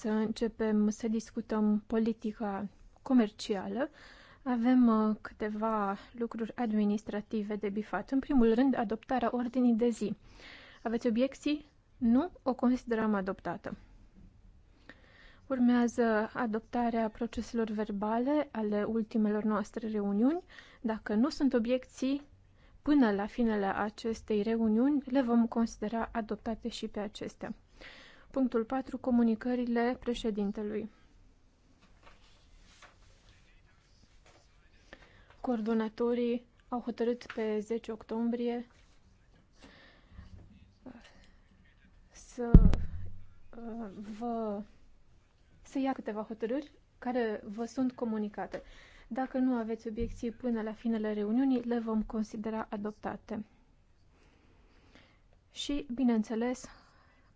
să începem să discutăm politica comercială, avem uh, câteva lucruri administrative de bifat. În primul rând, adoptarea ordinii de zi. Aveți obiecții? Nu? O considerăm adoptată. Urmează adoptarea proceselor verbale ale ultimelor noastre reuniuni. Dacă nu sunt obiecții, până la finele acestei reuniuni le vom considera adoptate și pe acestea. Punctul 4. Comunicările președintelui. Coordonatorii au hotărât pe 10 octombrie uh, să uh, vă să ia câteva hotărâri care vă sunt comunicate. Dacă nu aveți obiecții până la finele reuniunii, le vom considera adoptate. Și, bineînțeles,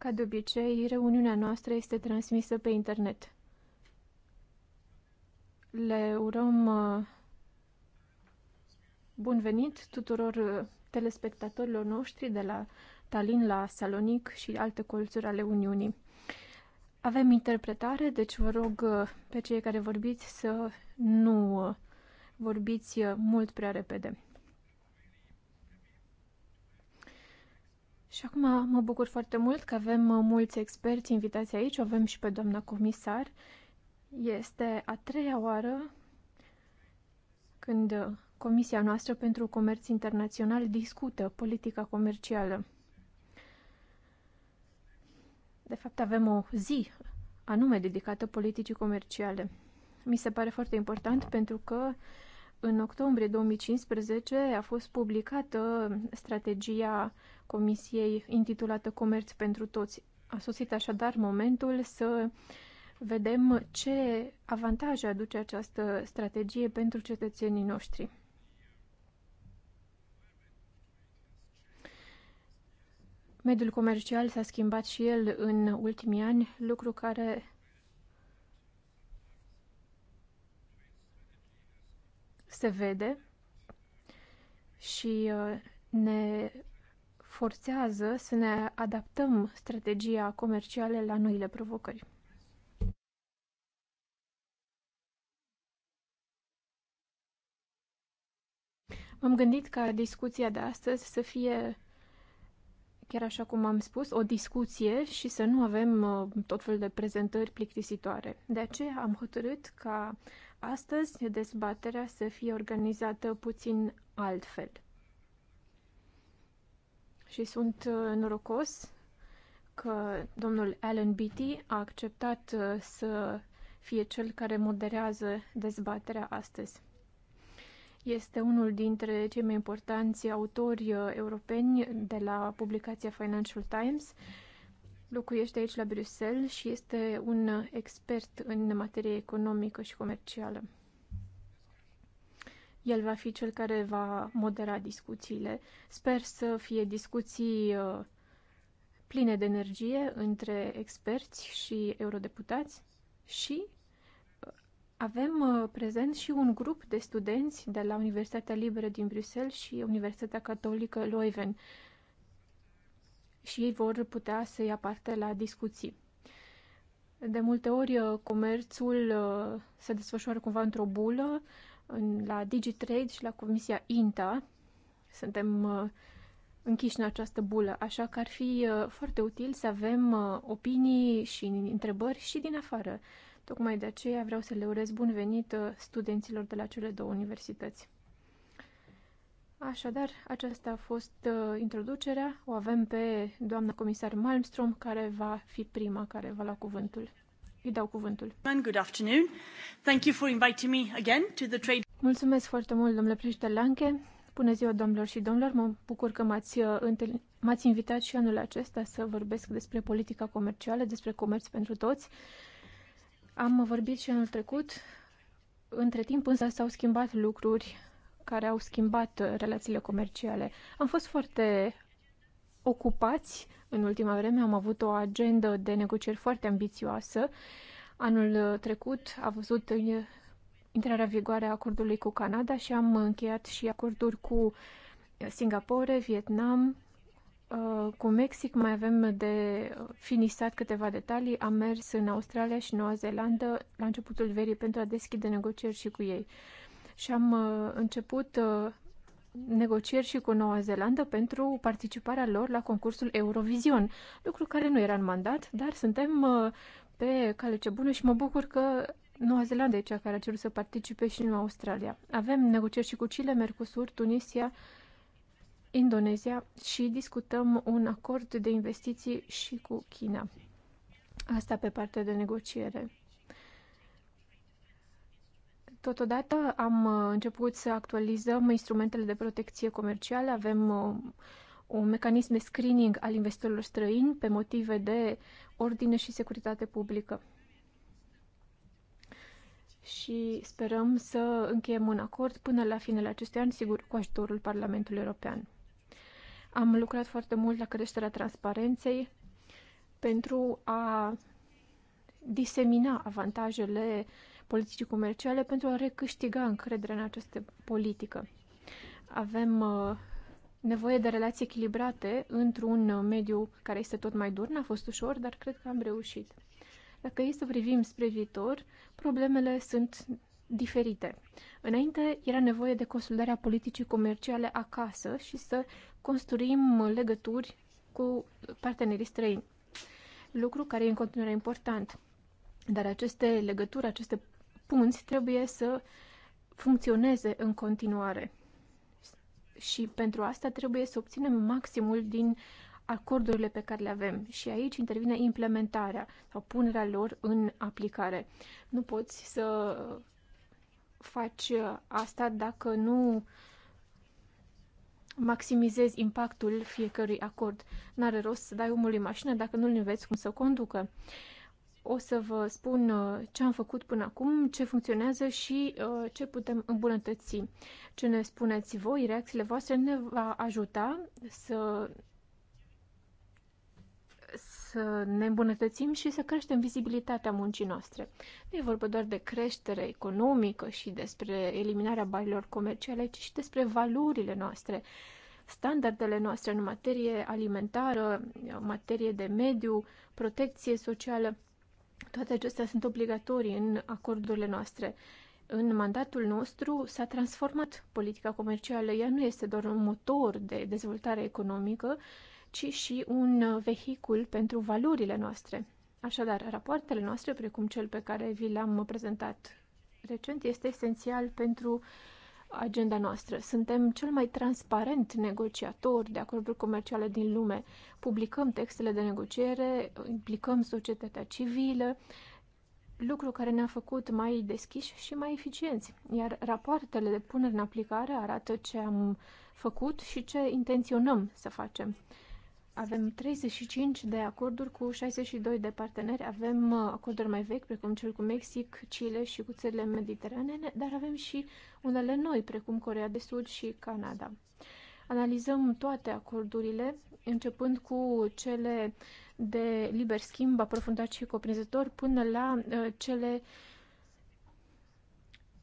ca de obicei, reuniunea noastră este transmisă pe internet. Le urăm uh, bun venit tuturor uh, telespectatorilor noștri de la Tallinn la Salonic și alte colțuri ale Uniunii. Avem interpretare, deci vă rog uh, pe cei care vorbiți să nu vorbiți mult prea repede. Și acum mă bucur foarte mult că avem uh, mulți experți invitați aici, o avem și pe doamna comisar. Este a treia oară când uh, Comisia noastră pentru Comerț Internațional discută politica comercială. De fapt, avem o zi anume dedicată politicii comerciale. Mi se pare foarte important pentru că uh, în octombrie 2015 a fost publicată strategia Comisiei intitulată Comerț pentru toți. A sosit așadar momentul să vedem ce avantaje aduce această strategie pentru cetățenii noștri. Mediul comercial s-a schimbat și el în ultimii ani, lucru care se vede și uh, ne forțează să ne adaptăm strategia comercială la noile provocări. M-am gândit ca discuția de astăzi să fie, chiar așa cum am spus, o discuție și să nu avem uh, tot felul de prezentări plictisitoare. De aceea am hotărât ca astăzi dezbaterea să fie organizată puțin altfel. Și sunt uh, norocos că domnul Alan Beatty a acceptat uh, să fie cel care moderează dezbaterea astăzi. Este unul dintre cei mai importanți autori uh, europeni de la publicația Financial Times locuiește aici la Bruxelles și este un expert în materie economică și comercială. El va fi cel care va modera discuțiile. Sper să fie discuții uh, pline de energie între experți și eurodeputați și uh, avem uh, prezent și un grup de studenți de la Universitatea Liberă din Bruxelles și Universitatea Catolică Leuven și ei vor putea să ia parte la discuții. De multe ori uh, comerțul uh, se desfășoară cumva într-o bulă la DigiTrade și la Comisia INTA. Suntem uh, închiși în această bulă, așa că ar fi foarte util să avem opinii și întrebări și din afară. Tocmai de aceea vreau să le urez bun venit studenților de la cele două universități. Așadar, aceasta a fost uh, introducerea. O avem pe doamna comisar Malmström, care va fi prima care va lua cuvântul. Îi dau cuvântul. Good afternoon. Thank you for inviting me again to the trade. Mulțumesc foarte mult, domnule președinte Lanche. Bună ziua, domnilor și domnilor. Mă bucur că m-ați, uh, întâlnit, m-ați invitat și anul acesta să vorbesc despre politica comercială, despre comerț pentru toți. Am vorbit și anul trecut. Între timp însă s-au schimbat lucruri care au schimbat uh, relațiile comerciale. Am fost foarte ocupați în ultima vreme, am avut o agendă de negocieri foarte ambițioasă. Anul uh, trecut a văzut uh, intrarea vigoare a acordului cu Canada și am încheiat și acorduri cu Singapore, Vietnam, cu Mexic mai avem de finisat câteva detalii. Am mers în Australia și Noua Zeelandă la începutul verii pentru a deschide negocieri și cu ei și am uh, început uh, negocieri și cu Noua Zeelandă pentru participarea lor la concursul Eurovision, lucru care nu era în mandat, dar suntem uh, pe cale ce bună și mă bucur că Noua Zeelandă e cea care a cerut să participe și nu Australia. Avem negocieri și cu Chile, Mercosur, Tunisia, Indonezia și discutăm un acord de investiții și cu China. Asta pe partea de negociere. Totodată am uh, început să actualizăm instrumentele de protecție comercială, avem uh, un mecanism de screening al investitorilor străini pe motive de ordine și securitate publică. Și sperăm să încheiem un acord până la finele acestui an, sigur, cu ajutorul Parlamentului European. Am lucrat foarte mult la creșterea transparenței pentru a disemina avantajele uh, politicii comerciale pentru a recâștiga încrederea în această politică. Avem uh, nevoie de relații echilibrate într-un uh, mediu care este tot mai dur. N-a fost ușor, dar cred că am reușit. Dacă e să privim spre viitor, problemele sunt diferite. Înainte era nevoie de consolidarea politicii comerciale acasă și să construim uh, legături cu partenerii străini, lucru care e în continuare important. Dar aceste legături, aceste răspunzi trebuie să funcționeze în continuare. Și pentru asta trebuie să obținem maximul din acordurile pe care le avem. Și aici intervine implementarea sau punerea lor în aplicare. Nu poți să faci asta dacă nu maximizezi impactul fiecărui acord. N-are rost să dai omului mașină dacă nu-l înveți cum să o conducă o să vă spun uh, ce am făcut până acum, ce funcționează și uh, ce putem îmbunătăți. Ce ne spuneți voi, reacțiile voastre ne va ajuta să, să ne îmbunătățim și să creștem vizibilitatea muncii noastre. Nu e vorba doar de creștere economică și despre eliminarea barilor comerciale, ci și despre valorile noastre, standardele noastre în materie alimentară, materie de mediu, protecție socială. Toate acestea sunt obligatorii în acordurile noastre. În mandatul nostru s-a transformat politica comercială. Ea nu este doar un motor de dezvoltare economică, ci și un vehicul pentru valorile noastre. Așadar, rapoartele noastre, precum cel pe care vi l-am prezentat recent, este esențial pentru uh, agenda noastră. Suntem cel mai transparent negociator de acorduri comerciale din lume. Publicăm textele de negociere, implicăm societatea civilă, lucru care ne-a făcut mai deschiși și mai eficienți. Iar rapoartele de punere în aplicare arată ce am făcut și ce intenționăm să facem. Avem 35 de acorduri cu 62 de parteneri. Avem uh, acorduri mai vechi, precum cel cu Mexic, Chile și cu țările mediteranene, dar avem și unele noi, precum Corea de Sud și Canada. Analizăm toate acordurile, începând cu cele de liber schimb aprofundat și coprinzător, până la uh, cele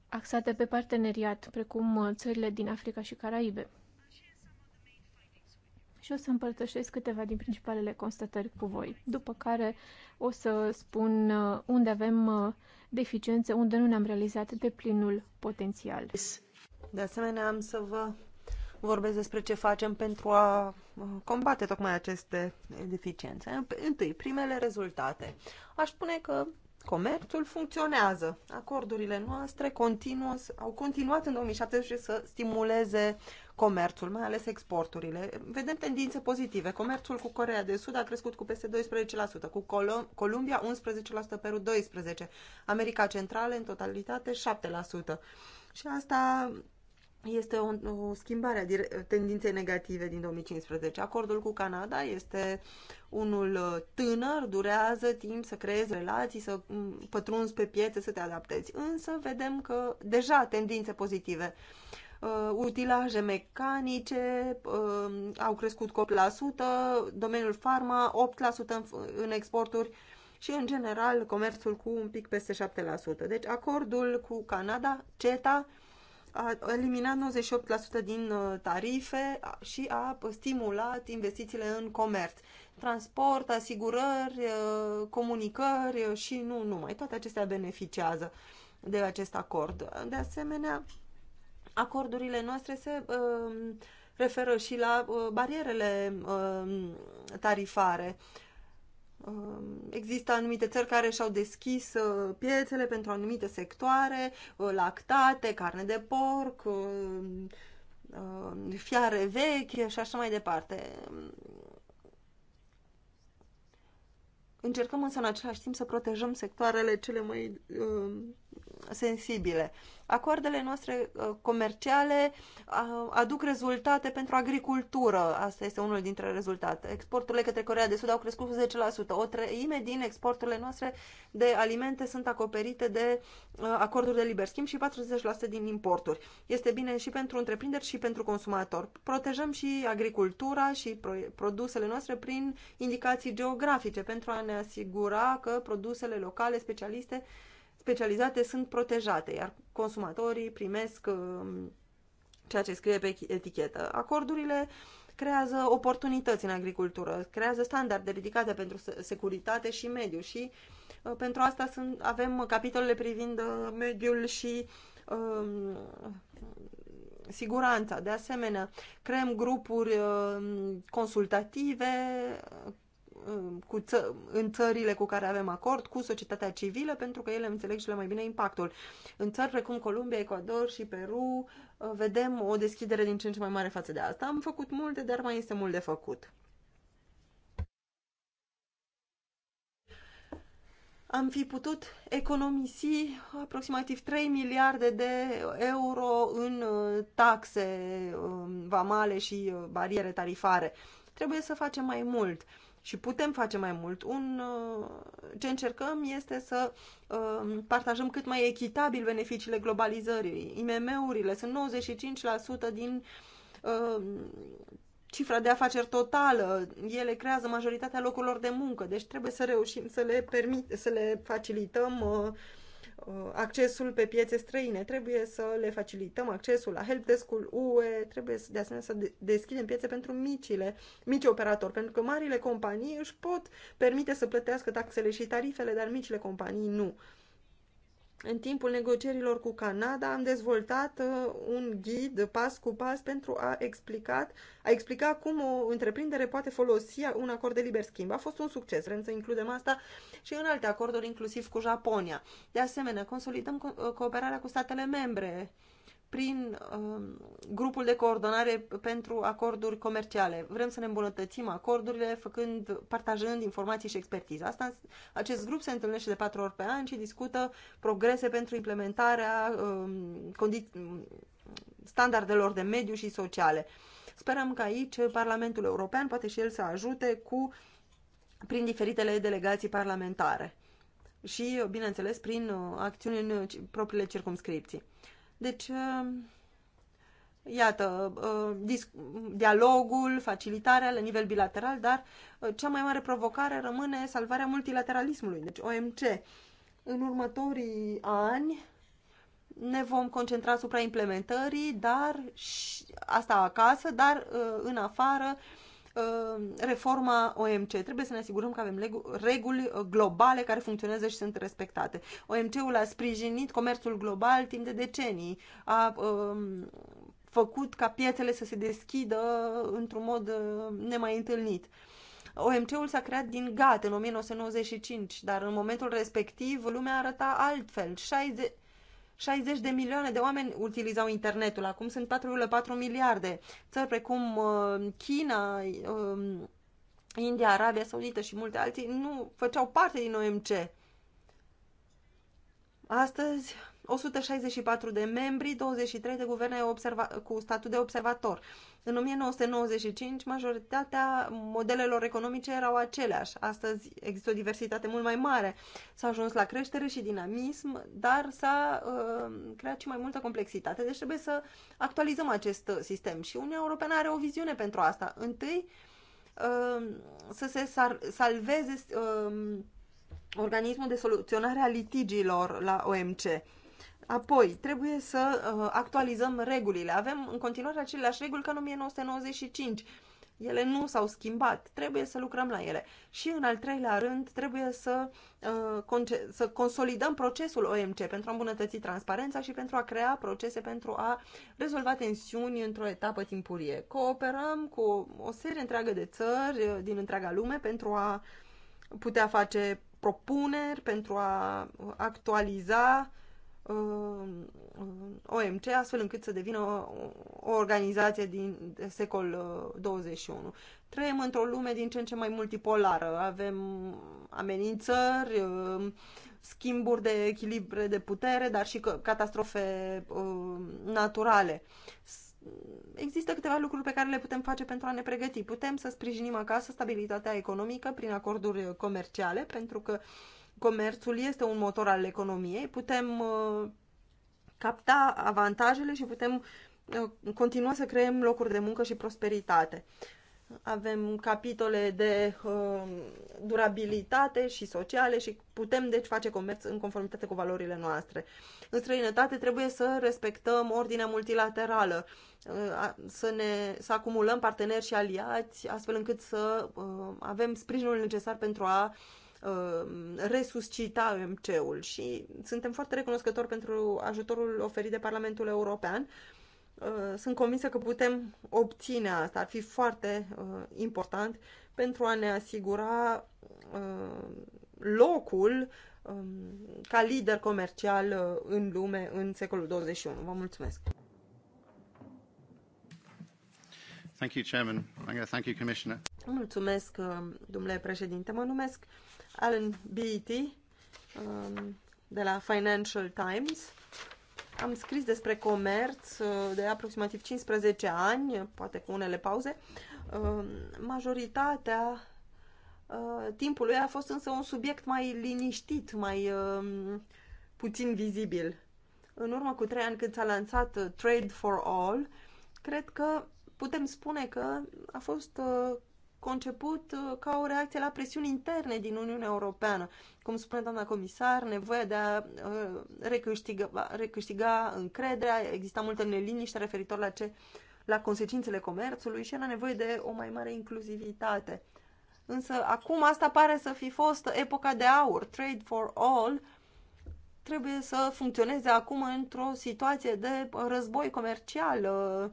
axate pe parteneriat, precum uh, țările din Africa și Caraibe și o să împărtășesc câteva din principalele constatări cu voi, după care o să spun uh, unde avem uh, deficiențe, unde nu ne-am realizat de plinul potențial. De asemenea, am să vă vorbesc despre ce facem pentru a uh, combate tocmai aceste deficiențe. Întâi, primele rezultate. Aș spune că comerțul funcționează. Acordurile noastre continuă, au continuat în 2017 să stimuleze comerțul, mai ales exporturile. Vedem tendințe pozitive. Comerțul cu Corea de Sud a crescut cu peste 12%, cu Col Columbia 11%, Peru 12%, America Centrală în totalitate 7%. Și asta este o, o schimbare a tendinței negative din 2015. Acordul cu Canada este unul uh, tânăr, durează timp să creezi relații, să mm, pătrunzi pe piețe, să te adaptezi. Însă vedem că deja tendințe pozitive. Uh, utilaje mecanice uh, au crescut cu 8%, domeniul farma 8% în, în exporturi și, în general, comerțul cu un pic peste 7%. Deci, acordul cu Canada, CETA, a eliminat 98% din uh, tarife și a stimulat investițiile în comerț. Transport, asigurări, uh, comunicări uh, și nu numai. Toate acestea beneficiază de acest acord. De asemenea, acordurile noastre se uh, referă și la uh, barierele uh, tarifare. Uh, Um, există anumite țări care și-au deschis uh, piețele pentru anumite sectoare, uh, lactate, carne de porc, uh, um, fiare vechi și așa mai departe. Încercăm însă în același timp să protejăm sectoarele cele mai um, sensibile. Acordele noastre uh, comerciale uh, aduc rezultate pentru agricultură. Asta este unul dintre rezultate. Exporturile către Corea de Sud au crescut cu 10%. O treime din exporturile noastre de alimente sunt acoperite de uh, acorduri de liber schimb și 40% din importuri. Este bine și pentru întreprinderi și pentru consumatori. Protejăm și agricultura și produsele noastre prin indicații geografice pentru a ne asigura că produsele locale, specialiste, specializate sunt protejate, iar consumatorii primesc uh, ceea ce scrie pe etichetă. Acordurile creează oportunități în agricultură, creează standarde ridicate pentru securitate și mediu și uh, pentru asta sunt, avem capitolele privind uh, mediul și um, siguranța. De asemenea, creăm grupuri consultative Um, cu ță- în țările cu care avem acord, cu societatea civilă, pentru că ele înțeleg le mai bine impactul. În țări precum Columbia, Ecuador și Peru, uh, vedem o deschidere din ce în ce mai mare față de asta. Am făcut multe, dar mai este mult de făcut. am fi putut economisi aproximativ 3 miliarde de euro în uh, taxe um, vamale și uh, bariere tarifare. Trebuie să facem mai mult și putem face mai mult. Un, uh, ce încercăm este să uh, partajăm cât mai echitabil beneficiile globalizării. IMM-urile sunt 95% din uh, cifra de afaceri totală. Ele creează majoritatea locurilor de muncă, deci trebuie să reușim să le, permit, să le facilităm uh, Uh, accesul pe piețe străine. Trebuie să le facilităm accesul la helpdesk-ul UE, trebuie să, de asemenea să deschidem piețe pentru micile, mici operatori, pentru că marile companii își pot permite să plătească taxele și tarifele, dar micile companii nu. În timpul negocierilor cu Canada am dezvoltat uh, un ghid pas cu pas pentru a, a explica cum o întreprindere poate folosi un acord de liber schimb. A fost un succes, vrem să includem asta și în alte acorduri, inclusiv cu Japonia. De asemenea, consolidăm uh, cooperarea cu statele membre prin uh, grupul de coordonare pentru acorduri comerciale. Vrem să ne îmbunătățim acordurile făcând, partajând informații și expertiză. Asta, acest grup se întâlnește de patru ori pe an și discută progrese pentru implementarea uh, standardelor de mediu și sociale. Sperăm că aici Parlamentul European poate și el să ajute cu prin diferitele delegații parlamentare și, bineînțeles, prin uh, acțiuni în propriile circumscripții. Deci, uh, iată, uh, dialogul, facilitarea la nivel bilateral, dar uh, cea mai mare provocare rămâne salvarea multilateralismului, deci OMC. În următorii ani ne vom concentra asupra implementării, dar și asta acasă, dar în afară Uh, reforma OMC. Trebuie să ne asigurăm că avem reguli uh, globale care funcționează și sunt respectate. OMC-ul a sprijinit comerțul global timp de decenii, a um, făcut ca piețele să se deschidă într-un mod uh, nemai întâlnit. OMC-ul s-a creat din gat în 1995, dar în momentul respectiv lumea arăta altfel. 60, 60 de milioane de oameni utilizau internetul, acum sunt 4,4 miliarde. Țări precum uh, China, um, India, Arabia Saudită și multe alții nu făceau parte din OMC. Astăzi, 164 de membri, 23 de guverne cu statut de observator. În 1995, majoritatea modelelor economice erau aceleași. Astăzi există o diversitate mult mai mare. S-a ajuns la creștere și dinamism, dar s-a uh, creat și mai multă complexitate. Deci trebuie să actualizăm acest sistem și Uniunea Europeană are o viziune pentru asta. Întâi, uh, să se salveze uh, organismul de soluționare a litigiilor la OMC Apoi, trebuie să uh, actualizăm regulile. Avem în continuare aceleași reguli ca în 1995. Ele nu s-au schimbat, trebuie să lucrăm la ele. Și în al treilea rând, trebuie să, uh, să consolidăm procesul OMC pentru a îmbunătăți transparența și pentru a crea procese pentru a rezolva tensiuni într-o etapă timpurie. Cooperăm cu o serie întreagă de țări uh, din întreaga lume pentru a putea face propuneri, pentru a actualiza uh, Uh, um, OMC, astfel încât să devină o, o organizație din secol 21. Uh, Trăim într-o lume din ce în ce mai multipolară. Avem amenințări, uh, schimburi de echilibre de putere, dar și catastrofe naturale. Există câteva lucruri pe care le putem face pentru a ne pregăti. Putem să sprijinim acasă stabilitatea economică prin acorduri comerciale, pentru că uh, comerțul este un motor al economiei, putem uh, capta avantajele și putem uh, continua să creăm locuri de muncă și prosperitate. Avem capitole de uh, durabilitate și sociale și putem deci face comerț în conformitate cu valorile noastre. În străinătate trebuie să respectăm ordinea multilaterală, uh, să, ne, să acumulăm parteneri și aliați, astfel încât să uh, avem sprijinul necesar pentru a uh, Uh, resuscita MC-ul și suntem foarte recunoscători pentru ajutorul oferit de Parlamentul European. Uh, sunt convinsă că putem obține asta, ar fi foarte uh, important pentru a ne asigura locul um, ca lider comercial în lume în secolul 21. Vă mulțumesc! Thank you, Chairman. I'm going to thank you, Commissioner. Mulțumesc, domnule președinte. Mă numesc Alan Beatty um, de la Financial Times. Am scris despre comerț uh, de aproximativ 15 ani, poate cu unele pauze. Um, majoritatea uh, timpului a fost însă un subiect mai liniștit, mai um, puțin vizibil. În urmă cu trei ani când s-a lansat uh, Trade for All, cred că putem spune că a fost conceput uh, ca o reacție la presiuni interne din Uniunea Europeană. Cum spune doamna comisar, nevoia de a uh, recâștiga, recâștiga încrederea, exista multă neliniște referitor la, ce, la consecințele comerțului și era nevoie de o mai mare inclusivitate. Însă acum asta pare să fi fost epoca de aur, trade for all, trebuie să funcționeze acum într-o situație de război comercial uh,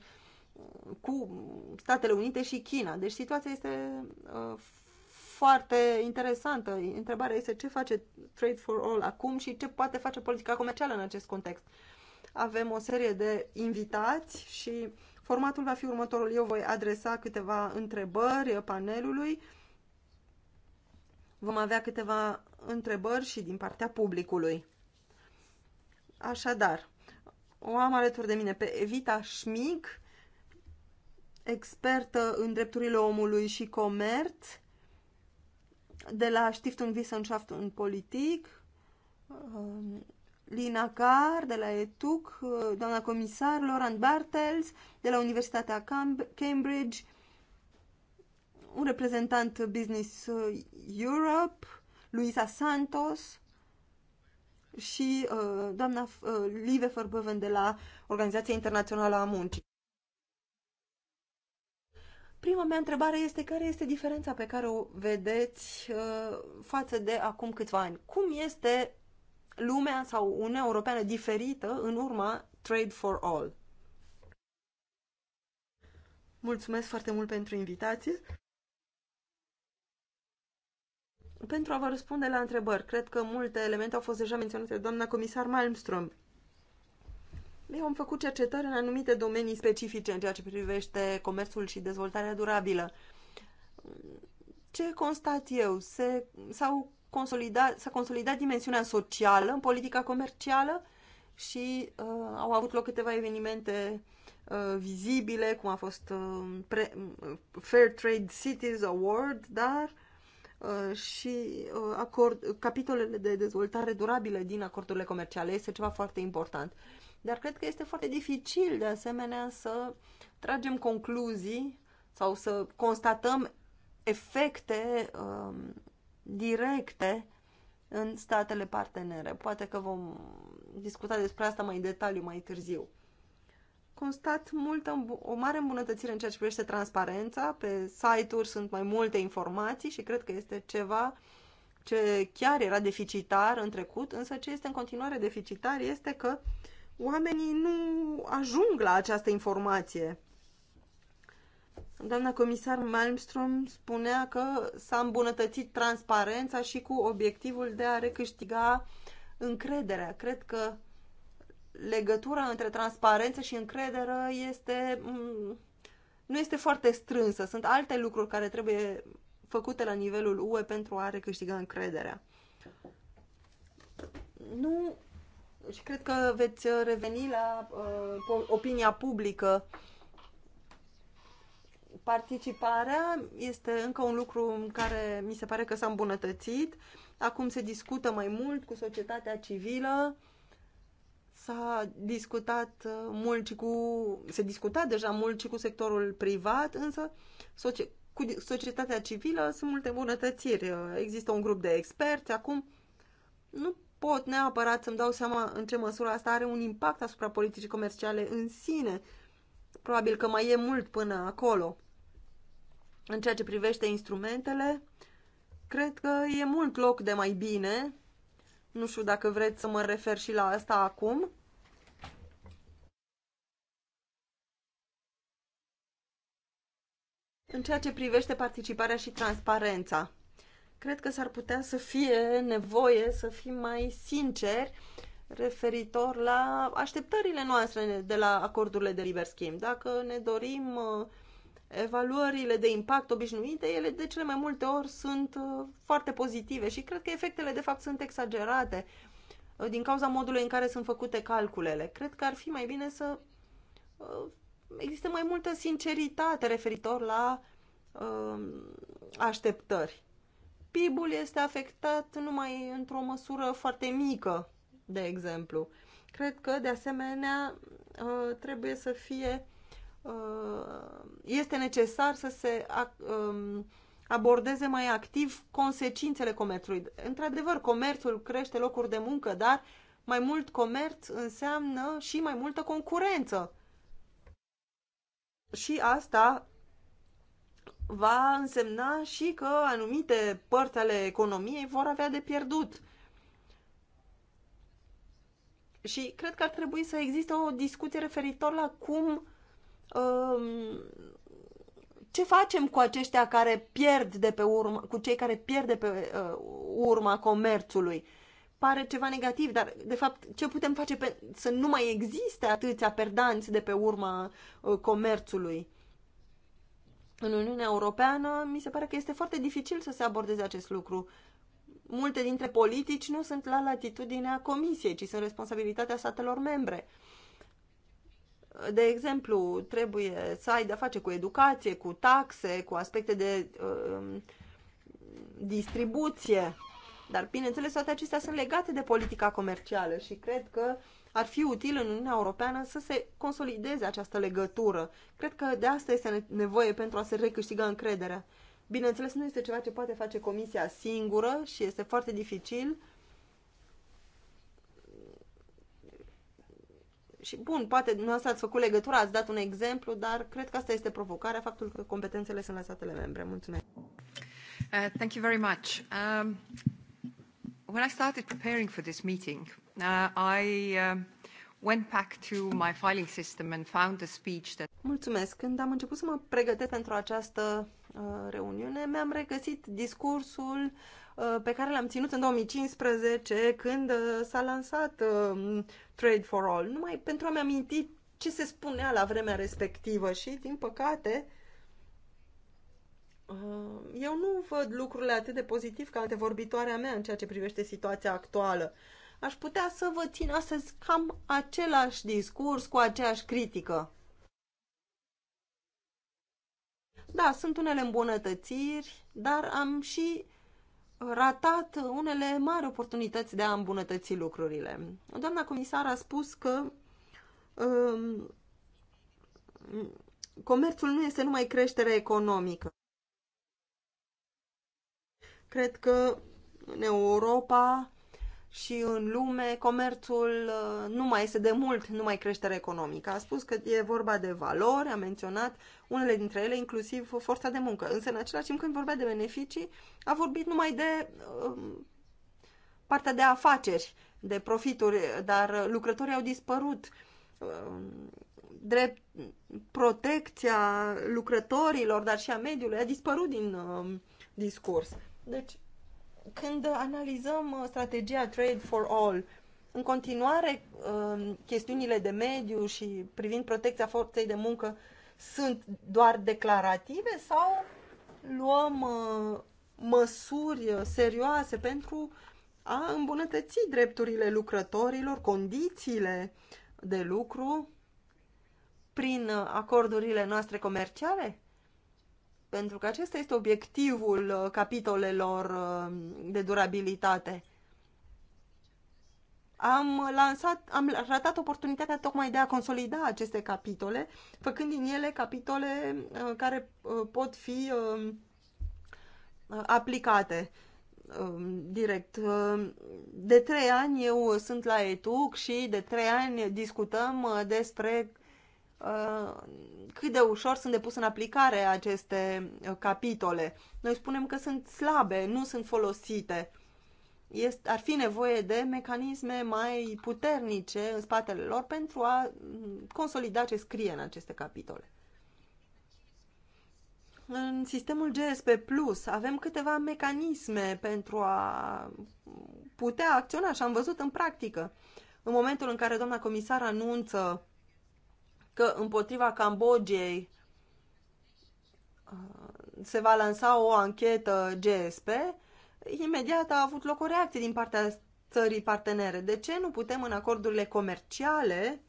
cu Statele Unite și China. Deci situația este uh, foarte interesantă. Întrebarea este ce face Trade for All acum și ce poate face politica comercială în acest context. Avem o serie de invitați și formatul va fi următorul. Eu voi adresa câteva întrebări panelului. Vom avea câteva întrebări și din partea publicului. Așadar, o am alături de mine pe Evita Schmig expertă în drepturile omului și comerț de la Stiftung Wissenschaft und Politik, um, Lina Car de la ETUC, uh, doamna comisar Laurent Bartels de la Universitatea Cambridge, un reprezentant Business uh, Europe, Luisa Santos și uh, doamna Live Verbeven de la Organizația Internațională a Muncii. Prima mea întrebare este care este diferența pe care o vedeți uh, față de acum câțiva ani? Cum este lumea sau Uniunea Europeană diferită în urma Trade for All? Mulțumesc foarte mult pentru invitație. Pentru a vă răspunde la întrebări, cred că multe elemente au fost deja menționate de doamna comisar Malmström eu am făcut cercetări în anumite domenii specifice în ceea ce privește comerțul și dezvoltarea durabilă. Ce constat eu? Se, s-au consolidat, s-a consolidat dimensiunea socială în politica comercială și uh, au avut loc câteva evenimente uh, vizibile, cum a fost uh, pre, uh, Fair Trade Cities Award, dar uh, și uh, acord, capitolele de dezvoltare durabilă din acordurile comerciale este ceva foarte important. Uh, dar cred că este foarte dificil, de asemenea, să tragem concluzii sau să constatăm efecte uh, directe în statele partenere. Poate că vom discuta despre asta mai în detaliu mai târziu. Constat multă, o mare îmbunătățire în ceea ce privește transparența. Pe site-uri sunt mai multe informații și cred că este ceva ce chiar era deficitar în trecut, însă ce este în continuare deficitar este că uh, oamenii nu ajung la această informație. Doamna comisar Malmström spunea că s-a îmbunătățit transparența și cu obiectivul de a recâștiga încrederea. Cred că legătura între transparență și încredere este, mm, nu este foarte strânsă. Sunt alte lucruri care trebuie făcute la nivelul UE pentru a recâștiga încrederea. Nu și cred că veți uh, reveni la uh, opinia publică. Participarea este încă un lucru în care mi se pare că s-a îmbunătățit. Acum se discută mai mult cu societatea civilă. S-a discutat uh, mult și cu... Se discuta deja mult și cu sectorul privat, însă soci, cu societatea civilă sunt multe îmbunătățiri. Există un grup de experți. Acum nu pot neapărat să-mi dau seama în ce măsură asta are un impact asupra politicii comerciale în sine. Probabil că mai e mult până acolo. În ceea ce privește instrumentele, cred că e mult loc de mai bine. Nu știu dacă vreți să mă refer și la asta acum. În ceea ce privește participarea și transparența cred că s-ar putea să fie nevoie să fim mai sinceri referitor la așteptările noastre de la acordurile de liber schimb. Dacă ne dorim uh, evaluările de impact obișnuite, ele de cele mai multe ori sunt uh, foarte pozitive și cred că efectele de fapt sunt exagerate uh, din cauza modului în care sunt făcute calculele. Cred că ar fi mai bine să există mai multă sinceritate referitor la așteptări. PIB-ul este afectat numai într-o măsură foarte mică, de exemplu. Cred că, de asemenea, uh, trebuie să fie. Uh, este necesar să se um, abordeze mai activ consecințele comerțului. Într-adevăr, comerțul crește locuri de muncă, dar mai mult comerț înseamnă și mai multă concurență. Și asta va însemna și că anumite părți ale economiei vor avea de pierdut. Și cred că ar trebui să existe o discuție referitor la cum um, ce facem cu aceștia care pierd de pe urma, cu cei care pierd de pe uh, urma comerțului. Pare ceva negativ, dar de fapt ce putem face pe, să nu mai existe atâția perdanți de pe urma uh, comerțului? în Uniunea Europeană, mi se pare că este foarte dificil să se abordeze acest lucru. Multe dintre politici nu sunt la latitudinea Comisiei, ci sunt responsabilitatea statelor membre. De exemplu, trebuie să ai de-a face cu educație, cu taxe, cu aspecte de uh, distribuție. Dar, bineînțeles, toate acestea sunt legate de politica comercială și cred că ar fi util în Uniunea Europeană să se consolideze această legătură. Cred că de asta este nevoie pentru a se recâștiga încrederea. Bineînțeles, nu este ceva ce poate face Comisia singură și este foarte dificil. Și bun, poate dumneavoastră ați făcut legătura, ați dat un exemplu, dar cred că asta este provocarea, faptul că competențele sunt la statele membre. Mulțumesc. Uh, thank you very much. Um, when I started preparing for this meeting, Uh, I um, went back to my filing system and found the speech that... Mulțumesc. Când am început să mă pregătesc pentru această uh, reuniune, mi-am regăsit discursul uh, pe care l-am ținut în 2015 când uh, s-a lansat uh, Trade for All, numai pentru a-mi aminti ce se spunea la vremea respectivă și, din păcate, uh, eu nu văd lucrurile atât de pozitiv ca antevorbitoarea mea în ceea ce privește situația actuală. Uh, aș putea să vă țin astăzi cam același discurs cu aceeași critică. Da, sunt unele îmbunătățiri, dar am și ratat unele mari oportunități de a îmbunătăți lucrurile. Doamna comisar a spus că um, comerțul nu este numai creștere economică. Cred că în Europa și în lume comerțul uh, nu mai este de mult, nu mai creștere economică. A spus că e vorba de valori, a menționat unele dintre ele, inclusiv forța de muncă. Însă, în același timp, când vorbea de beneficii, a vorbit numai de um, partea de afaceri, de profituri, dar lucrătorii au dispărut. Um, drept protecția lucrătorilor, dar și a mediului, a dispărut din um, discurs. Deci, când analizăm uh, strategia Trade for All, în continuare, um, chestiunile de mediu și privind protecția forței de muncă sunt doar declarative sau luăm uh, măsuri uh, serioase pentru a îmbunătăți drepturile lucrătorilor, condițiile de lucru prin acordurile noastre comerciale? pentru că acesta este obiectivul uh, capitolelor uh, de durabilitate. Am lansat, am ratat oportunitatea tocmai de a consolida aceste capitole, făcând din ele capitole uh, care pot fi um, aplicate um, direct. De trei ani eu sunt la ETUC și de trei ani discutăm despre Uh, cât de ușor sunt depuse în aplicare aceste uh, capitole. Noi spunem că sunt slabe, nu sunt folosite. Este, ar fi nevoie de mecanisme mai puternice în spatele lor pentru a mm, consolida ce scrie în aceste capitole. În sistemul GSP Plus avem câteva mecanisme pentru a putea acționa și am văzut în practică. În momentul în care doamna comisar anunță că împotriva Cambodgiei uh, se va lansa o anchetă GSP, imediat a avut loc o reacție din partea țării partenere. De ce nu putem în acordurile comerciale,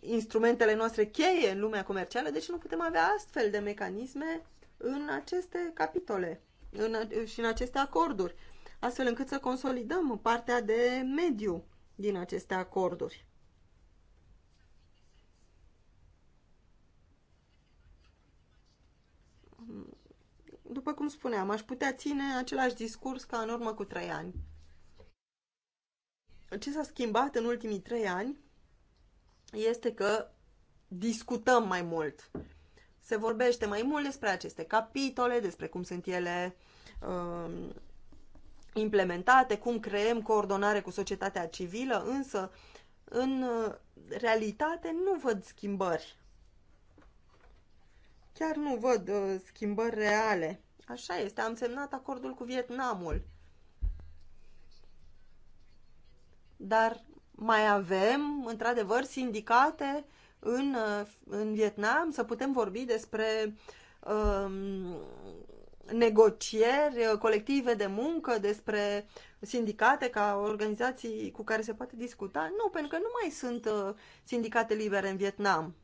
instrumentele noastre cheie în lumea comercială, de deci ce nu putem avea astfel de mecanisme în aceste capitole în, și în aceste acorduri, astfel încât să consolidăm partea de mediu din aceste acorduri. după cum spuneam, aș putea ține același discurs ca în urmă cu trei ani. Ce s-a schimbat în ultimii trei ani este că discutăm mai mult. Se vorbește mai mult despre aceste capitole, despre cum sunt ele uh, implementate, cum creăm coordonare cu societatea civilă, însă în uh, realitate nu văd schimbări. Chiar nu văd uh, schimbări reale. Așa este, am semnat acordul cu Vietnamul. Dar mai avem, într-adevăr, sindicate în, în Vietnam să putem vorbi despre um, negocieri colective de muncă, despre sindicate ca organizații cu care se poate discuta? Nu, pentru că nu mai sunt uh, sindicate libere în Vietnam.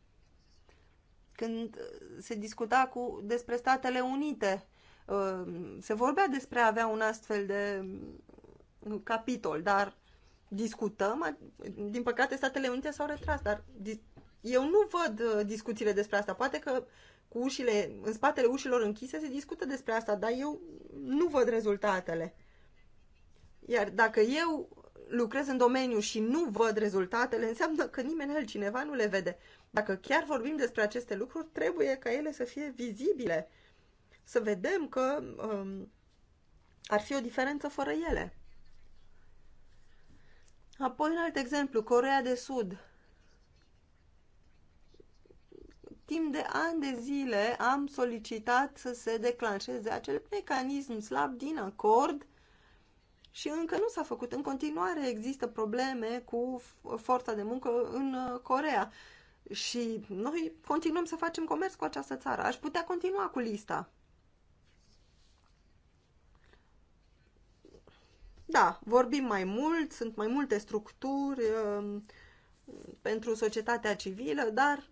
Când se discuta cu, despre Statele Unite, Uh, se vorbea despre a avea un astfel de capitol, dar discutăm, din păcate Statele Unite s-au retras, dar eu nu văd uh, discuțiile despre asta. Poate că cu ușile, în spatele ușilor închise se discută despre asta, dar eu nu văd rezultatele. Iar dacă eu lucrez în domeniu și nu văd rezultatele, înseamnă că nimeni altcineva nu le vede. Dacă chiar vorbim despre aceste lucruri, trebuie ca ele să fie vizibile să vedem că um, ar fi o diferență fără ele. Apoi, un alt exemplu, Corea de Sud. Timp de ani de zile am solicitat să se declanșeze acel mecanism slab din acord și încă nu s-a făcut. În continuare există probleme cu forța de muncă în uh, Corea și noi continuăm să facem comerț cu această țară. Aș putea continua cu lista. Da, vorbim mai mult, sunt mai multe structuri uh, pentru societatea civilă, dar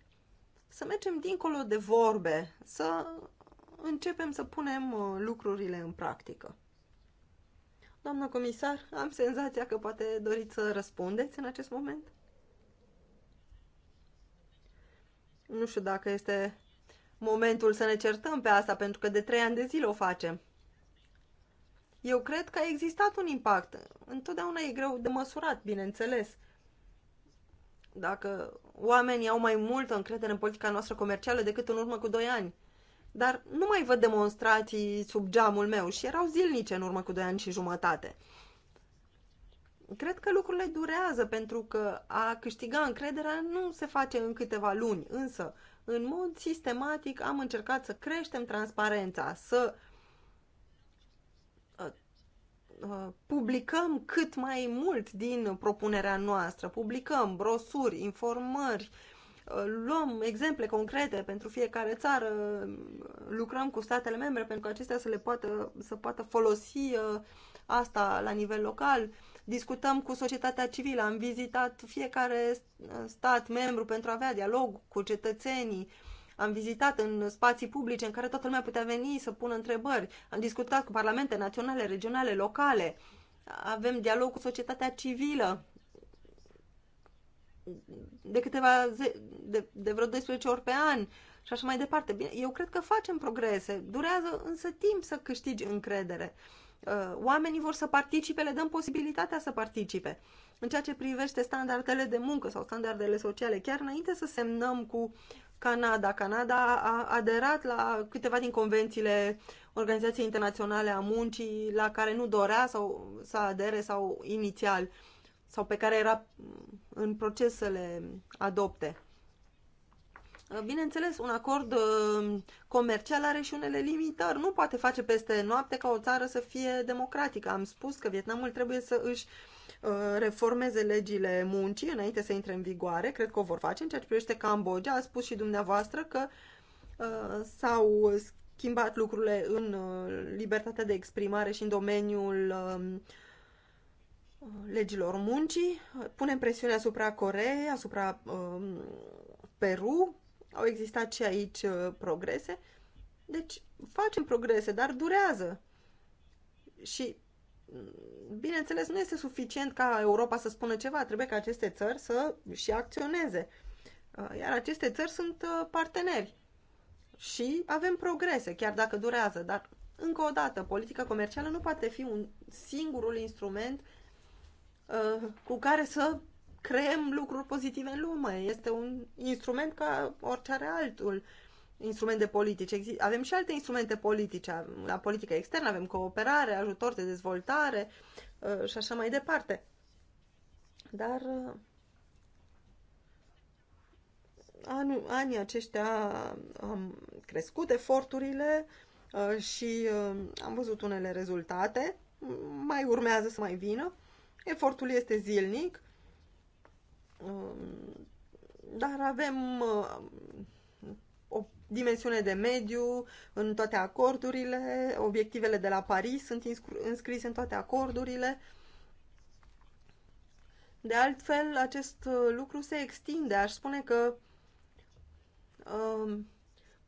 să mergem dincolo de vorbe, să începem să punem uh, lucrurile în practică. Doamna comisar, am senzația că poate doriți să răspundeți în acest moment? Nu știu dacă este momentul să ne certăm pe asta, pentru că de trei ani de zile o facem. Eu cred că a existat un impact. Întotdeauna e greu de măsurat, bineînțeles. Dacă oamenii au mai multă încredere în politica noastră comercială decât în urmă cu doi ani. Dar nu mai văd demonstrații sub geamul meu și erau zilnice în urmă cu doi ani și jumătate. Cred că lucrurile durează pentru că a câștiga încrederea nu se face în câteva luni, însă în mod sistematic am încercat să creștem transparența, să uh, Uh, publicăm cât mai mult din propunerea noastră, publicăm brosuri, informări, uh, luăm exemple concrete pentru fiecare țară, uh, lucrăm cu statele membre pentru că acestea să le poată, să poată folosi asta la nivel local. Discutăm cu societatea civilă, am vizitat fiecare stat membru pentru a avea dialog cu cetățenii, uh, am vizitat în spații publice în care toată lumea putea veni să pună întrebări. Am discutat cu parlamente naționale, regionale, locale. Avem dialog cu societatea civilă. De câteva ze- de, de vreo 12 ori pe an și așa mai departe. Bine, eu cred că facem progrese. Durează însă timp să câștigi încredere uh, oamenii vor să participe, le dăm posibilitatea să participe. În ceea ce privește standardele de muncă sau standardele sociale, chiar înainte să semnăm cu Canada. Canada a aderat la câteva din convențiile Organizației Internaționale a Muncii la care nu dorea sau să adere sau inițial sau pe care era în proces să le adopte. Bineînțeles, un acord uh, comercial are și unele limitări. Nu poate face peste noapte ca o țară să fie democratică. Am spus că Vietnamul trebuie să își uh, Uh, reformeze legile muncii înainte să intre în vigoare. Cred că o vor face. În ceea ce privește Cambodgia, a spus și dumneavoastră că uh, s-au schimbat lucrurile în uh, libertatea de exprimare și în domeniul um, legilor muncii. Punem presiune asupra Coreei, asupra um, Peru. Au existat și aici progrese. Deci facem progrese, dar durează. Și bineînțeles, nu este suficient ca Europa să spună ceva, trebuie ca aceste țări să și acționeze. Uh, iar aceste țări sunt uh, parteneri și avem progrese, chiar dacă durează, dar încă o dată, politica comercială nu poate fi un singurul instrument uh, cu care să creăm lucruri pozitive în lume. Este un instrument ca orice are altul. Uh, instrumente politice. Avem și alte instrumente politice. La politică externă avem cooperare, ajutor de dezvoltare uh, și așa mai departe. Dar uh, anii aceștia am crescut eforturile uh, și am văzut unele rezultate. Mai urmează să mai vină. Efortul este zilnic, um, dar avem dimensiune de mediu în toate acordurile, obiectivele de la Paris sunt înscrise în toate acordurile. De altfel, acest uh, lucru se extinde. Aș spune că um,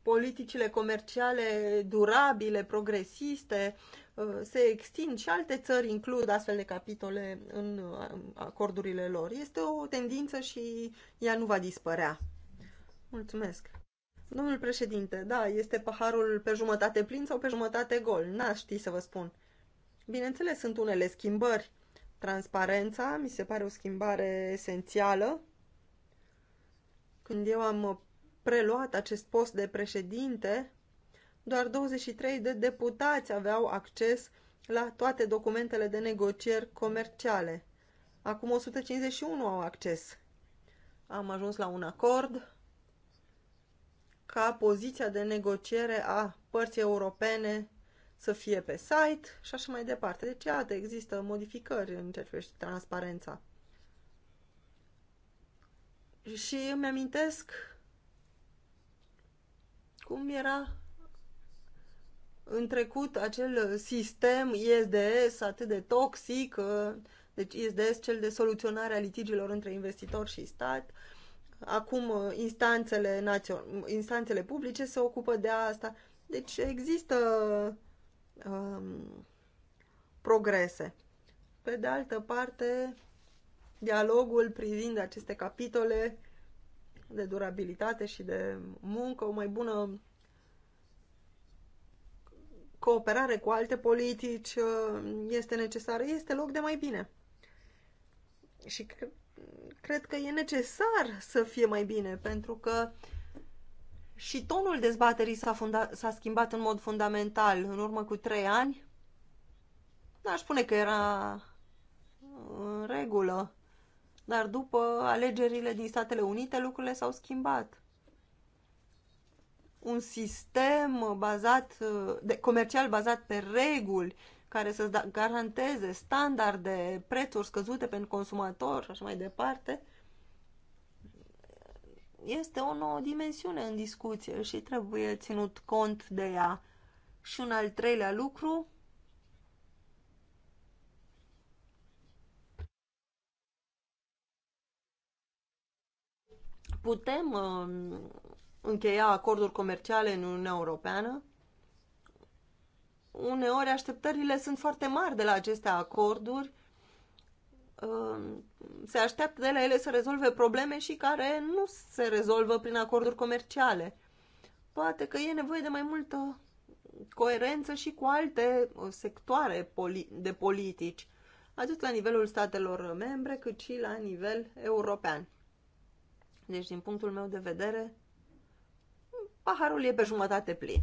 politicile comerciale durabile, progresiste, uh, se extind și alte țări includ astfel de capitole în uh, acordurile lor. Este o tendință și ea nu va dispărea. Mulțumesc! Domnul președinte, da, este paharul pe jumătate plin sau pe jumătate gol? N-aș ști să vă spun. Bineînțeles, sunt unele schimbări. Transparența mi se pare o schimbare esențială. Când eu am preluat acest post de președinte, doar 23 de deputați aveau acces la toate documentele de negocieri comerciale. Acum 151 au acces. Am ajuns la un acord ca poziția de negociere a părții europene să fie pe site și așa mai departe. Deci, iată, există modificări în ceea ce privește transparența. Și îmi amintesc cum era în trecut acel sistem ISDS atât de toxic, uh, deci ISDS cel de soluționare a litigiilor între investitor și stat, Acum uh, instanțele, națion- instanțele publice se ocupă de asta. Deci există um, progrese. Pe de altă parte, dialogul privind aceste capitole de durabilitate și de muncă, o mai bună cooperare cu alte politici uh, este necesară, este loc de mai bine. Și cred că e necesar să fie mai bine, pentru că și tonul dezbaterii s-a, funda- s-a schimbat în mod fundamental. În urmă cu trei ani, n-aș spune că era în regulă, dar după alegerile din Statele Unite lucrurile s-au schimbat. Un sistem bazat, de, comercial bazat pe reguli care să da- garanteze standarde, prețuri scăzute pentru consumator și așa mai departe, este o nouă dimensiune în discuție și trebuie ținut cont de ea. Și un al treilea lucru, putem uh, încheia acorduri comerciale în Uniunea Europeană uneori așteptările sunt foarte mari de la aceste acorduri. Ă, se așteaptă de la ele să rezolve probleme și care nu se rezolvă prin acorduri comerciale. Poate că e nevoie de mai multă coerență și cu alte ă, sectoare de politici, atât la nivelul statelor membre, cât și la nivel european. Deci, din punctul meu de vedere, paharul e pe jumătate plin.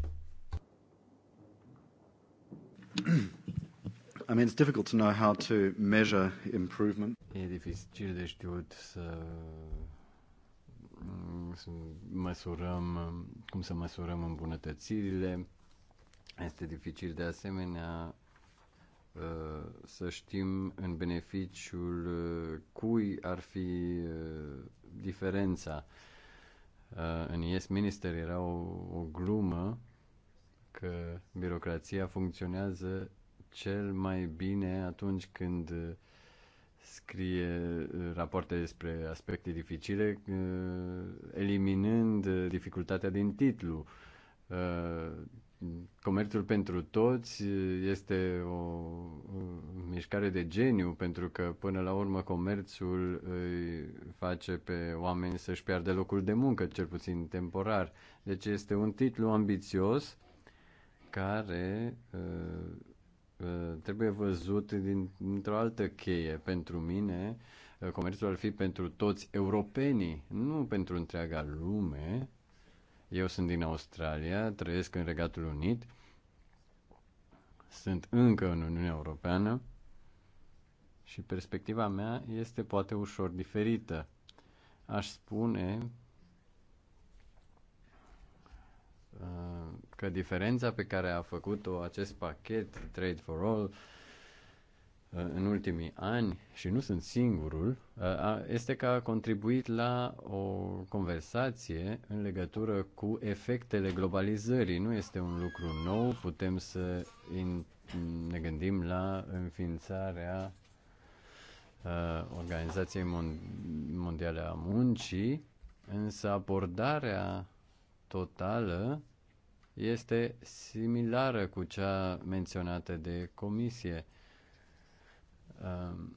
I mean, it's difficult to know how to measure improvement. E dificil de știut să, mm, să măsurăm, cum să măsurăm îmbunătățirile. Este dificil de asemenea uh, să știm în beneficiul uh, cui ar fi uh, diferența. În Yes Minister era o, o glumă că birocrația funcționează cel mai bine atunci când uh, scrie uh, rapoarte despre aspecte dificile, uh, eliminând dificultatea din titlu. Comerțul pentru toți este o mișcare de geniu, pentru că până la urmă comerțul îi face pe oameni să-și piardă locul de muncă, cel puțin temporar. Deci este un titlu ambițios, uh, care uh, uh, trebuie văzut dintr-o altă cheie. Pentru mine, uh, comerțul ar fi pentru toți europenii, nu pentru întreaga lume. Eu sunt din Australia, trăiesc în Regatul Unit, sunt încă în Uniunea Europeană și perspectiva mea este poate ușor diferită. Aș spune că diferența pe care a făcut-o acest pachet Trade for All uh, în ultimii ani, și nu sunt singurul, uh, este că a contribuit la o conversație în legătură cu efectele globalizării. Nu este un lucru nou, putem să ne gândim la înființarea uh, Organizației Mondiale a Muncii, însă abordarea totală este similară cu cea menționată de comisie. Um,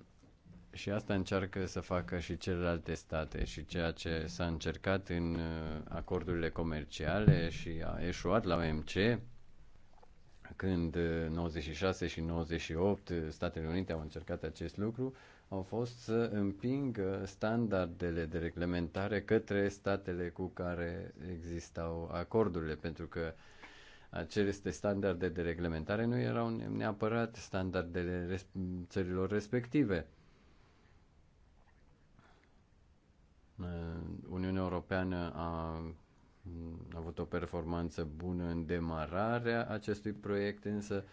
și asta încearcă să facă și celelalte state și ceea ce s-a încercat în uh, acordurile comerciale și a eșuat la OMC când 96 uh, și 98 uh, Statele Unite au încercat acest lucru, au fost să împingă standardele de reglementare către statele cu care existau acordurile, pentru că aceste standarde de reglementare nu erau neapărat standardele res- țărilor respective. Uniunea Europeană a avut o performanță bună în demararea acestui proiect, însă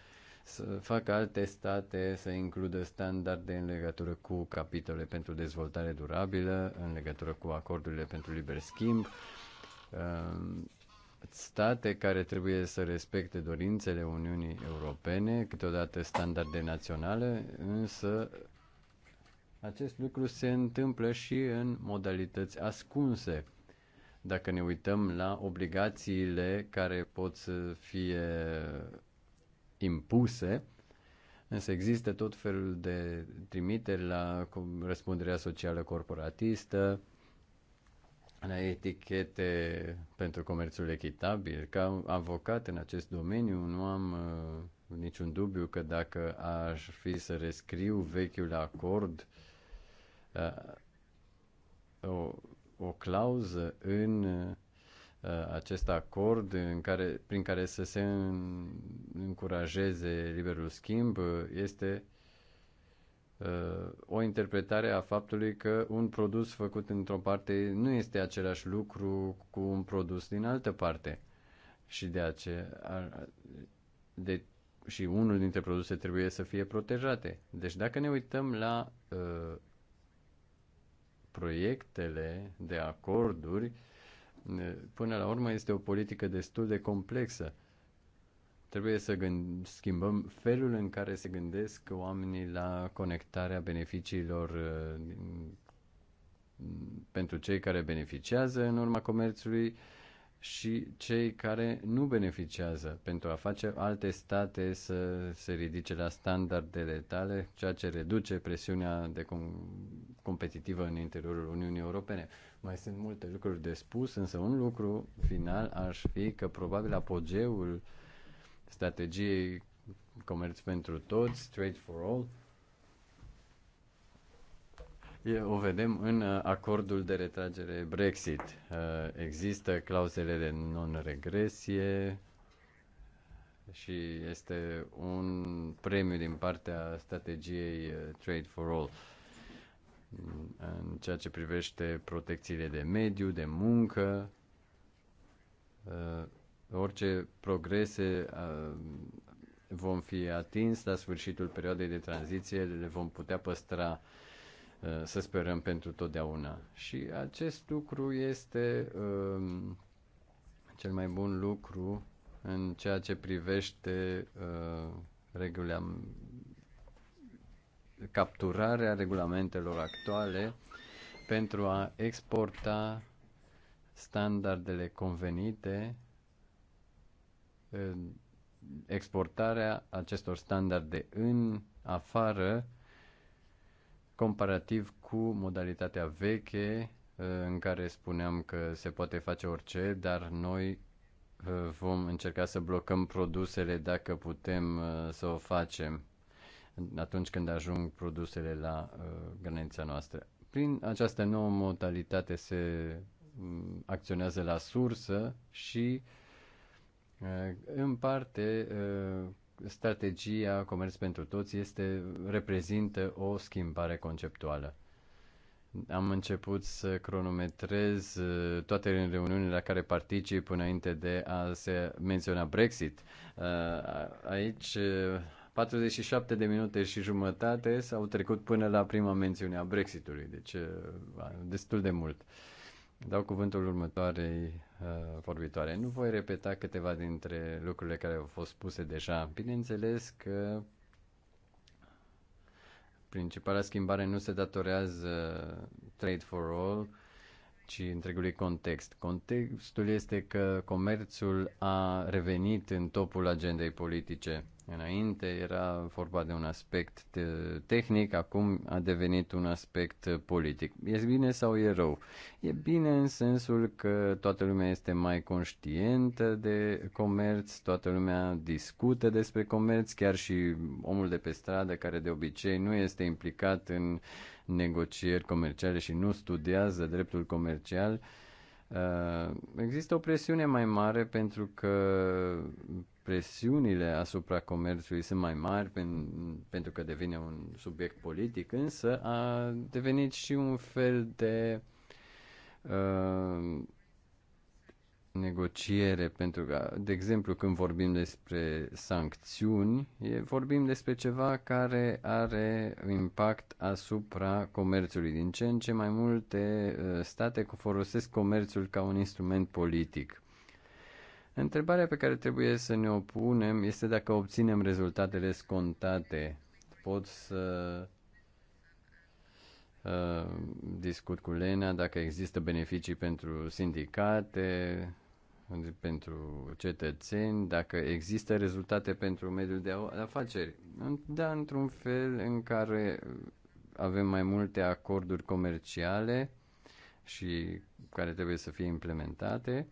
să facă alte state să includă standarde în legătură cu capitole pentru dezvoltare durabilă, în legătură cu acordurile pentru liber schimb, ehm, state care trebuie să respecte dorințele Uniunii Europene, câteodată standarde naționale, însă acest lucru se întâmplă și în modalități ascunse. Dacă ne uităm la obligațiile care pot să fie impuse, însă există tot felul de trimiteri la răspunderea socială corporatistă, la etichete pentru comerțul echitabil. Ca avocat în acest domeniu nu am uh, niciun dubiu că dacă aș fi să rescriu vechiul acord, uh, o, o clauză în uh, Uh, acest acord în care, prin care să se încurajeze liberul schimb uh, este uh, o interpretare a faptului că un produs făcut într-o parte nu este același lucru cu un produs din altă parte. Și de aceea de, și unul dintre produse trebuie să fie protejate. Deci dacă ne uităm la uh, proiectele de acorduri uh, Până la urmă este o politică destul de complexă. Trebuie să gând- schimbăm felul în care se gândesc oamenii la conectarea beneficiilor uh, pentru cei care beneficiază în urma comerțului și cei care nu beneficiază pentru a face alte state să se ridice la standardele tale, ceea ce reduce presiunea de com- competitivă în interiorul Uniunii Europene. Mai sunt multe lucruri de spus, însă un lucru final aș fi că probabil apogeul strategiei comerț pentru toți, trade for all, o vedem în uh, acordul de retragere Brexit. Uh, există clauzele de non-regresie și este un premiu din partea strategiei uh, Trade for All în ceea ce privește protecțiile de mediu, de muncă, uh, orice progrese uh, vom fi atins la sfârșitul perioadei de tranziție, le vom putea păstra, uh, să sperăm, pentru totdeauna. Și acest lucru este um, cel mai bun lucru în ceea ce privește regulam, capturarea regulamentelor actuale pentru a exporta standardele convenite, exportarea acestor standarde în afară, comparativ cu modalitatea veche, uh, în care spuneam că se poate face orice, dar noi uh, vom încerca să blocăm produsele dacă putem uh, să o facem atunci când ajung produsele la uh, granița noastră. Prin această nouă modalitate se mm, acționează la sursă și uh, în parte uh, strategia Comerț pentru Toți este, reprezintă o schimbare conceptuală. Am început să cronometrez uh, toate reuniunile la care particip înainte de a se menționa Brexit. Uh, aici uh, 47 de minute și jumătate s-au trecut până la prima mențiune a Brexitului, deci eh, destul de mult. Dau cuvântul următoarei uh, vorbitoare. Nu voi repeta câteva dintre lucrurile care au fost spuse deja. Bineînțeles că principala schimbare nu se datorează trade for all, ci întregului context. Contextul este că comerțul a revenit în topul agendei politice. Înainte era vorba de un aspect tehnic, acum a devenit un aspect politic. E bine sau e rău? E bine în sensul că toată lumea este mai conștientă de comerț, toată lumea discută despre comerț, chiar și omul de pe stradă care de obicei nu este implicat în uh, negocieri comerciale și nu studiază dreptul comercial, uh, există o presiune mai mare pentru că presiunile asupra comerțului sunt mai mari pentru că devine un subiect politic, însă a devenit și un fel de uh, negociere, pentru că, de exemplu, când vorbim despre sancțiuni, e, vorbim despre ceva care are impact asupra comerțului. Din ce în ce mai multe uh, state folosesc comerțul ca un instrument politic. Întrebarea pe care trebuie să ne o punem este dacă obținem rezultatele scontate. Pot să uh, discut cu Lena dacă există beneficii pentru sindicate, pentru cetățeni, dacă există rezultate pentru mediul de afaceri. Da, într-un fel în care avem mai multe acorduri comerciale și care trebuie să fie implementate,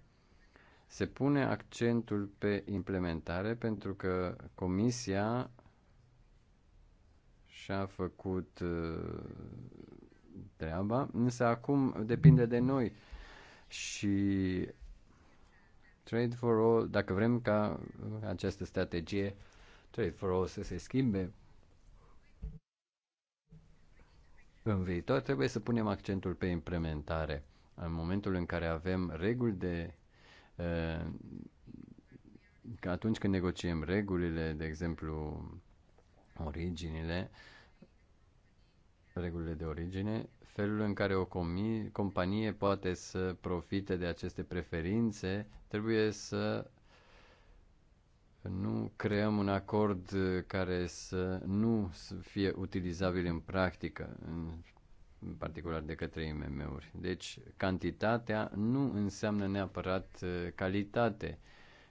se pune accentul pe implementare pentru că Comisia și-a făcut uh, treaba, însă acum depinde de noi și Trade for All, dacă vrem ca această strategie Trade for All să se schimbe în viitor, trebuie să punem accentul pe implementare. În momentul în care avem reguli de că uh, atunci când negociem regulile, de exemplu, originile, regulile de origine, felul în care o companie poate să profite de aceste preferințe, trebuie să nu creăm un acord care să nu fie utilizabil în practică, în particular de către IMM-uri. Deci, cantitatea nu înseamnă neapărat uh, calitate.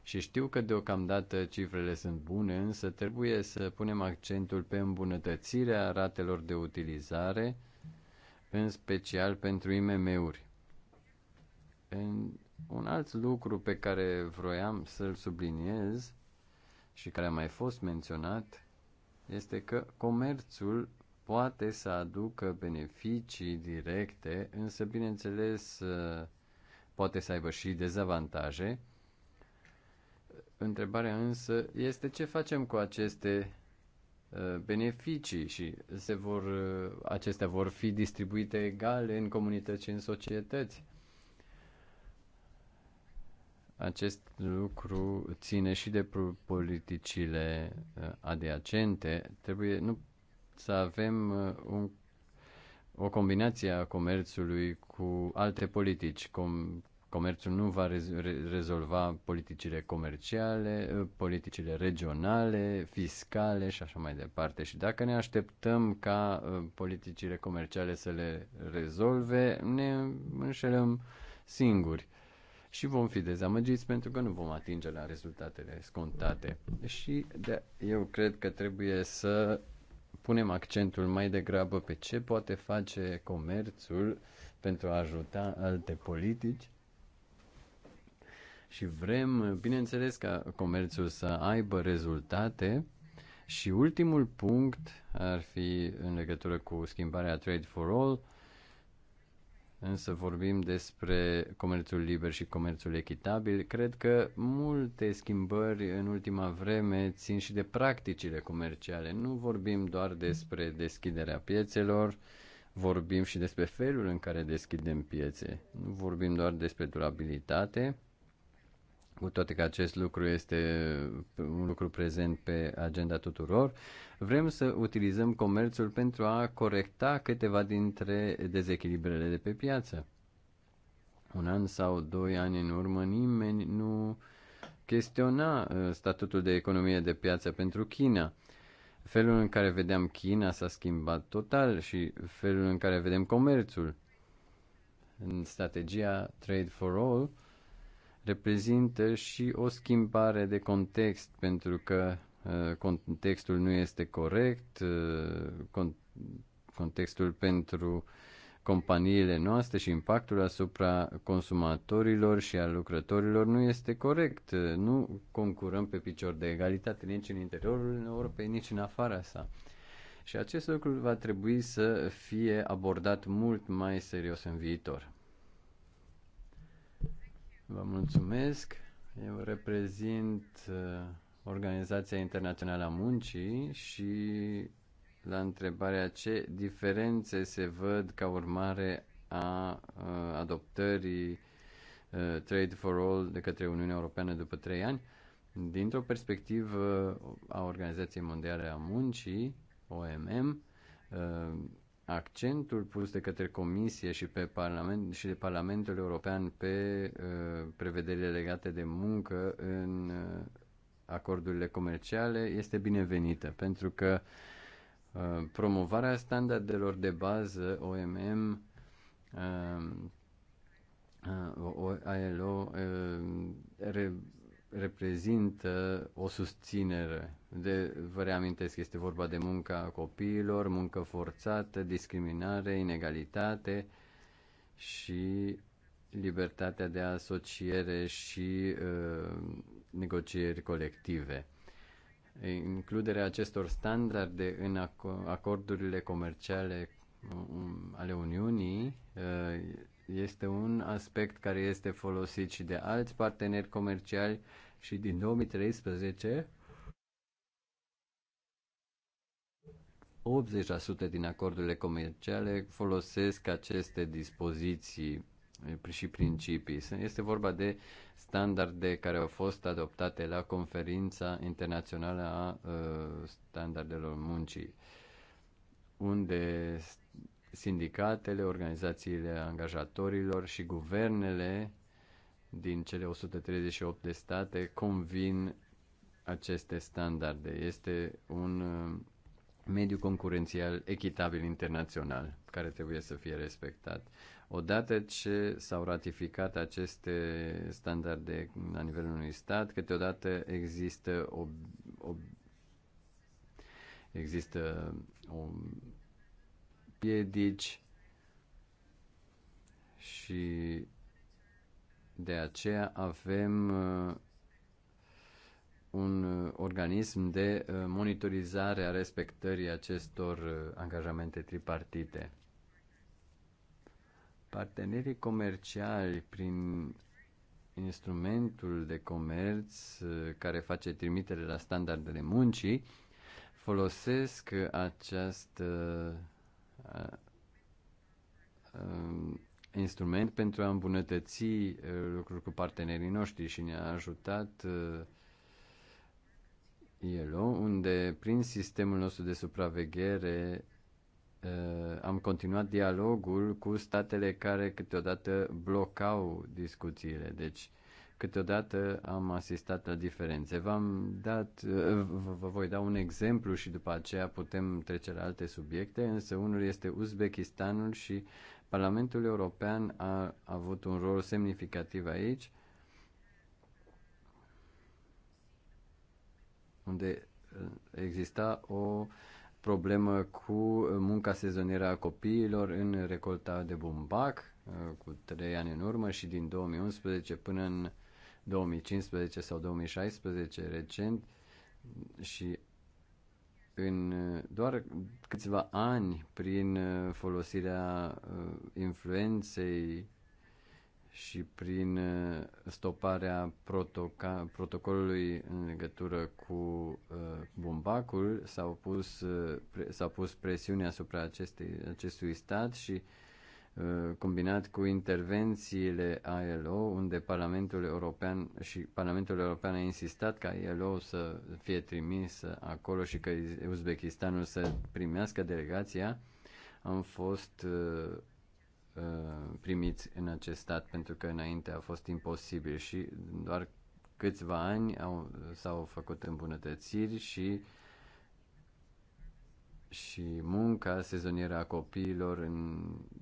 Și știu că deocamdată cifrele sunt bune, însă trebuie să punem accentul pe îmbunătățirea ratelor de utilizare, în special pentru IMM-uri. Un alt lucru pe care vroiam să-l subliniez și care a mai fost menționat este că comerțul poate să aducă beneficii directe, însă, bineînțeles, poate să aibă și dezavantaje. Întrebarea însă este ce facem cu aceste Uh, beneficii și se vor, uh, acestea vor fi distribuite egale în comunități și în societăți. Acest lucru ține și de politicile uh, adiacente. Trebuie nu, să avem un, o combinație a comerțului cu alte politici, com, Comerțul nu va rez- rezolva politicile comerciale, eh, politicile regionale, fiscale și așa mai departe. Și dacă ne așteptăm ca eh, politicile comerciale să le rezolve, ne înșelăm singuri și vom fi dezamăgiți pentru că nu vom atinge la rezultatele scontate. Și de, eu cred că trebuie să punem accentul mai degrabă pe ce poate face comerțul pentru a ajuta alte politici și vrem, bineînțeles, ca comerțul să aibă rezultate. Și ultimul punct ar fi în legătură cu schimbarea Trade for All, însă vorbim despre comerțul liber și comerțul echitabil. Cred că multe schimbări în ultima vreme țin și de practicile comerciale. Nu vorbim doar despre deschiderea piețelor, vorbim și despre felul în care deschidem piețe. Nu vorbim doar despre durabilitate, cu toate că acest lucru este un lucru prezent pe agenda tuturor, vrem să utilizăm comerțul pentru a corecta câteva dintre dezechilibrele de pe piață. Un an sau doi ani în urmă nimeni nu chestiona uh, statutul de economie de piață pentru China. Felul în care vedeam China s-a schimbat total și felul în care vedem comerțul. În strategia Trade for All, reprezintă și o schimbare de context, pentru că uh, contextul nu este corect, uh, contextul pentru companiile noastre și impactul asupra consumatorilor și a lucrătorilor nu este corect. Uh, nu concurăm pe picior de egalitate nici în interiorul Europei, nici în afara sa. Și acest lucru va trebui să fie abordat mult mai serios în viitor. Vă mulțumesc. Eu reprezint uh, Organizația Internațională a Muncii și la întrebarea ce diferențe se văd ca urmare a uh, adoptării uh, Trade for All de către Uniunea Europeană după 3 ani, dintr-o perspectivă a Organizației Mondiale a Muncii, OMM, accentul pus de către Comisie și, pe Parlament, și de Parlamentul European pe uh, prevederile legate de muncă în uh, acordurile comerciale este binevenită, pentru că uh, promovarea standardelor de bază OMM, uh, uh, ILO uh, re, reprezintă o susținere. De, vă reamintesc, este vorba de munca copiilor, muncă forțată, discriminare, inegalitate și libertatea de asociere și uh, negocieri colective. Includerea acestor standarde în acordurile comerciale um, um, ale Uniunii uh, este un aspect care este folosit și de alți parteneri comerciali și din 2013 80% din acordurile comerciale folosesc aceste dispoziții eh, și principii. Este vorba de standarde care au fost adoptate la conferința internațională a eh, standardelor muncii, unde sindicatele, organizațiile angajatorilor și guvernele din cele 138 de state convin aceste standarde. Este un uh, mediu concurențial echitabil internațional care trebuie să fie respectat. Odată ce s-au ratificat aceste standarde la nivelul unui stat, câteodată există o, o există o piedici și de aceea avem uh, un uh, organism de uh, monitorizare a respectării acestor angajamente tripartite. Partenerii comerciali prin instrumentul de comerț care face trimitere la standardele muncii folosesc această Uh, instrument pentru a îmbunătăți uh, lucruri cu partenerii noștri și ne-a ajutat ILO, uh, unde prin sistemul nostru de supraveghere am continuat dialogul cu statele care câteodată blocau discuțiile. Deci Câteodată am asistat la diferențe. V-am dat, vă voi da un exemplu și după aceea putem trece la alte subiecte, însă unul este Uzbekistanul și Parlamentul European a avut un rol semnificativ aici, unde uh, exista o problemă cu munca sezonieră a copiilor în recolta de bumbac uh, cu trei ani în urmă și din 2011 până în 2015 sau 2016 recent și în uh, doar câțiva ani prin uh, folosirea uh, influenței și prin stoparea protocolului în legătură cu bumbacul s-au pus, s-a pus presiune asupra acestei, acestui stat și Uh, combinat cu intervențiile ILO, unde Parlamentul European și Parlamentul European a insistat ca ILO să fie trimis acolo și că Uzbekistanul să primească delegația, am fost uh, uh, primiți în acest stat pentru că înainte a fost imposibil și doar câțiva ani au, s-au făcut îmbunătățiri și uh, și munca sezonieră a copiilor în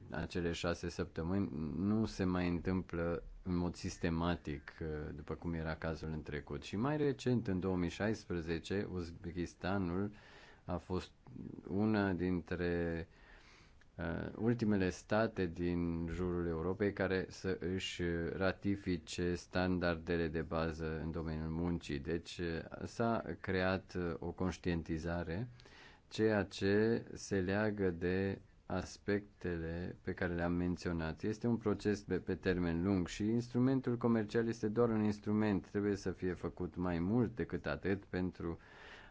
acele șase săptămâni nu se mai întâmplă în mod sistematic, uh, după cum era cazul în trecut. Și mai recent, în 2016, Uzbekistanul a fost una dintre uh, ultimele state din jurul Europei care să își ratifice standardele de bază în domeniul muncii. Deci uh, s-a creat uh, o conștientizare uh, ceea ce se leagă de aspectele pe care le-am menționat. Este un proces pe, pe termen lung și instrumentul comercial este doar un instrument. Trebuie să fie făcut mai mult decât atât pentru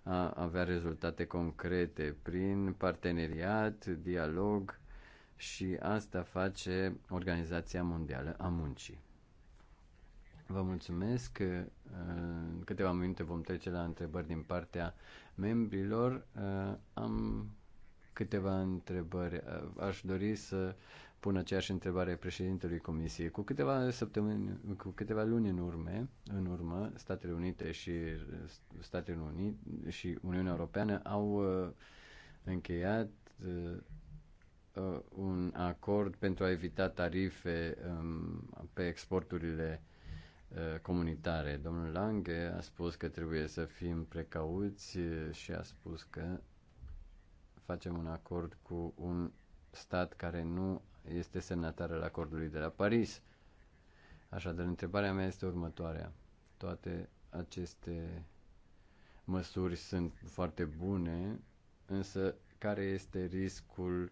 a avea rezultate concrete prin parteneriat, dialog și asta face Organizația Mondială a Muncii. Vă mulțumesc. În câteva minute vom trece la întrebări din partea membrilor, uh, am câteva întrebări. Uh, aș dori să pun aceeași întrebare președintelui Comisiei. Cu câteva săptămâni, cu câteva luni în urmă, în urmă, Statele Unite și uh, Statele Unite și Uniunea Europeană au încheiat un acord pentru a evita tarife um, pe exporturile uh, Uh, comunitare. Domnul Lange a spus că trebuie să fim precauți uh, și a spus că facem un acord cu un stat care nu este semnatar al acordului de la Paris. Așadar, întrebarea mea este următoarea. Toate aceste măsuri sunt foarte bune, însă care este riscul uh,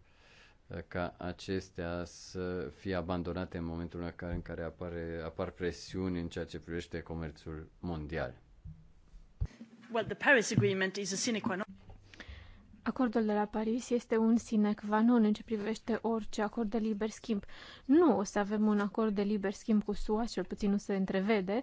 ca acestea să fie abandonate în momentul în care, în care apare, apar presiuni în ceea ce privește comerțul mondial. Well, the Paris Agreement is a sine qua non. Acordul de la Paris este un sine qua non în ce privește orice acord de liber schimb. Nu o să avem un acord de liber schimb cu SUA, cel puțin nu se întrevede,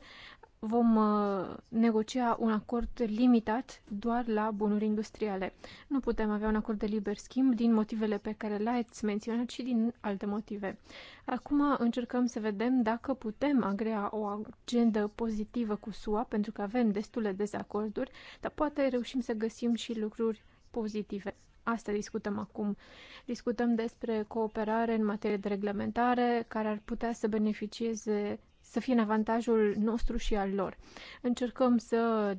vom uh, negocia un acord limitat doar la bunuri industriale. Nu putem avea un acord de liber schimb din motivele pe care le-ați menționat și din alte motive. Acum încercăm să vedem dacă putem agrea o agendă pozitivă cu SUA, pentru că avem destule dezacorduri, dar poate reușim să găsim și lucruri pozitive. Asta discutăm acum. Discutăm despre cooperare în materie de reglementare, care ar putea să beneficieze să fie în avantajul nostru și al lor. Încercăm să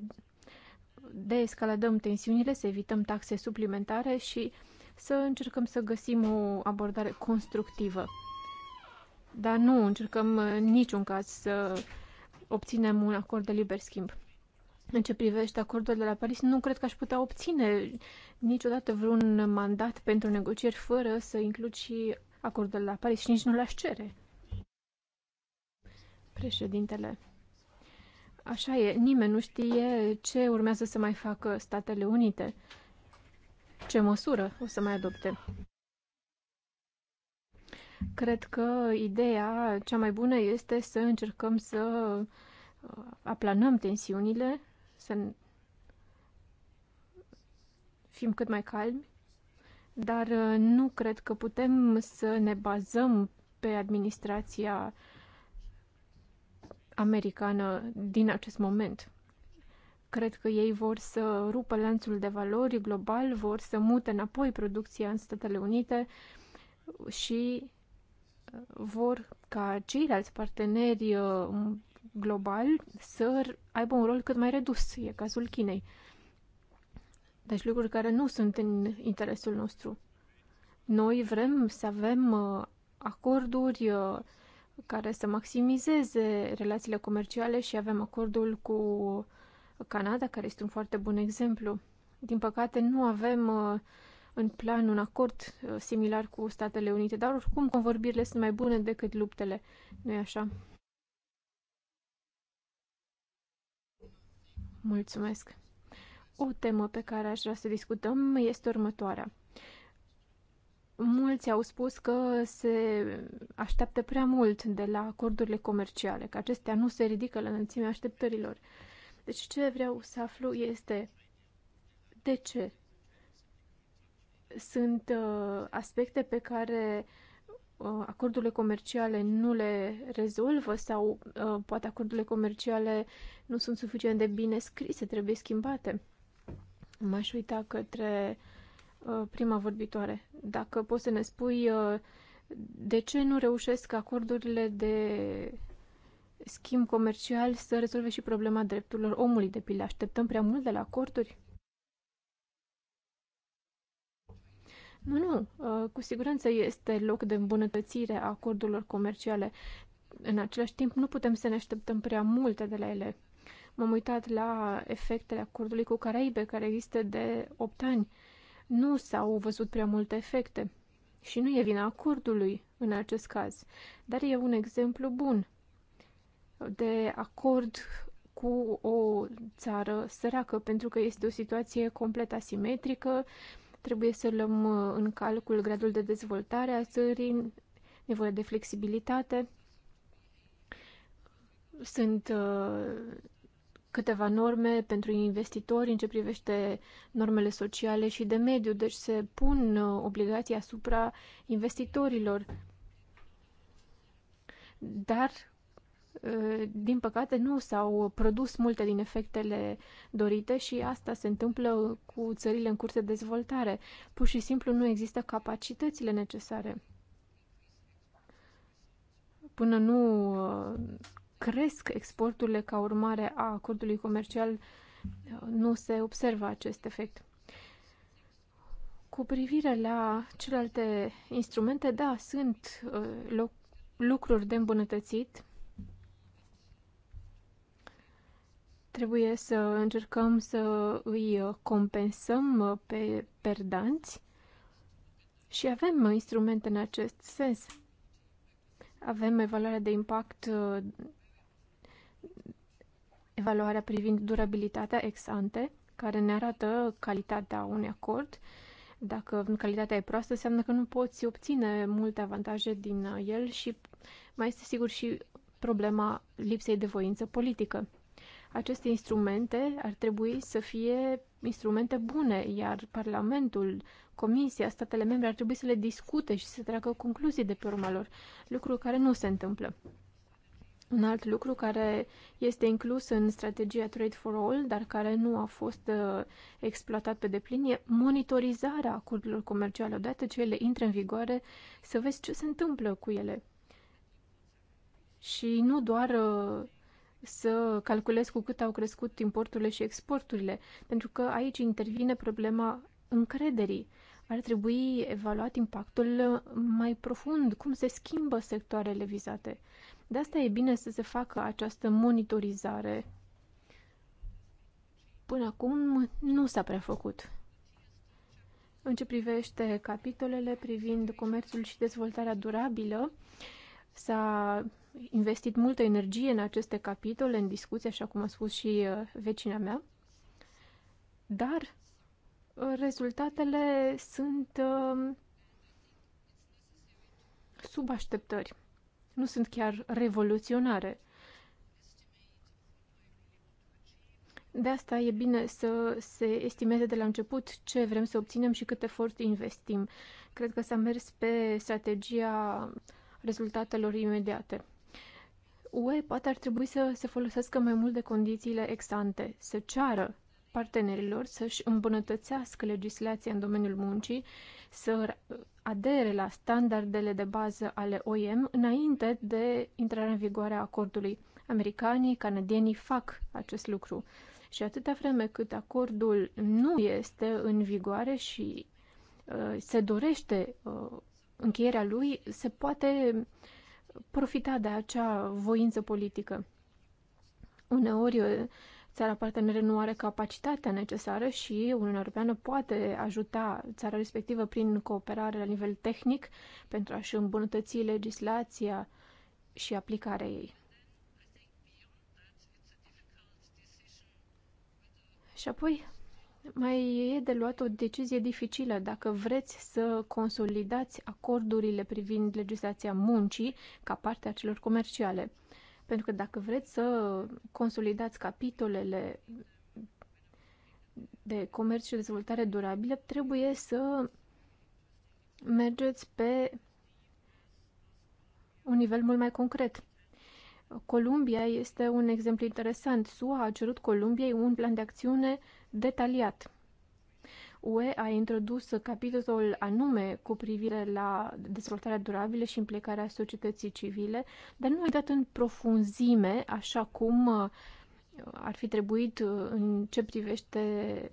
deescaladăm tensiunile, să evităm taxe suplimentare și să încercăm să găsim o abordare constructivă. Dar nu încercăm în niciun caz să obținem un acord de liber schimb. În ce privește acordul de la Paris, nu cred că aș putea obține niciodată vreun mandat pentru negocieri fără să includ și acordul de la Paris și nici nu l-aș cere. Președintele, așa e, nimeni nu știe ce urmează să mai facă Statele Unite, ce măsură o să mai adopte. Cred că ideea cea mai bună este să încercăm să uh, aplanăm tensiunile, să fim cât mai calmi, dar uh, nu cred că putem să ne bazăm pe administrația uh, americană din acest moment. Cred că ei vor să rupă lanțul de valori global, vor să mute înapoi producția în Statele Unite și uh, vor ca ceilalți parteneri uh, global să aibă un rol cât mai redus. E cazul Chinei. Deci lucruri care nu sunt în interesul nostru. Noi vrem să avem uh, acorduri care să maximizeze relațiile comerciale și avem acordul cu Canada, care este un foarte bun exemplu. Din păcate, nu avem uh, în plan un acord uh, similar cu Statele Unite, dar oricum convorbirile sunt mai bune decât luptele, nu-i așa? Mulțumesc! O temă pe care aș vrea să discutăm este următoarea mulți au spus că se așteaptă prea mult de la acordurile comerciale, că acestea nu se ridică la înălțimea așteptărilor. Deci ce vreau să aflu este de ce sunt uh, aspecte pe care uh, acordurile comerciale nu le rezolvă sau uh, poate acordurile comerciale nu sunt suficient de bine scrise, trebuie schimbate. M-aș uita către uh, Uh, prima vorbitoare. Dacă poți să ne spui uh, de ce nu reușesc acordurile de schimb comercial să rezolve și problema drepturilor omului, de pildă. Așteptăm prea mult de la acorduri? Nu, nu. Uh, cu siguranță este loc de îmbunătățire a acordurilor comerciale. În același timp, nu putem să ne așteptăm prea multe de la ele. M-am uitat la efectele acordului cu Caraibe, care există de 8 ani nu s-au văzut prea multe efecte. Și nu e vina acordului în acest caz, dar e un exemplu bun de acord cu o țară săracă, pentru că este o situație complet asimetrică, trebuie să luăm în calcul gradul de dezvoltare a țării, nevoie de flexibilitate. Sunt uh, câteva norme pentru investitori în ce privește normele sociale și de mediu, deci se pun uh, obligații asupra investitorilor. Dar, uh, din păcate, nu s-au produs multe din efectele dorite și asta se întâmplă cu țările în curs de dezvoltare. Pur și simplu nu există capacitățile necesare până nu uh, cresc exporturile ca urmare a acordului comercial, nu se observă acest efect. Cu privire la celelalte instrumente, da, sunt uh, loc, lucruri de îmbunătățit. Trebuie să încercăm să îi compensăm uh, pe perdanți și avem instrumente în acest sens. Avem evaluarea de impact uh, evaluarea privind durabilitatea ex ante, care ne arată calitatea unui acord. Dacă calitatea e proastă, înseamnă că nu poți obține multe avantaje din el și mai este sigur și problema lipsei de voință politică. Aceste instrumente ar trebui să fie instrumente bune, iar Parlamentul, Comisia, statele membre ar trebui să le discute și să treacă concluzii de pe urma lor, lucru care nu se întâmplă. Un alt lucru care este inclus în strategia Trade for All, dar care nu a fost uh, exploatat pe deplin, e monitorizarea acordurilor comerciale. Odată ce ele intră în vigoare, să vezi ce se întâmplă cu ele. Și nu doar uh, să calculez cu cât au crescut importurile și exporturile, pentru că aici intervine problema încrederii. Ar trebui evaluat impactul uh, mai profund, cum se schimbă sectoarele vizate. De asta e bine să se facă această monitorizare. Până acum nu s-a prea făcut. În ce privește capitolele privind comerțul și dezvoltarea durabilă, s-a investit multă energie în aceste capitole, în discuții, așa cum a spus și uh, vecina mea, dar uh, rezultatele sunt uh, sub așteptări nu sunt chiar revoluționare. De asta e bine să se estimeze de la început ce vrem să obținem și cât efort investim. Cred că s-a mers pe strategia rezultatelor imediate. UE poate ar trebui să se folosească mai mult de condițiile ex ante, să ceară partenerilor să-și îmbunătățească legislația în domeniul muncii, să adere la standardele de bază ale OIM înainte de intrarea în vigoare a acordului. Americanii, canadienii fac acest lucru. Și atâta vreme cât acordul nu este în vigoare și uh, se dorește uh, încheierea lui, se poate profita de acea voință politică. Uneori, uh, țara parteneră nu are capacitatea necesară și Uniunea Europeană poate ajuta țara respectivă prin cooperare la nivel tehnic pentru a-și îmbunătăți legislația și aplicarea ei. Și apoi mai e de luat o decizie dificilă dacă vreți să consolidați acordurile privind legislația muncii ca parte a celor comerciale. Pentru că dacă vreți să consolidați capitolele de comerț și dezvoltare durabilă, trebuie să mergeți pe un nivel mult mai concret. Columbia este un exemplu interesant. SUA a cerut Columbiei un plan de acțiune detaliat UE a introdus capitolul anume cu privire la dezvoltarea durabilă și implicarea societății civile, dar nu a dat în profunzime așa cum uh, ar fi trebuit uh, în ce privește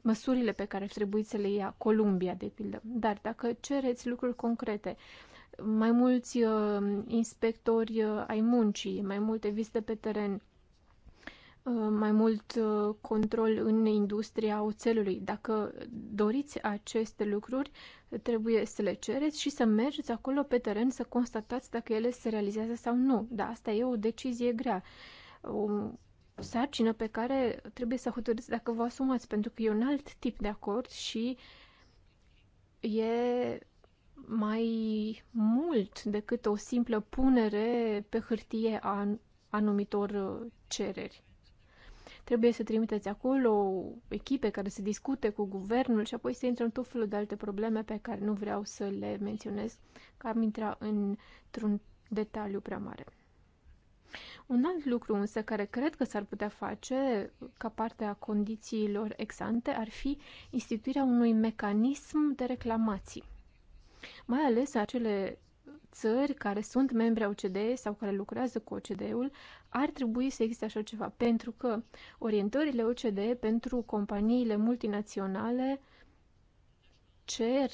măsurile pe care ar trebui să le ia Columbia, de pildă. Dar dacă cereți lucruri concrete, mai mulți uh, inspectori uh, ai muncii, mai multe vizite pe teren, Uh, mai mult uh, control în industria oțelului. Dacă doriți aceste lucruri, trebuie să le cereți și să mergeți acolo pe teren să constatați dacă ele se realizează sau nu. Dar asta e o decizie grea. O sarcină pe care trebuie să hotărâți dacă vă asumați, pentru că e un alt tip de acord și e mai mult decât o simplă punere pe hârtie a anumitor uh, cereri. Trebuie să trimiteți acolo echipe care să discute cu guvernul și apoi să intră în tot felul de alte probleme pe care nu vreau să le menționez, că am intra într-un detaliu prea mare. Un alt lucru însă care cred că s-ar putea face ca parte a condițiilor exante ar fi instituirea unui mecanism de reclamații. Mai ales acele țări care sunt membre a OCDE sau care lucrează cu OCDE-ul, ar trebui să existe așa ceva, pentru că orientările OCDE pentru companiile multinaționale cer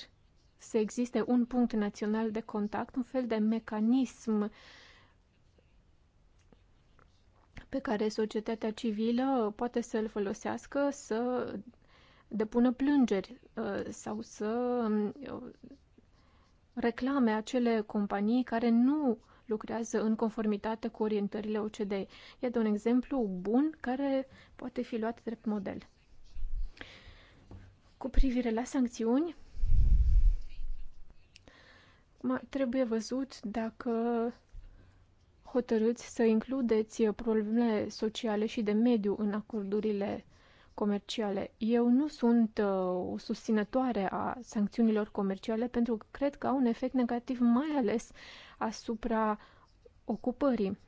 să existe un punct național de contact, un fel de mecanism pe care societatea civilă poate să-l folosească să depună plângeri uh, sau să uh, reclame acele companii care nu lucrează în conformitate cu orientările OCDE. Iată un exemplu bun care poate fi luat drept model. Cu privire la sancțiuni, trebuie văzut dacă hotărâți să includeți probleme sociale și de mediu în acordurile comerciale. Eu nu sunt o uh, susținătoare a sancțiunilor comerciale pentru că cred că au un efect negativ mai ales asupra ocupării.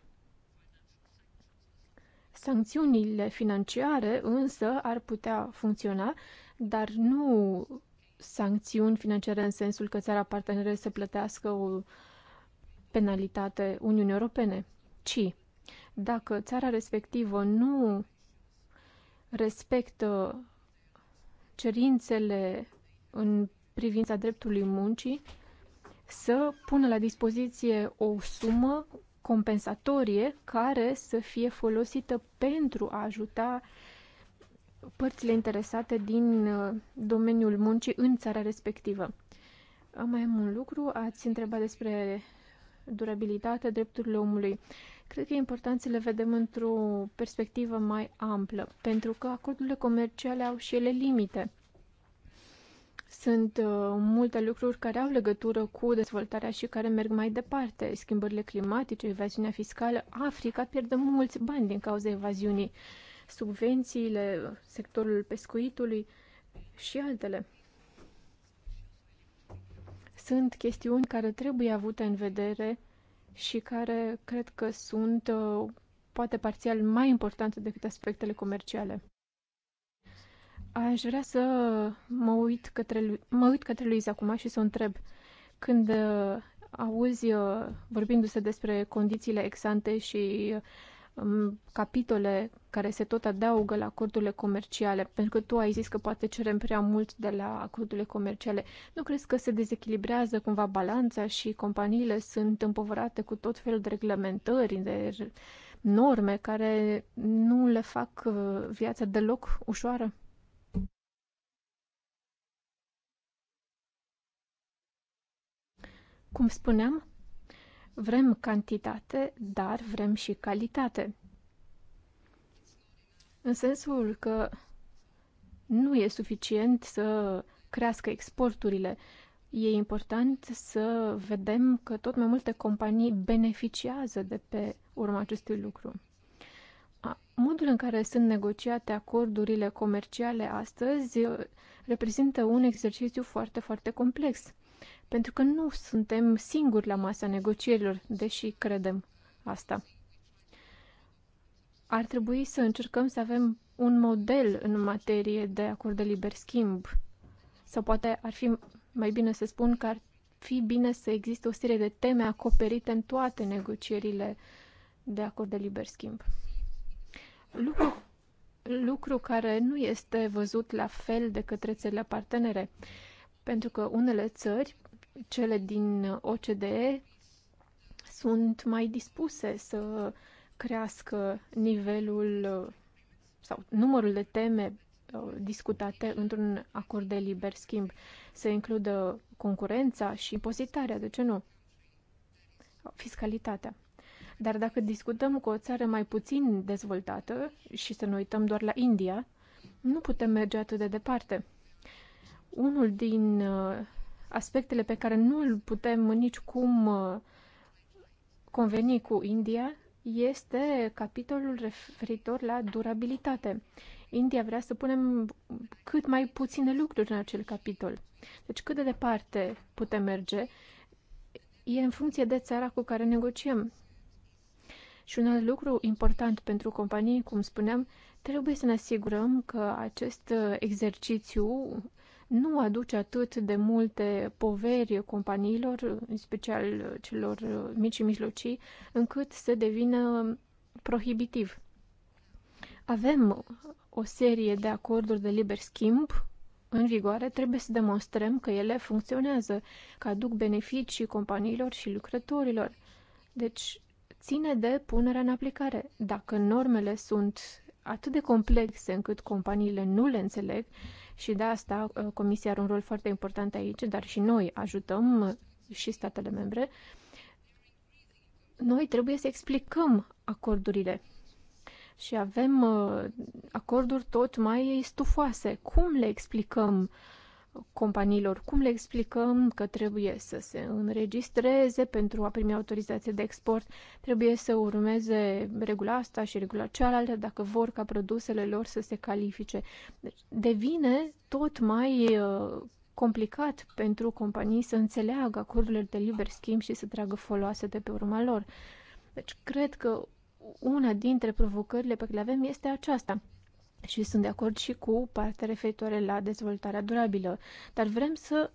Sancțiunile financiare însă ar putea funcționa, dar nu sancțiuni financiare în sensul că țara parteneră să plătească o penalitate Uniunii Europene, ci dacă țara respectivă nu respectă cerințele în privința dreptului muncii, să pună la dispoziție o sumă compensatorie care să fie folosită pentru a ajuta părțile interesate din uh, domeniul muncii în țara respectivă. Mai am un lucru, ați întrebat despre durabilitatea drepturilor omului. Cred că e important să le vedem într-o perspectivă mai amplă, pentru că acordurile comerciale au și ele limite. Sunt uh, multe lucruri care au legătură cu dezvoltarea și care merg mai departe. Schimbările climatice, evaziunea fiscală. Africa pierde mulți bani din cauza evaziunii, subvențiile, sectorul pescuitului și altele. Sunt chestiuni care trebuie avute în vedere și care cred că sunt uh, poate parțial mai importante decât aspectele comerciale. Aș vrea să mă uit către, mă uit către Luiza acum și să o întreb. Când uh, auzi uh, vorbindu-se despre condițiile exante și Um, capitole care se tot adaugă la acordurile comerciale, pentru că tu ai zis că poate cerem prea mult de la acordurile comerciale. Nu crezi că se dezechilibrează cumva balanța și companiile sunt împovărate cu tot felul de reglementări, de norme care nu le fac uh, viața deloc ușoară? Cum spuneam, Vrem cantitate, dar vrem și calitate. În sensul că nu e suficient să crească exporturile. E important să vedem că tot mai multe companii beneficiază de pe urma acestui lucru. Modul în care sunt negociate acordurile comerciale astăzi reprezintă un exercițiu foarte, foarte complex pentru că nu suntem singuri la masa negocierilor, deși credem asta. Ar trebui să încercăm să avem un model în materie de acord de liber schimb. Sau poate ar fi mai bine să spun că ar fi bine să existe o serie de teme acoperite în toate negocierile de acord de liber schimb. Lucru, lucru care nu este văzut la fel de către țările partenere, pentru că unele țări cele din OCDE sunt mai dispuse să crească nivelul sau numărul de teme uh, discutate într-un acord de liber schimb, să includă concurența și impozitarea, de ce nu? Fiscalitatea. Dar dacă discutăm cu o țară mai puțin dezvoltată și să ne uităm doar la India, nu putem merge atât de departe. Unul din uh, aspectele pe care nu îl putem nicicum uh, conveni cu India este capitolul referitor la durabilitate. India vrea să punem cât mai puține lucruri în acel capitol. Deci cât de departe putem merge e în funcție de țara cu care negociem. Și un alt lucru important pentru companii, cum spuneam, trebuie să ne asigurăm că acest uh, exercițiu nu aduce atât de multe poveri companiilor, în special celor mici și mijlocii, încât să devină prohibitiv. Avem o serie de acorduri de liber schimb în vigoare, trebuie să demonstrăm că ele funcționează, că aduc beneficii companiilor și lucrătorilor. Deci, ține de punerea în aplicare. Dacă normele sunt atât de complexe încât companiile nu le înțeleg, și de asta uh, Comisia are un rol foarte important aici, dar și noi ajutăm uh, și statele membre. Noi trebuie să explicăm acordurile și avem uh, acorduri tot mai stufoase. Cum le explicăm uh, companiilor. Cum le explicăm că trebuie să se înregistreze pentru a primi autorizație de export? Trebuie să urmeze regula asta și regula cealaltă dacă vor ca produsele lor să se califice. Deci devine tot mai uh, complicat pentru companii să înțeleagă acordurile de liber schimb și să tragă foloase de pe urma lor. Deci cred că una dintre provocările pe care le avem este aceasta și sunt de acord și cu partea referitoare la dezvoltarea durabilă, dar vrem să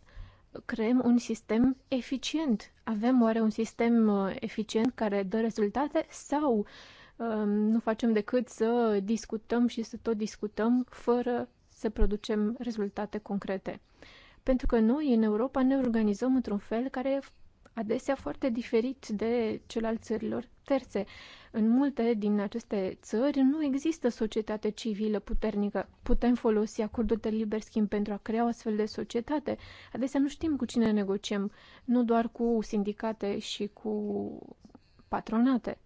creăm un sistem eficient. Avem oare un sistem uh, eficient care dă rezultate sau um, nu facem decât să discutăm și să tot discutăm fără să producem rezultate concrete? Pentru că noi în Europa ne organizăm într-un fel care adesea foarte diferit de cel al țărilor terțe. În multe din aceste țări nu există societate civilă puternică. Putem folosi acordul de liber schimb pentru a crea o astfel de societate. Adesea nu știm cu cine negociem, nu doar cu sindicate și cu patronate.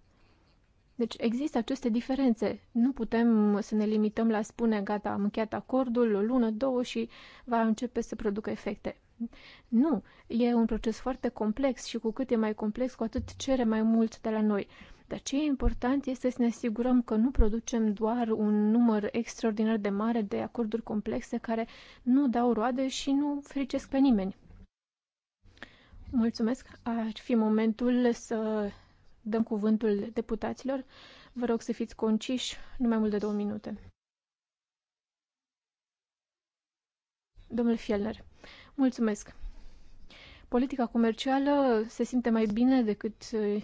Deci există aceste diferențe. Nu putem să ne limităm la spune, gata, am încheiat acordul, o lună, două și va începe să producă efecte. Nu, e un proces foarte complex și cu cât e mai complex, cu atât cere mai mult de la noi. Dar ce e important este să ne asigurăm că nu producem doar un număr extraordinar de mare de acorduri complexe care nu dau roade și nu fericesc pe nimeni. Mulțumesc. Ar fi momentul să dăm cuvântul deputaților. Vă rog să fiți conciși, nu mai mult de două minute. Domnul Fielner, Mulțumesc! Politica comercială se simte mai bine decât eh,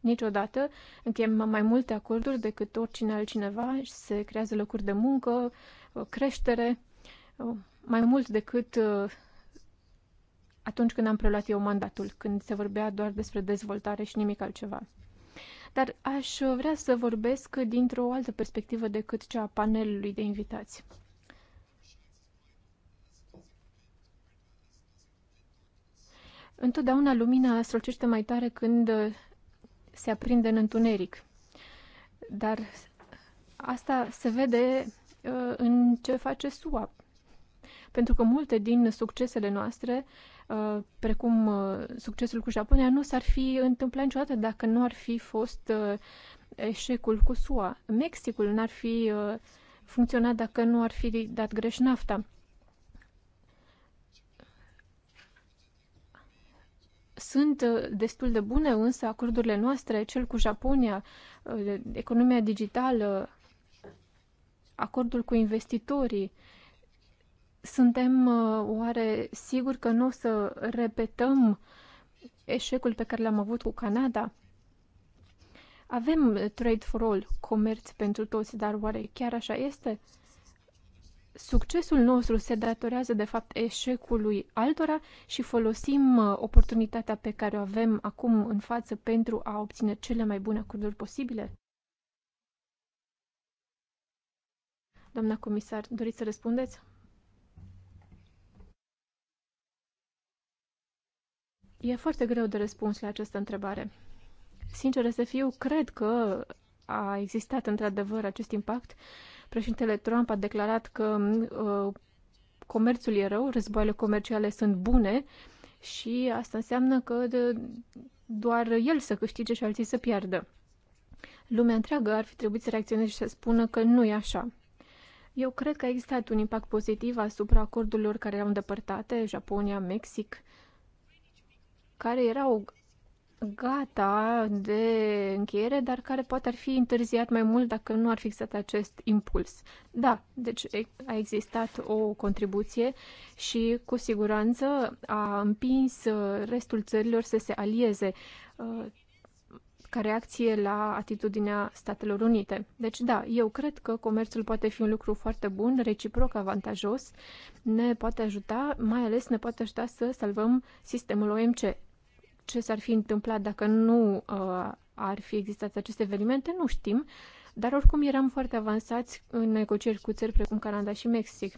niciodată. Încheiem mai multe acorduri decât oricine altcineva. Se creează locuri de muncă, creștere, mai mult decât eh, atunci când am preluat eu mandatul, când se vorbea doar despre dezvoltare și nimic altceva. Dar aș vrea să vorbesc dintr-o altă perspectivă decât cea a panelului de invitați. Întotdeauna lumina strălucește mai tare când uh, se aprinde în întuneric. Dar asta se vede uh, în ce face SUA. Pentru că multe din succesele noastre, uh, precum succesul cu Japonia, nu s-ar fi întâmplat niciodată dacă nu ar fi fost eșecul cu SUA. Mexicul n-ar fi funcționat dacă nu ar fi dat greș nafta. Sunt uh, destul de bune însă acordurile noastre, cel cu Japonia, uh, economia digitală, acordul cu investitorii. Suntem uh, oare siguri că nu o să repetăm eșecul pe care l-am avut cu Canada? Avem trade for all, comerț pentru toți, dar oare chiar așa este? Succesul nostru se datorează, de fapt, eșecului altora și folosim uh, oportunitatea pe care o avem acum în față pentru a obține cele mai bune acorduri posibile? Doamna comisar, doriți să răspundeți? E foarte greu de răspuns la această întrebare. Sincer să fiu, cred că a existat într-adevăr acest impact Președintele Trump a declarat că uh, comerțul e rău, războaiele comerciale sunt bune și asta înseamnă că de, doar el să câștige și alții să piardă. Lumea întreagă ar fi trebuit să reacționeze și să spună că nu e așa. Eu cred că a existat un impact pozitiv asupra acordurilor care erau îndepărtate, Japonia, Mexic, care erau gata de încheiere, dar care poate ar fi întârziat mai mult dacă nu ar fi existat acest impuls. Da, deci a existat o contribuție și cu siguranță a împins uh, restul țărilor să se alieze uh, ca reacție la atitudinea Statelor Unite. Deci da, eu cred că comerțul poate fi un lucru foarte bun, reciproc avantajos, ne poate ajuta, mai ales ne poate ajuta să salvăm sistemul OMC ce s-ar fi întâmplat dacă nu uh, ar fi existat aceste evenimente, nu știm, dar oricum eram foarte avansați în negocieri cu țări precum Canada și Mexic.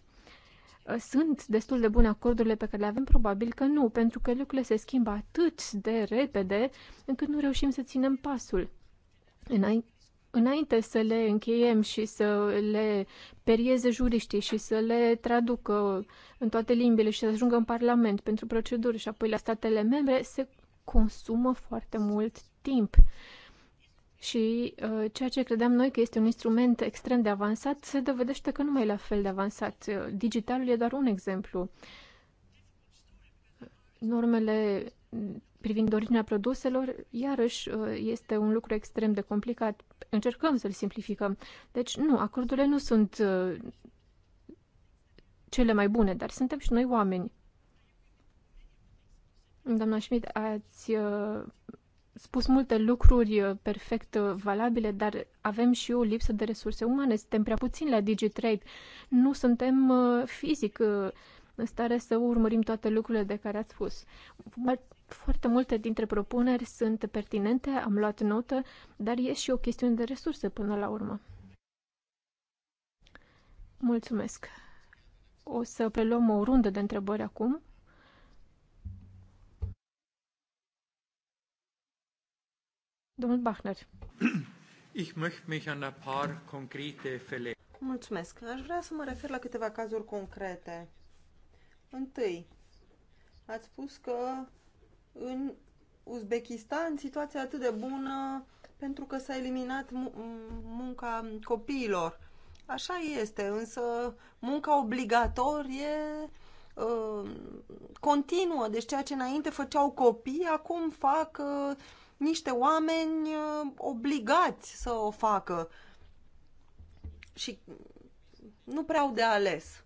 Uh, sunt destul de bune acordurile pe care le avem? Probabil că nu, pentru că lucrurile se schimbă atât de repede încât nu reușim să ținem pasul. Înainte să le încheiem și să le perieze juriștii și să le traducă în toate limbile și să ajungă în Parlament pentru proceduri și apoi la statele membre, se consumă foarte mult timp. Și uh, ceea ce credeam noi că este un instrument extrem de avansat, se dovedește că nu mai e la fel de avansat. Uh, digitalul e doar un exemplu. Normele privind originea produselor, iarăși uh, este un lucru extrem de complicat. Încercăm să-l simplificăm. Deci, nu, acordurile nu sunt uh, cele mai bune, dar suntem și noi oameni. Doamna Schmidt, ați uh, spus multe lucruri uh, perfect uh, valabile, dar avem și o lipsă de resurse umane. Suntem prea puțini la DigiTrade. Nu suntem fizic în stare să urmărim toate lucrurile de care ați spus. Foarte multe dintre propuneri sunt pertinente, am luat notă, dar e și o chestiune de resurse până la urmă. Mulțumesc. O să preluăm o rundă de întrebări acum. Domnul Bachner. Ich möchte mich an ein paar konkrete Fälle. Mulțumesc. Aș vrea să mă refer la câteva cazuri concrete. Întâi, ați spus că în Uzbekistan situația e atât de bună pentru că s-a eliminat munca copiilor. Așa este, însă munca obligatorie uh, continuă, deci ceea ce înainte făceau copii, acum fac uh, niște oameni uh, obligați să o facă și nu prea au de ales.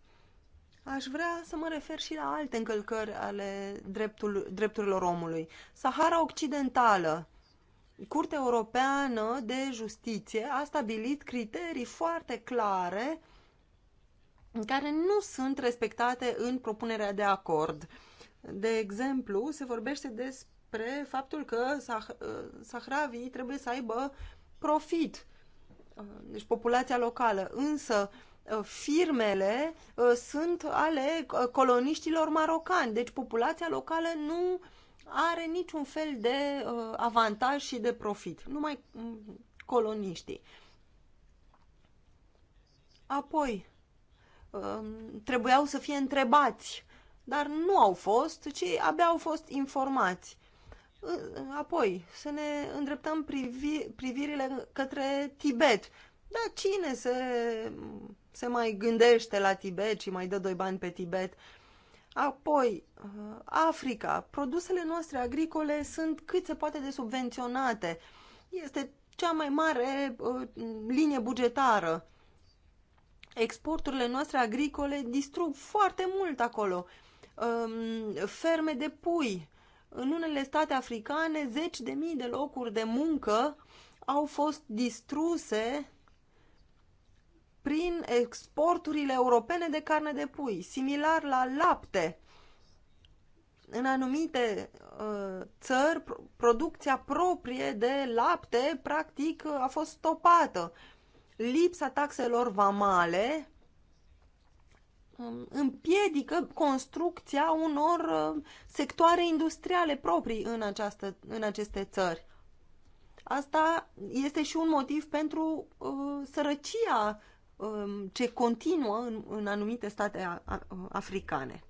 Aș vrea să mă refer și la alte încălcări ale dreptul, drepturilor omului. Sahara Occidentală. Curtea Europeană de Justiție a stabilit criterii foarte clare care nu sunt respectate în propunerea de acord. De exemplu, se vorbește despre spre faptul că sah- sahravii trebuie să aibă profit, uh, deci populația locală. Însă, uh, firmele uh, sunt ale coloniștilor marocani, deci populația locală nu are niciun fel de avantaj și de profit, numai mm, coloniștii. Apoi, um, trebuiau să fie întrebați, dar nu au fost, ci abia au fost informați. Apoi, să ne îndreptăm privi, privirile către Tibet. Dar cine se, se mai gândește la Tibet și mai dă doi bani pe Tibet? Apoi, uh, Africa. Produsele noastre agricole sunt cât se poate de subvenționate. Este cea mai mare uh, linie bugetară. Exporturile noastre agricole distrug foarte mult acolo. Um, ferme de pui, în unele state africane, zeci de mii de locuri de muncă au fost distruse prin exporturile europene de carne de pui, similar la lapte. În anumite uh, țări, producția proprie de lapte, practic, a fost stopată. Lipsa taxelor vamale Um, împiedică construcția unor uh, sectoare industriale proprii în, această, în aceste țări. Asta este și un motiv pentru uh, sărăcia uh, ce continuă în, în anumite state a, a, africane.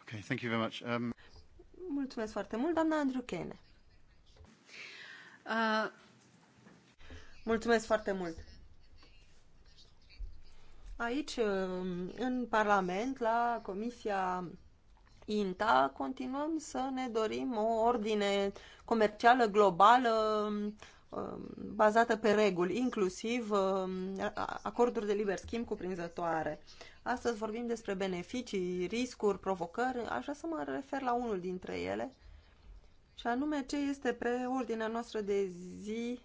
Okay, thank you very much. Um... Mulțumesc foarte mult, doamna Andrew Kene. Uh... Mulțumesc foarte mult. Aici, uh, în Parlament, la Comisia INTA, continuăm să ne dorim o ordine comercială globală um, bazată pe reguli, inclusiv um, acorduri de liber schimb cuprinzătoare. Astăzi vorbim despre beneficii, riscuri, provocări, așa să mă refer la unul dintre ele, și anume ce este pe ordinea noastră de zi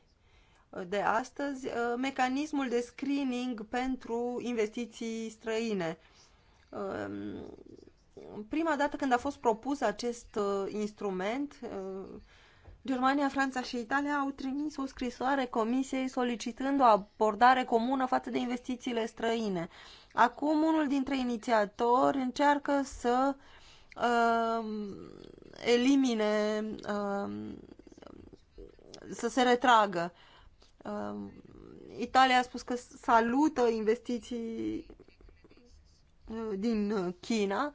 de astăzi uh, mecanismul de screening pentru investiții străine. Um, prima dată când a fost propus acest uh, instrument, uh, Germania, Franța și Italia au trimis o scrisoare comisiei solicitând o abordare comună față de investițiile străine. Acum unul dintre inițiatori încearcă să uh, elimine, uh, să se retragă. Uh, Uh, Italia a spus că salută investiții uh, din uh, China.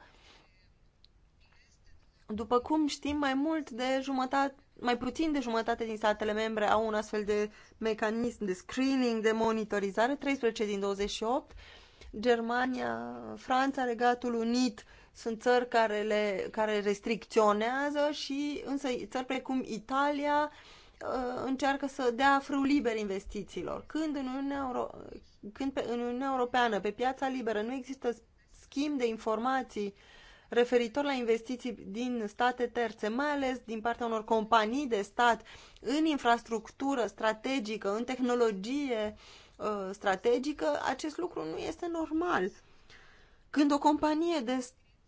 După cum știm, mai mult de jumătate, mai puțin de jumătate din statele membre au un astfel de mecanism de screening, de monitorizare, 13 din 28. Germania, Franța, Regatul Unit sunt țări care, le, care restricționează și însă țări precum Italia, uh, uh, încearcă să dea frâu liber investițiilor. Când, în Uniunea, Euro- când pe, în Uniunea Europeană, pe piața liberă, nu există schimb de informații referitor la investiții din state terțe, mai ales din partea unor companii de stat în infrastructură strategică, în tehnologie uh, strategică, acest lucru nu este normal. Când o companie de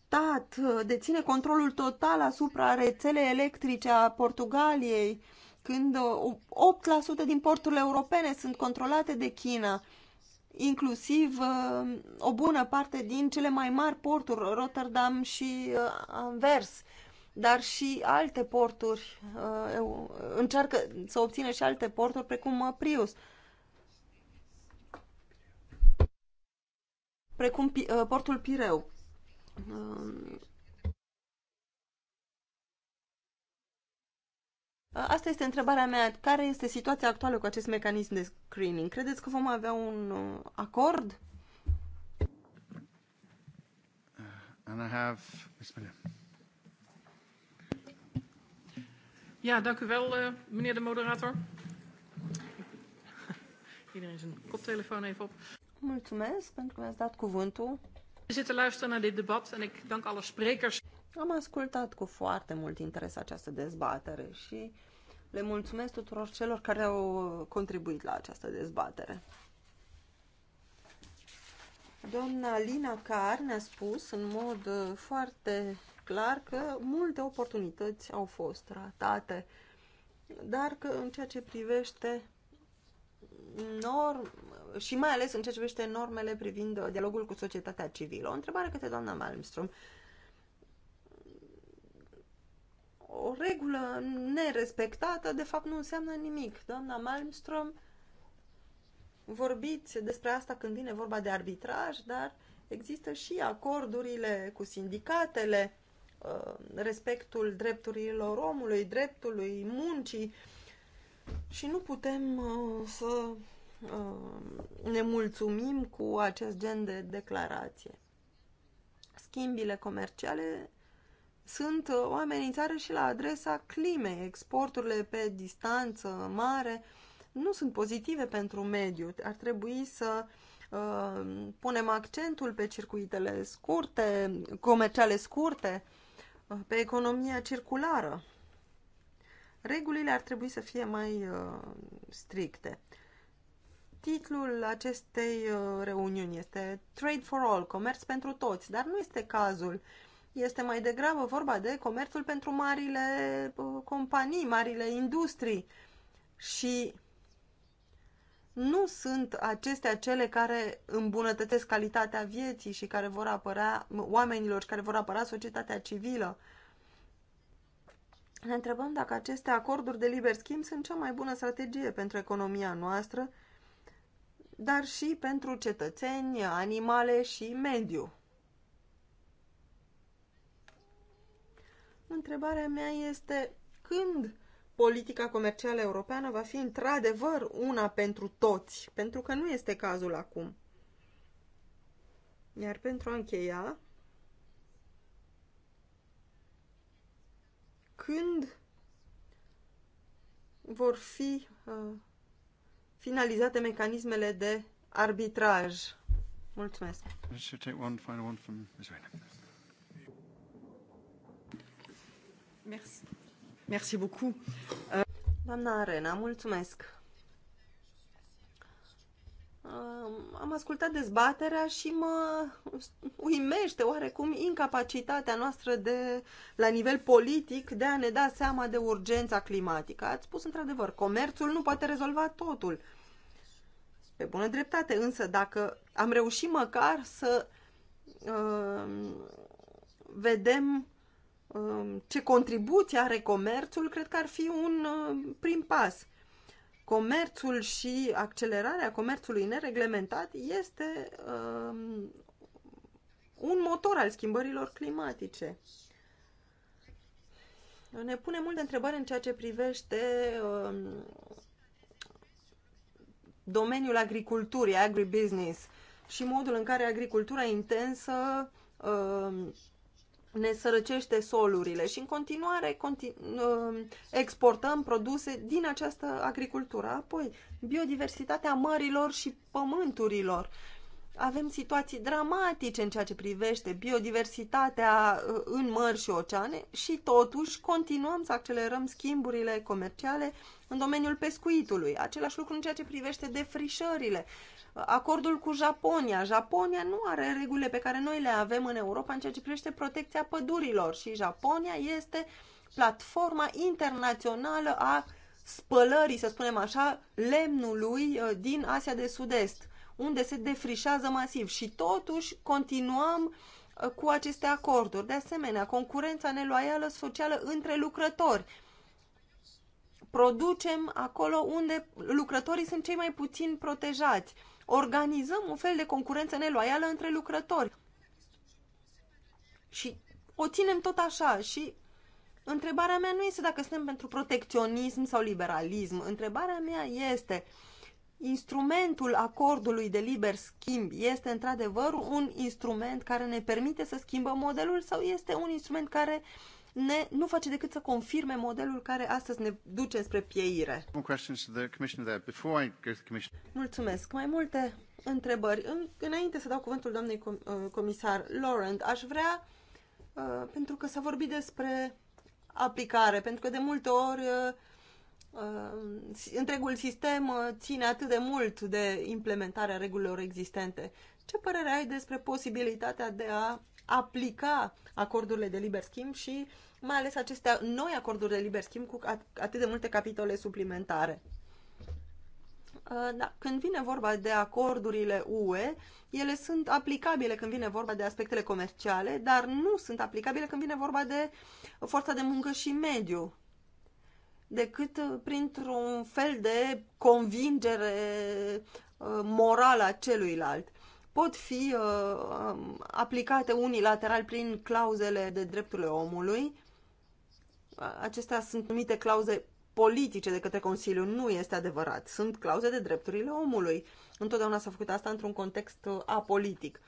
stat uh, deține controlul total asupra rețelei electrice a Portugaliei, uh, când 8% uh, din porturile europene sunt controlate de China, inclusiv uh, o bună parte din cele mai mari porturi, Rotterdam și uh, Anvers, dar și alte porturi, încearcă să obțină și alte porturi precum Prius. precum portul Pireu Asta este întrebarea mea. Care este situația actuală cu acest mecanism de screening? Credeți că vom avea un uh, acord? Uh, and I have... Ja, dank u wel, uh, meneer de moderator. Iedereen zijn koptelefoon even op. Mulțumesc pentru că mi-ați dat cuvântul. We zitten luisteren naar dit debat en ik dank alle sprekers. Am ascultat cu foarte mult interes această dezbatere și le mulțumesc tuturor celor care au contribuit la această dezbatere. Doamna Lina Car ne-a spus în mod uh, foarte clar că multe oportunități au fost ratate, dar că în ceea ce privește norm, și mai ales în ceea ce privește normele privind uh, dialogul cu societatea civilă. O întrebare către doamna Malmström. o regulă nerespectată, de fapt, nu înseamnă nimic. Doamna Malmström, vorbiți despre asta când vine vorba de arbitraj, dar există și acordurile cu sindicatele, uh, respectul drepturilor omului, dreptului muncii și nu putem uh, să uh, ne mulțumim cu acest gen de declarație. Schimbile comerciale sunt uh, o amenințare și la adresa climei. Exporturile pe distanță mare nu sunt pozitive pentru mediu. Ar trebui să uh, punem accentul pe circuitele scurte, comerciale scurte, uh, pe economia circulară. Regulile ar trebui să fie mai uh, stricte. Titlul acestei uh, reuniuni este Trade for All, comerț pentru toți, dar nu este cazul uh, este mai degrabă vorba de comerțul pentru marile uh, companii, marile industrii. Și nu sunt acestea cele care îmbunătățesc calitatea vieții și care vor apăra oamenilor și care vor apăra societatea civilă. Ne întrebăm dacă aceste acorduri de liber schimb sunt cea mai bună strategie pentru economia noastră, dar și pentru cetățeni, animale și mediu. Întrebarea mea este când politica comercială europeană va fi într-adevăr una pentru toți, pentru că nu este cazul acum. Iar pentru a încheia, când vor fi uh, finalizate mecanismele de arbitraj? Mulțumesc! Merci. Merci beaucoup. Uh, Doamna Arena, mulțumesc. Uh, am ascultat dezbaterea și mă uimește oarecum incapacitatea noastră de, la nivel politic de a ne da seama de urgența climatică. Ați spus într-adevăr, comerțul nu poate rezolva totul. Pe bună dreptate, însă dacă am reușit măcar să uh, vedem Um, ce contribuție are comerțul, cred că ar fi un um, prim pas. Comerțul și accelerarea comerțului nereglementat este um, un motor al schimbărilor climatice. Ne pune multe întrebări în ceea ce privește domeniul agriculturii, agribusiness, și modul în care agricultura intensă ne sărăcește solurile și în continuare continu- um, exportăm produse din această agricultură. Apoi, biodiversitatea mărilor și pământurilor. Avem situații dramatice în ceea ce privește biodiversitatea uh, în mări și oceane și totuși continuăm să accelerăm schimburile comerciale în domeniul pescuitului. Același lucru în ceea ce privește defrișările acordul cu Japonia. Japonia nu are regulile pe care noi le avem în Europa în ceea ce privește protecția pădurilor și Japonia este platforma internațională a spălării, să spunem așa, lemnului uh, din Asia de Sud-Est, unde se defrișează masiv și totuși continuăm uh, cu aceste acorduri. De asemenea, concurența neloială socială între lucrători. Producem acolo unde lucrătorii sunt cei mai puțin protejați organizăm un fel de concurență neloială între lucrători. Și o ținem tot așa și întrebarea mea nu este dacă suntem pentru protecționism sau liberalism. Întrebarea mea este instrumentul acordului de liber schimb este într-adevăr un instrument care ne permite să schimbăm modelul sau este un instrument care uh, ne, nu face decât să confirme modelul care astăzi ne duce spre pieire. Mulțumesc. Mai multe întrebări. În, înainte să dau cuvântul doamnei com, uh, comisar Laurent, aș vrea, uh, pentru că s-a vorbit despre aplicare, pentru că de multe ori uh, uh întregul sistem uh, ține atât de mult de implementarea regulilor existente. Ce părere ai despre posibilitatea de a aplica acordurile de liber schimb și mai ales aceste noi acorduri de liber schimb cu atât de multe capitole suplimentare. Uh, da, când vine vorba de acordurile UE, ele sunt aplicabile când vine vorba de aspectele comerciale, dar nu sunt aplicabile când vine vorba de forța de muncă și mediu, decât uh, printr-un fel de convingere uh, morală a celuilalt pot fi uh, um, aplicate unilateral prin clauzele de drepturile omului. Acestea sunt numite clauze politice de către Consiliu. Nu este adevărat. Sunt clauze de drepturile omului. Întotdeauna s-a făcut asta într-un context uh, apolitic.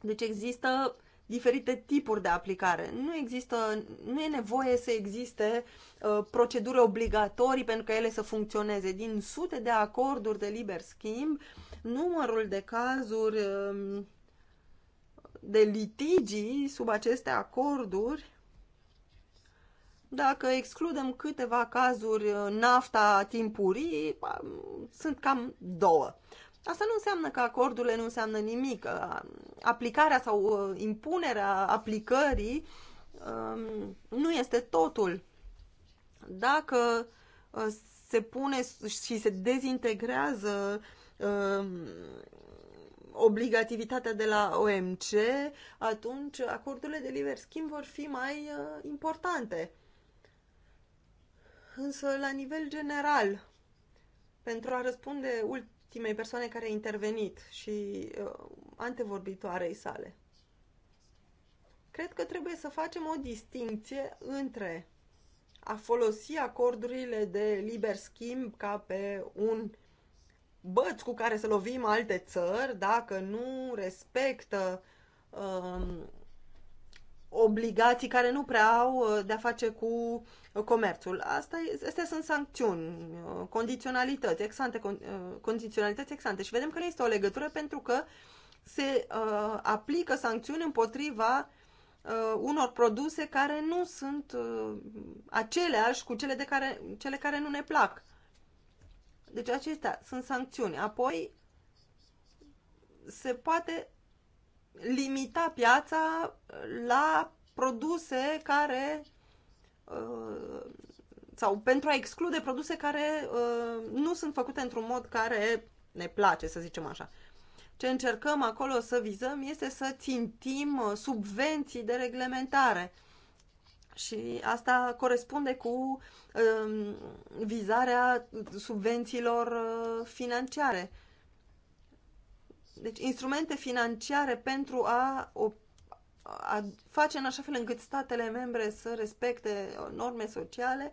Deci există uh, diferite tipuri de aplicare. Nu există, nu e nevoie să existe uh, proceduri obligatorii pentru ca ele să funcționeze. Din sute de acorduri de liber schimb, numărul de cazuri uh, de litigii sub aceste acorduri dacă excludem câteva cazuri uh, nafta timpurii, um, sunt cam două. Asta nu înseamnă că acordurile nu înseamnă nimic. Aplicarea sau ă, impunerea aplicării ă, nu este totul. Dacă ă, se pune și se dezintegrează obligativitatea de la OMC, atunci acordurile de liber schimb vor fi mai importante. Însă, la nivel general, pentru a răspunde ultimei persoane care a intervenit și uh, antevorbitoarei sale. Cred că trebuie să facem o distinție între a folosi acordurile de liber schimb ca pe un băț cu care să lovim alte țări dacă nu respectă um, obligații care nu prea au uh, de-a face cu uh, comerțul. Asta, astea sunt sancțiuni, uh, condiționalități, exante, condiționalități exante și vedem că nu este o legătură pentru că se uh, aplică sancțiuni împotriva uh, unor produse care nu sunt uh, aceleași cu cele, de care, cele care nu ne plac. Deci acestea sunt sancțiuni. Apoi se poate limita piața uh, la produse care uh, sau pentru a exclude produse care uh, nu sunt făcute într-un mod care ne place, să zicem așa. Ce încercăm acolo să vizăm este să țintim subvenții de reglementare. Și asta corespunde cu um, vizarea subvențiilor financiare. Deci instrumente financiare pentru a, o, a face în așa fel încât statele membre să respecte norme sociale,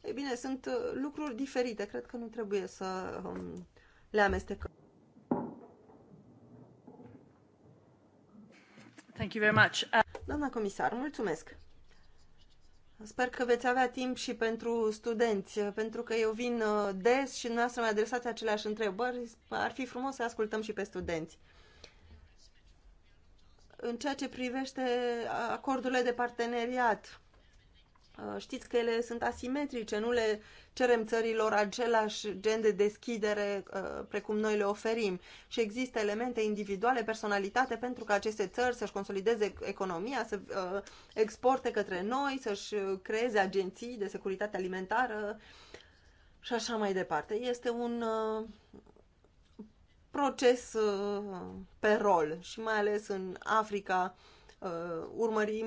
e bine, sunt uh, lucruri diferite. Cred că nu trebuie să um, le amestecăm. Thank you very much. Uh, Doamna comisar, mulțumesc. Sper că veți avea timp și pentru studenți, pentru că eu vin uh, des și dumneavoastră mi adresați aceleași întrebări. Ar fi frumos să ascultăm și pe studenți. În ceea ce privește uh, acordurile de parteneriat, Uh, știți că ele sunt asimetrice, nu le cerem țărilor același gen de deschidere uh, precum noi le oferim. Și există elemente individuale, personalitate, pentru ca aceste țări să-și consolideze economia, să uh, exporte către noi, să-și creeze agenții de securitate alimentară și așa mai departe. Este un proces pe rol și mai ales în Africa urmărim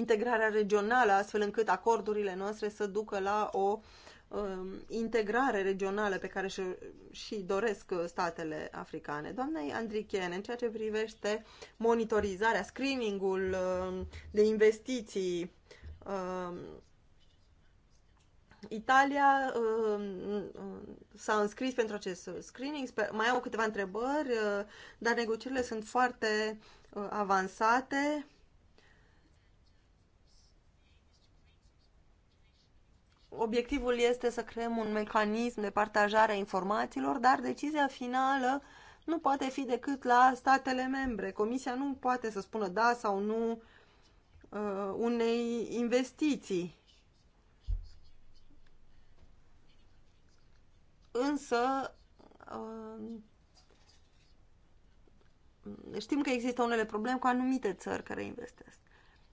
integrarea regională, astfel încât acordurile noastre să ducă la o um, integrare regională pe care și, și doresc uh, statele africane. Doamnei Andrichene, în ceea ce privește monitorizarea, screeningul um, de investiții, um, Italia s-a înscris pentru acest screening. Mai au câteva întrebări, uh, dar negocierile sunt foarte uh, avansate obiectivul este să creăm un mecanism de partajare a informațiilor, dar decizia finală nu poate fi decât la statele membre. Comisia nu poate să spună da sau nu uh, unei investiții. Însă, uh, știm că există unele probleme cu anumite țări care investesc.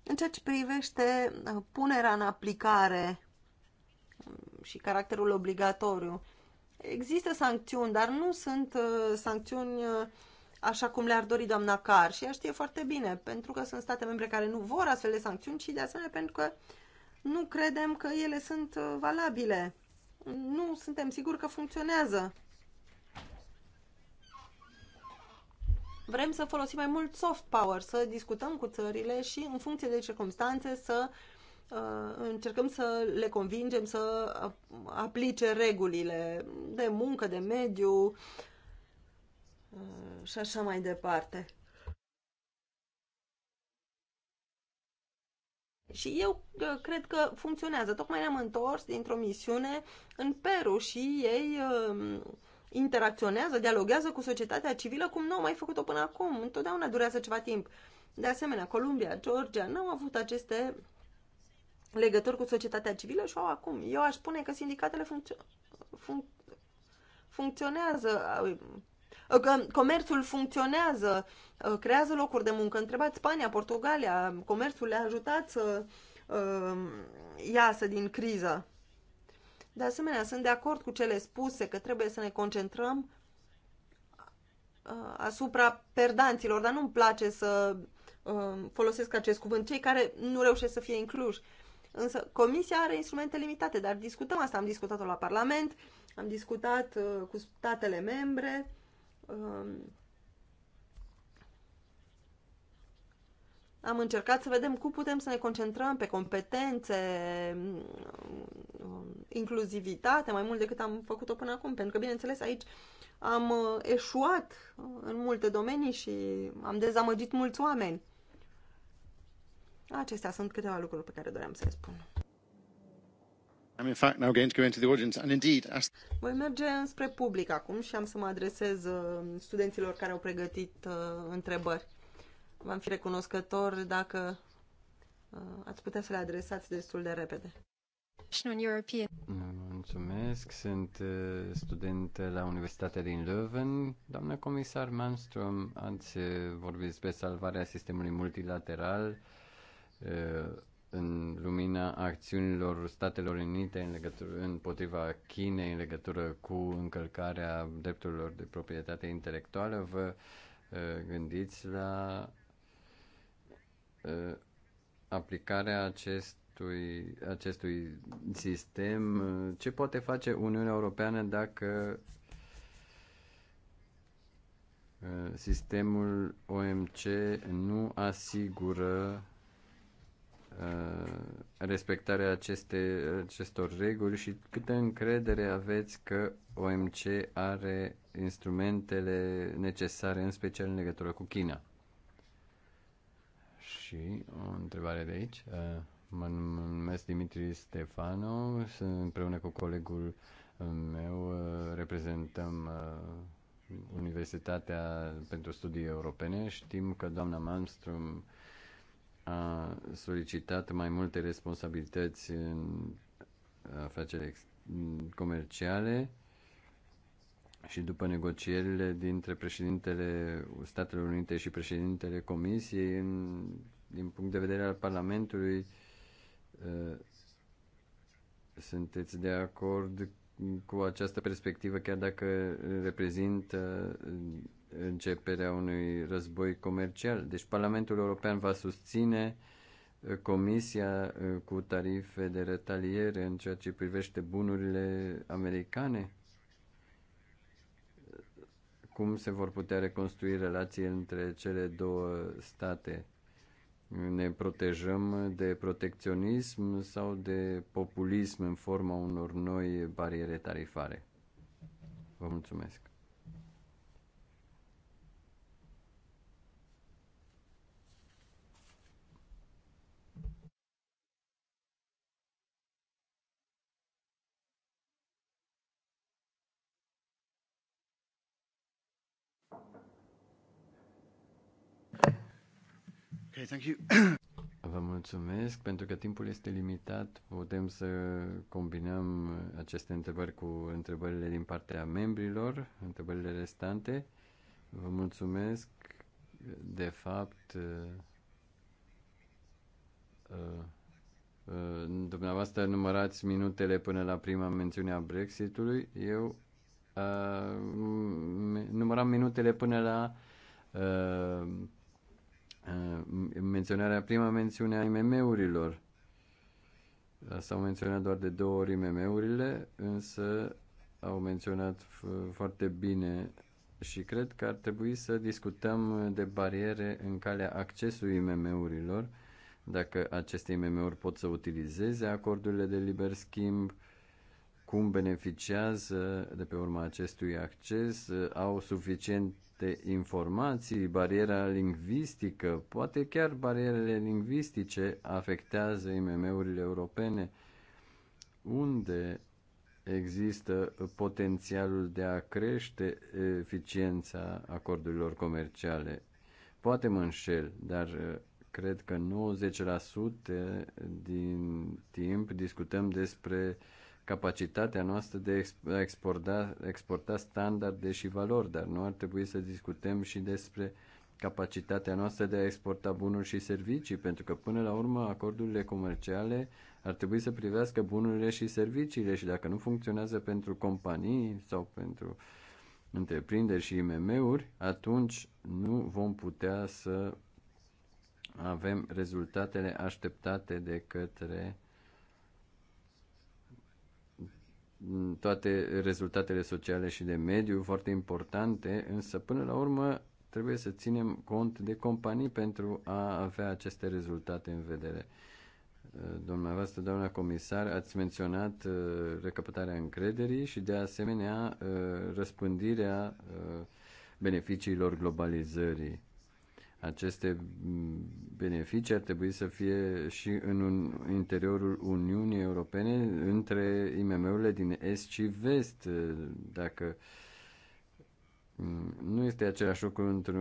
În ceea ce privește uh, punerea în aplicare și caracterul obligatoriu. Există sancțiuni, dar nu sunt uh, sancțiuni uh, așa cum le-ar dori doamna Car și ea știe foarte bine, pentru că sunt state membre care nu vor astfel de sancțiuni ci de asemenea pentru că nu credem că ele sunt uh, valabile. Nu suntem siguri că funcționează. Vrem să folosim mai mult soft power, să discutăm cu țările și în funcție de circunstanțe să uh, Uh, încercăm să le convingem să aplice regulile de muncă, de mediu uh, și așa mai departe. Și eu uh, cred că funcționează. Tocmai ne-am întors dintr-o misiune în Peru și ei um, interacționează, dialoguează cu societatea civilă cum nu au mai făcut-o până acum. Întotdeauna durează ceva timp. De asemenea, Columbia, Georgia, n-au avut aceste legături cu societatea civilă și au acum. Eu aș spune că sindicatele funcțio- func- funcționează, uh, că comerțul funcționează, uh, creează locuri de muncă. Întrebați Spania, Portugalia, comerțul le-a ajutat să uh, iasă din criză. De asemenea, sunt de acord cu cele spuse că trebuie să ne concentrăm uh, asupra perdanților, dar nu-mi place să folosesc acest cuvânt, cei care nu reușesc să fie incluși. Însă Comisia are instrumente limitate, dar discutăm asta. Am discutat-o la Parlament, am discutat uh, cu statele membre. Uh, am încercat să vedem cum putem să ne concentrăm pe competențe, um, um, inclusivitate, mai mult decât am făcut-o până acum, pentru că, bineînțeles, aici am uh, eșuat uh, în multe domenii și am dezamăgit mulți oameni. Acestea sunt câteva lucruri pe care doream să le spun. Voi merge spre public acum și am să mă adresez uh, studenților care au pregătit uh, întrebări. V-am fi recunoscător dacă uh, ați putea să le adresați destul de repede. european Mulțumesc, sunt student la Universitatea din Leuven. Doamna comisar Manstrom, ați vorbit despre salvarea sistemului multilateral în lumina acțiunilor Statelor Unite în legătură, împotriva Chinei în legătură cu încălcarea drepturilor de proprietate intelectuală, vă uh, gândiți la uh, aplicarea acestui, acestui sistem? Ce poate face Uniunea Europeană dacă uh, sistemul OMC nu asigură Uh, respectarea aceste, acestor reguli și câtă încredere aveți că OMC are instrumentele necesare, în special în legătură cu China. Și o întrebare de aici. Uh, mă numesc Dimitri Stefano, sunt împreună cu colegul meu, uh, reprezentăm Universitatea pentru Studii Europene. Știm că doamna Malmström a solicitat mai multe responsabilități în afaceri comerciale și după negocierile dintre președintele Statelor Unite și președintele Comisiei, în, din punct de vedere al Parlamentului, ă, sunteți de acord cu această perspectivă, chiar dacă reprezintă începerea unui război comercial. Deci Parlamentul European va susține uh, Comisia uh, cu tarife de retaliere în ceea ce privește bunurile americane? Cum se vor putea reconstrui relații între cele două state? Ne protejăm de protecționism sau de populism în forma unor noi bariere tarifare? Vă mulțumesc! Okay, thank you. Vă mulțumesc pentru că timpul este limitat. Putem să combinăm aceste întrebări cu întrebările din partea membrilor, întrebările restante. Vă mulțumesc. De fapt, uh, uh, uh, dumneavoastră numărați minutele până la prima mențiune a Brexitului. Eu număram minutele până la menționarea, prima mențiune a IMM-urilor. S-au menționat doar de două ori IMM-urile, însă au menționat foarte bine și cred că ar trebui să discutăm de bariere în calea accesului IMM-urilor, dacă aceste IMM-uri pot să utilizeze acordurile de liber schimb, cum beneficiază de pe urma acestui acces, uh, au suficiente informații, bariera lingvistică, poate chiar barierele lingvistice afectează IMM-urile europene, unde există potențialul de a crește eficiența acordurilor comerciale. Poate mă înșel, dar uh, cred că 90% din timp discutăm despre uh, capacitatea noastră de a exporta, exporta standarde și valori, dar nu ar trebui să discutăm și despre capacitatea noastră de a exporta bunuri și servicii, pentru că până la urmă acordurile comerciale ar trebui să privească bunurile și serviciile și dacă nu funcționează pentru companii sau pentru întreprinderi și IMM-uri, atunci nu vom putea să avem rezultatele așteptate de către Mm, toate rezultatele sociale și de mediu foarte importante, însă până la urmă trebuie să ținem cont de companii pentru a avea aceste rezultate în vedere. Uh, dumneavoastră, doamna comisar, ați menționat uh, recapătarea încrederii și de asemenea uh, răspândirea beneficiilor globalizării. Aceste mm, beneficii ar trebui să fie și în interiorul Uniunii Europene între IMM-urile din Est și Vest, eh, dacă mm, nu este același lucru între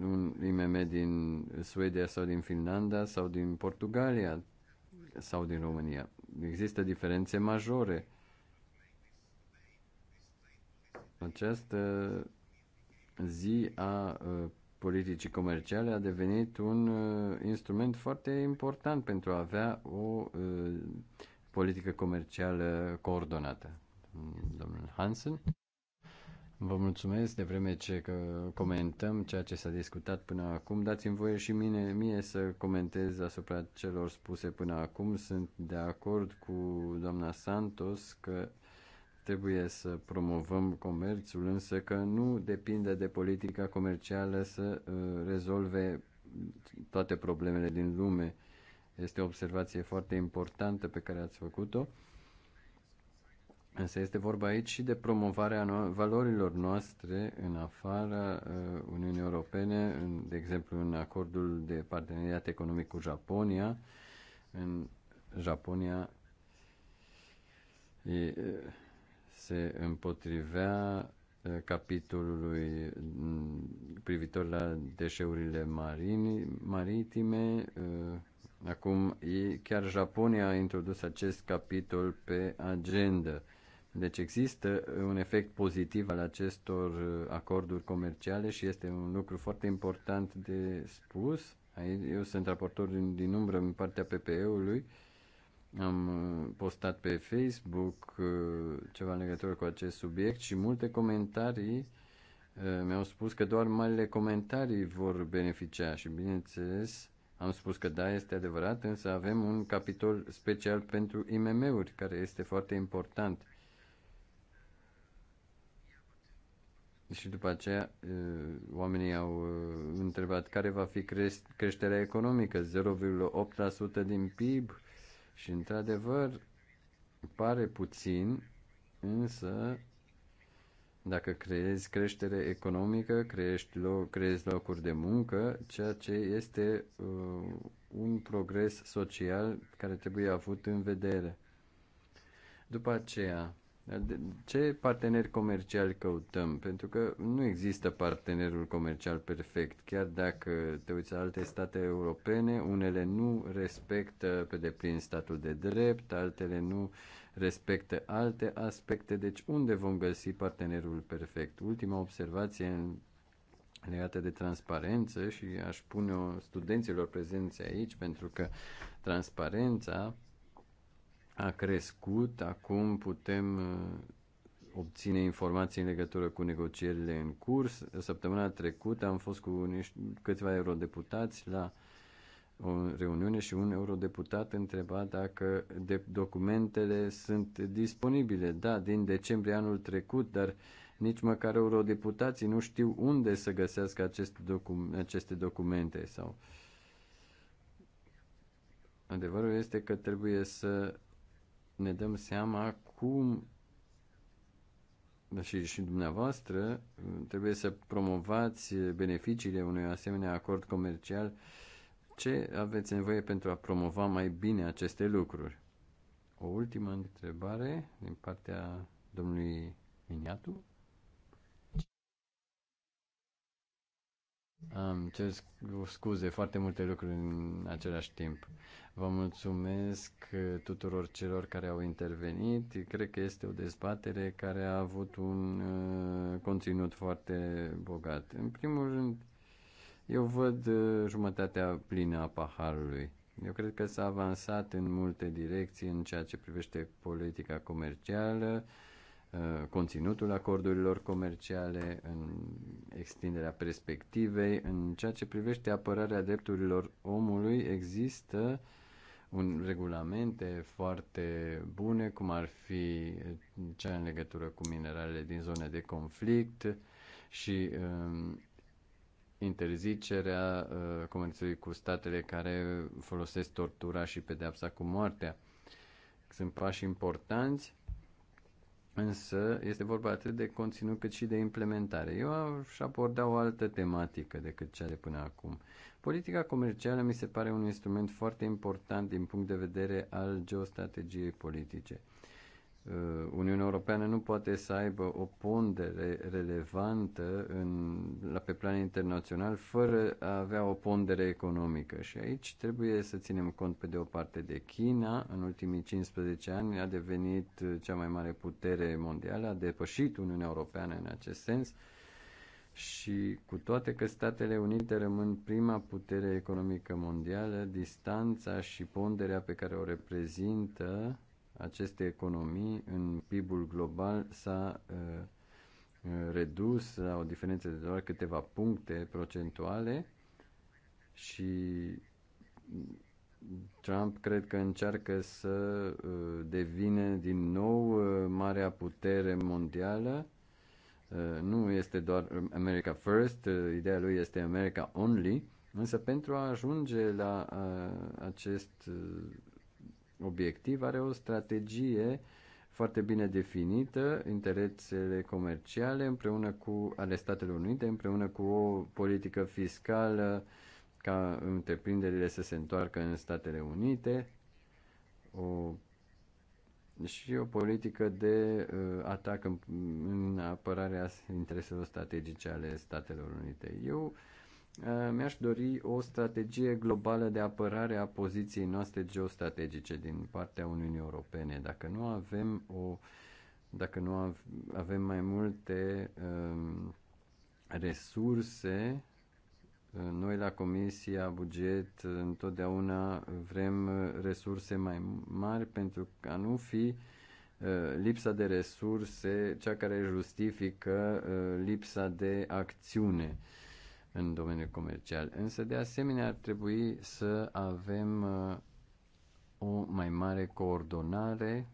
un IMM din Suedia sau din Finlanda sau din Portugalia sau din România. Există diferențe majore. Această zi a eh, politicii comerciale a devenit un uh, instrument foarte important pentru a avea o uh, politică comercială coordonată. Domnul Hansen, vă mulțumesc de vreme ce că comentăm ceea ce s-a discutat până acum. Dați-mi voie și mine, mie să comentez asupra celor spuse până acum. Sunt de acord cu doamna Santos că Trebuie să promovăm comerțul, însă că nu depinde de politica comercială să uh, rezolve toate problemele din lume. Este o observație foarte importantă pe care ați făcut-o. Însă este vorba aici și de promovarea no- valorilor noastre în afara uh, Uniunii Europene, în, de exemplu în acordul de parteneriat economic cu Japonia. În Japonia e, uh, se împotrivea uh, capitolului mm, privitor la deșeurile marini, maritime. Uh, acum, chiar Japonia a introdus acest capitol pe agenda. Deci există uh, un efect pozitiv al acestor acorduri comerciale și este un lucru foarte important de spus. Eu sunt raportor din, din umbră în partea PPE-ului am uh, postat pe Facebook uh, ceva în legătură cu acest subiect și multe comentarii uh, mi-au spus că doar marile comentarii vor beneficia și, bineînțeles, am spus că da, este adevărat, însă avem un capitol special pentru IMM-uri, care este foarte important. Și după aceea oamenii au întrebat care va fi creșterea economică, 0,8% din PIB, și într-adevăr, pare puțin, însă dacă creezi creștere economică, crești loc, creezi locuri de muncă, ceea ce este uh, un progres social care trebuie avut în vedere. După aceea, ce parteneri comerciali căutăm? Pentru că nu există partenerul comercial perfect. Chiar dacă te uiți la alte state europene, unele nu respectă pe deplin statul de drept, altele nu respectă alte aspecte. Deci unde vom găsi partenerul perfect? Ultima observație legată de transparență și aș pune-o studenților prezenți aici pentru că transparența a crescut, acum putem uh, obține informații în legătură cu negocierile în curs. Săptămâna trecută am fost cu niște, câțiva eurodeputați la o reuniune și un eurodeputat întreba dacă de documentele sunt disponibile. Da, din decembrie anul trecut, dar nici măcar eurodeputații nu știu unde să găsească aceste, docu- aceste documente sau Adevărul este că trebuie să ne dăm seama cum și, și dumneavoastră trebuie să promovați beneficiile unui asemenea acord comercial. Ce aveți nevoie pentru a promova mai bine aceste lucruri? O ultimă întrebare din partea domnului Miniatu. Am cer scuze foarte multe lucruri în același timp. Vă mulțumesc uh, tuturor celor care au intervenit. Cred că este o dezbatere care a avut un uh, conținut foarte bogat. În primul rând, eu văd uh, jumătatea plină a paharului. Eu cred că s-a avansat în multe direcții în ceea ce privește politica comercială, conținutul acordurilor comerciale, în extinderea perspectivei, în ceea ce privește apărarea drepturilor omului, există uh, un regulamente foarte bune, cum ar fi cea în legătură cu mineralele din zone de conflict și uh, interzicerea uh, comerțului cu statele care folosesc tortura și pedeapsa cu moartea. Sunt pași importanți Însă este vorba atât de conținut cât și de implementare. Eu aș aborda o altă tematică decât cea de până acum. Politica comercială mi se pare un instrument foarte important din punct de vedere al geostrategiei politice. Uh, Uniunea Europeană nu poate să aibă o pondere relevantă în, la pe plan internațional fără a avea o pondere economică. Și aici trebuie să ținem cont pe de o parte de China. În ultimii 15 ani a devenit cea mai mare putere mondială, a depășit Uniunea Europeană în acest sens. Și cu toate că Statele Unite rămân prima putere economică mondială, distanța și ponderea pe care o reprezintă aceste economii în PIB-ul global s-a uh, uh, redus la o diferență de doar câteva puncte procentuale și Trump cred că încearcă să uh, devină din nou marea putere mondială. Nu este doar America First, ideea lui este America Only, însă pentru a ajunge la acest obiectiv are o strategie foarte bine definită, interesele comerciale împreună cu ale Statelor Unite, împreună cu o politică fiscală ca întreprinderile să se întoarcă în Statele Unite, o, și o politică de uh, atac în, în apărarea intereselor strategice ale Statelor Unite. Eu uh, Uh, mi-aș dori o strategie globală de apărare a poziției noastre geostrategice din partea Uniunii Europene. Dacă nu avem o dacă nu avem mai multe um, resurse, uh, noi la Comisia Buget uh, întotdeauna vrem resurse mai mari pentru ca nu fi lipsa de resurse cea care justifică lipsa de acțiune în domeniul comercial. Însă, de asemenea, ar trebui să avem uh, o mai mare coordonare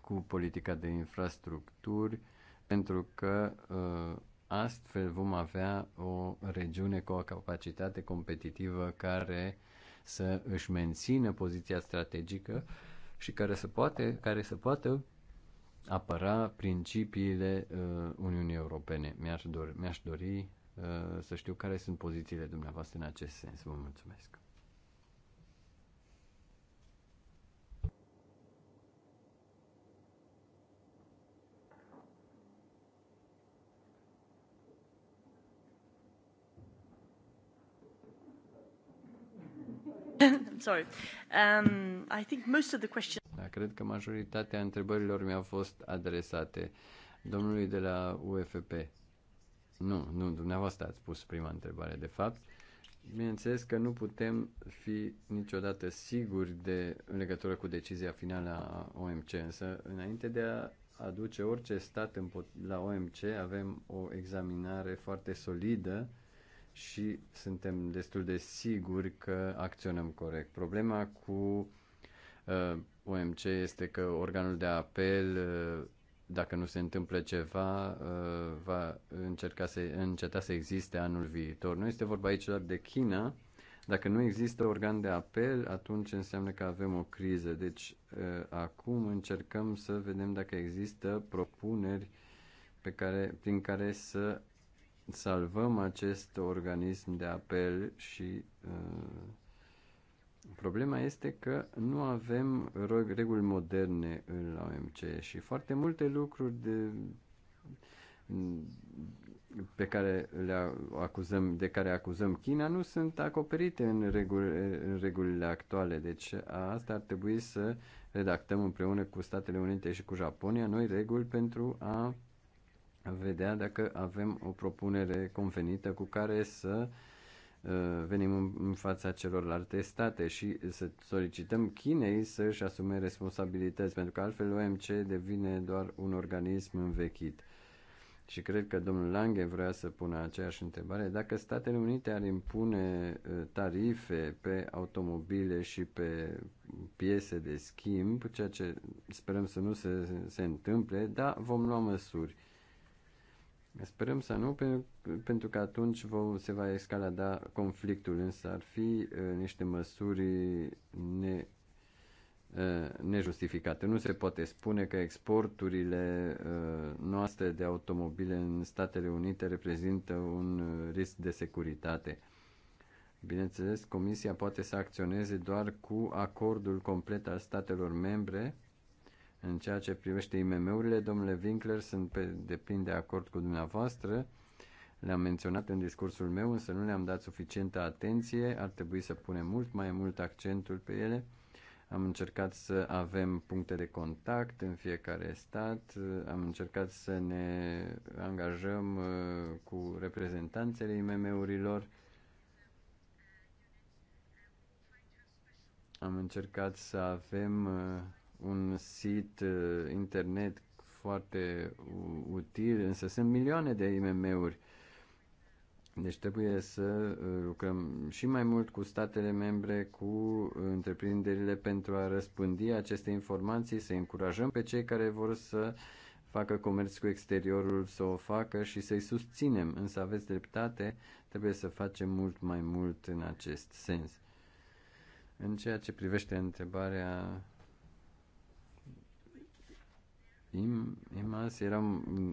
cu politica de infrastructuri, pentru că uh, astfel vom avea o regiune cu o capacitate competitivă care să își mențină poziția strategică și care să, poate, care să poată apăra principiile uh, Uniunii Europene. Mi-aș, dori, mi-aș dori Eh, să știu care sunt pozițiile dumneavoastră în acest sens. Vă mulțumesc. Sorry. Um, I think most of the questions... Da, cred că majoritatea întrebărilor mi-au fost adresate domnului de la UFP. Nu, nu, dumneavoastră ați pus prima întrebare, de fapt. Bineînțeles că nu putem fi niciodată siguri de, în legătură cu decizia finală a OMC, însă înainte de a aduce orice stat la OMC avem o examinare foarte solidă și suntem destul de siguri că acționăm corect. Problema cu uh, OMC este că organul de apel uh, dacă nu se întâmplă ceva, uh, va încerca să înceta să existe anul viitor. Nu este vorba aici doar de China. Dacă nu există organ de apel, atunci înseamnă că avem o criză. Deci, uh, acum încercăm să vedem dacă există propuneri pe care, prin care să salvăm acest organism de apel și uh, Problema este că nu avem reguli moderne în OMC și foarte multe lucruri de pe care le acuzăm, de care acuzăm China nu sunt acoperite în, reguli, în regulile actuale. Deci asta ar trebui să redactăm împreună cu Statele Unite și cu Japonia noi reguli pentru a vedea dacă avem o propunere convenită cu care să uh, Uh, venim în fața celorlalte state și să solicităm Chinei să își asume responsabilități, pentru că altfel OMC devine doar un organism învechit. Și cred că domnul Lange vrea să pună aceeași întrebare. Dacă Statele Unite ar impune uh, tarife pe automobile și pe piese de schimb, ceea ce sperăm să nu se, se întâmple, da, vom lua măsuri. Sperăm să nu, pentru că atunci se va escalada conflictul, însă ar fi uh, niște măsuri ne, uh, nejustificate. Nu se poate spune că exporturile uh, noastre de automobile în Statele Unite reprezintă un risc de securitate. Bineînțeles, Comisia poate să acționeze doar cu acordul complet al statelor membre în ceea ce privește IMM-urile, domnule Winkler, sunt pe deplin de acord cu dumneavoastră. Le-am menționat în discursul meu, însă nu le-am dat suficientă atenție. Ar trebui să punem mult mai mult accentul pe ele. Am încercat să avem puncte de contact în fiecare stat, am încercat să ne angajăm uh, cu reprezentanțele IMM-urilor, am încercat să avem uh, un sit uh, internet foarte util, însă sunt milioane de IMM-uri. Deci trebuie să uh, lucrăm și mai mult cu statele membre, cu întreprinderile pentru a răspândi aceste informații, să încurajăm pe cei care vor să facă comerț cu exteriorul, să o facă și să-i susținem. Însă aveți dreptate, trebuie să facem mult mai mult în acest sens. În ceea ce privește întrebarea IMAS era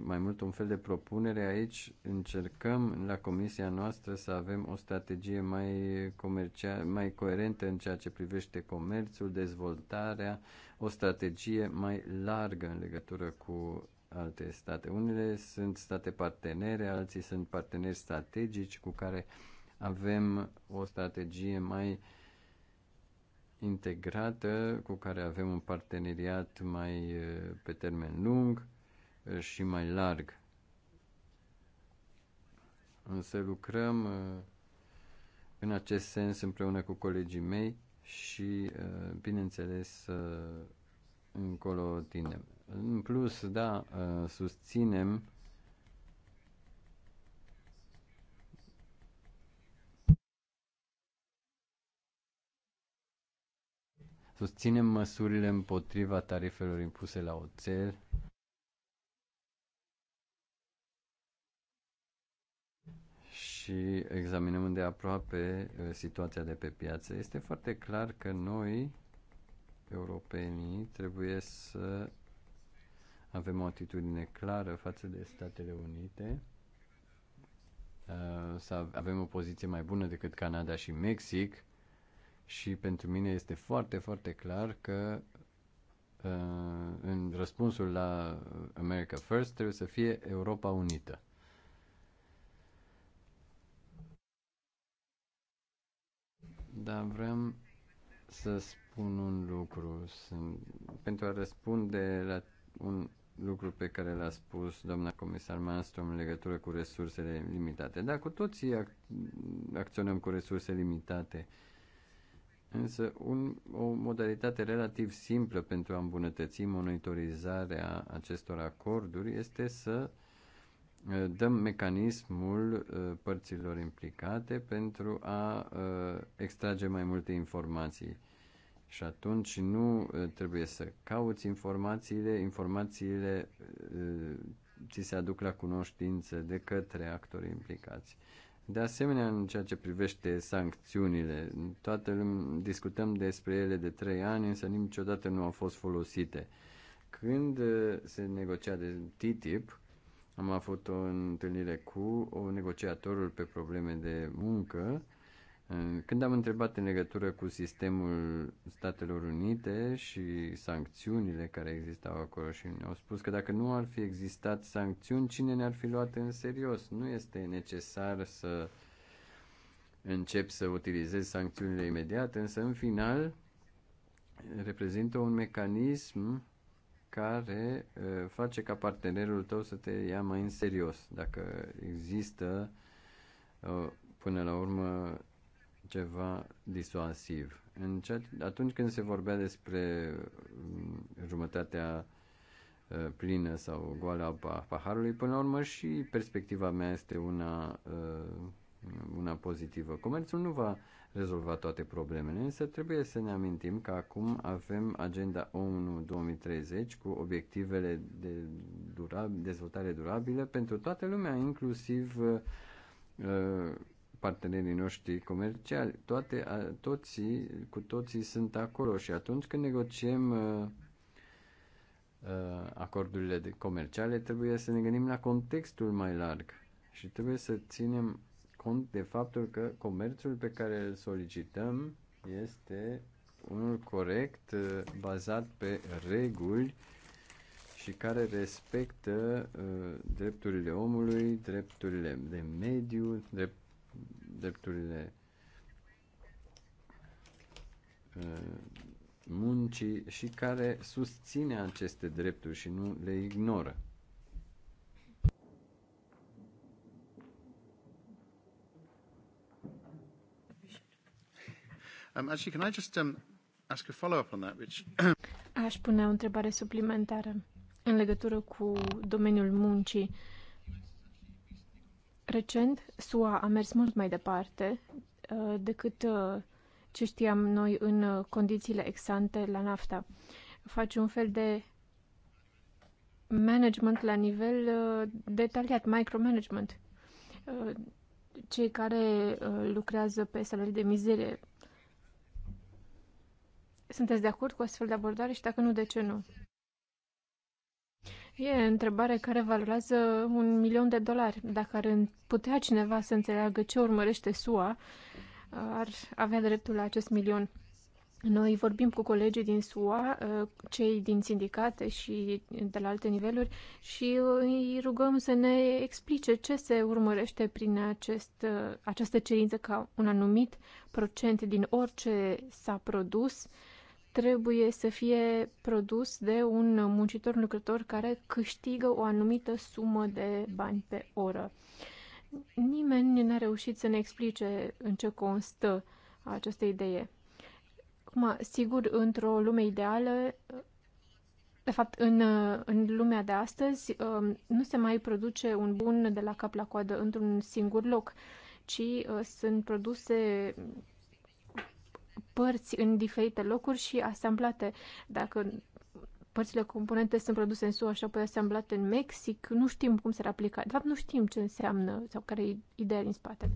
mai mult un fel de propunere. Aici încercăm la comisia noastră să avem o strategie mai, comercial, mai coerentă în ceea ce privește comerțul, dezvoltarea, o strategie mai largă în legătură cu alte state. Unele sunt state partenere, alții sunt parteneri strategici cu care avem o strategie mai uh, integrată cu care avem un parteneriat mai pe termen lung și mai larg. Însă lucrăm în acest sens împreună cu colegii mei și, bineînțeles, încolo tinem. În plus, da, susținem Susținem măsurile împotriva tarifelor impuse la oțel. Și examinăm de aproape uh, situația de pe piață. Este foarte clar că noi, europenii, trebuie să avem o atitudine clară față de Statele Unite, uh, să avem o poziție mai bună decât Canada și Mexic, și pentru mine este foarte, foarte clar că uh, în răspunsul la America First trebuie să fie Europa Unită. Dar vreau să spun un lucru sunt, pentru a răspunde la un lucru pe care l-a spus doamna comisar Manstrom în legătură cu resursele limitate. Da, cu toții ac- acționăm cu resurse limitate. Uh, Însă un, o modalitate relativ simplă pentru a îmbunătăți monitorizarea acestor acorduri este să uh, dăm mecanismul uh, părților implicate pentru a uh, extrage mai multe informații. Și atunci nu trebuie să cauți informațiile, informațiile ți se aduc la cunoștință de către actorii implicați. De asemenea, în ceea ce privește sancțiunile, toată lumea, discutăm despre ele de trei ani, însă niciodată nu au fost folosite. Când uh, se negocia de TTIP, am avut o întâlnire cu o negociatorul pe probleme de muncă Eh, când am întrebat în legătură cu sistemul Statelor Unite și sancțiunile care existau acolo și ne-au spus că dacă nu ar fi existat sancțiuni, cine ne-ar fi luat în serios? Nu este necesar să încep să utilizez sancțiunile imediat, însă în final reprezintă un mecanism care eh, face ca partenerul tău să te ia mai în serios. Dacă există eh, până la urmă ceva disuasiv. În ceea, atunci când se vorbea despre mm, jumătatea plină sau goală a paharului, până la urmă și perspectiva mea este una, una pozitivă. Comerțul nu va rezolva toate problemele, însă trebuie să ne amintim că acum avem agenda ONU 2030 cu obiectivele de durab- dezvoltare durabilă pentru toată lumea, inclusiv partenerii noștri comerciali. Toate, toții, cu toții sunt acolo și atunci când negociem uh, uh, acordurile de comerciale, trebuie să ne gândim la contextul mai larg și trebuie să ținem cont de faptul că comerțul pe care îl solicităm este unul corect, uh, bazat pe reguli și care respectă uh, drepturile omului, drepturile de mediu, drept, drepturile uh, muncii și care susține aceste drepturi și nu le ignoră. Um, actually, can I just um, ask a follow-up on that, which... Aș pune o întrebare suplimentară în legătură cu domeniul muncii. Recent, SUA a mers mult mai departe uh, decât uh, ce știam noi în uh, condițiile exante la NAFTA. Face un fel de management la nivel detaliat, micromanagement. Cei care lucrează pe salarii de mizerie. Sunteți de acord cu astfel de abordare și dacă nu, de ce nu? E întrebare care valorează un milion de dolari. Dacă ar putea cineva să înțeleagă ce urmărește SUA, ar avea dreptul la acest milion. Noi vorbim cu colegii din SUA, cei din sindicate și de la alte niveluri și îi rugăm să ne explice ce se urmărește prin acest, această cerință ca un anumit procent din orice s-a produs uh, trebuie să fie produs de un muncitor, lucrător care câștigă o anumită sumă de bani pe oră. Nimeni n-a reușit să ne explice în ce constă această idee. Acum, sigur, într-o lume ideală, de fapt, în, în lumea de astăzi, um, nu se mai produce un bun de la cap la coadă într-un singur loc, ci uh, sunt produse părți în diferite locuri și asamblate. Dacă părțile componente sunt produse în SUA și apoi asamblate în Mexic, nu știm cum s-ar aplica. De fapt, nu știm ce înseamnă sau care e ideea din spate.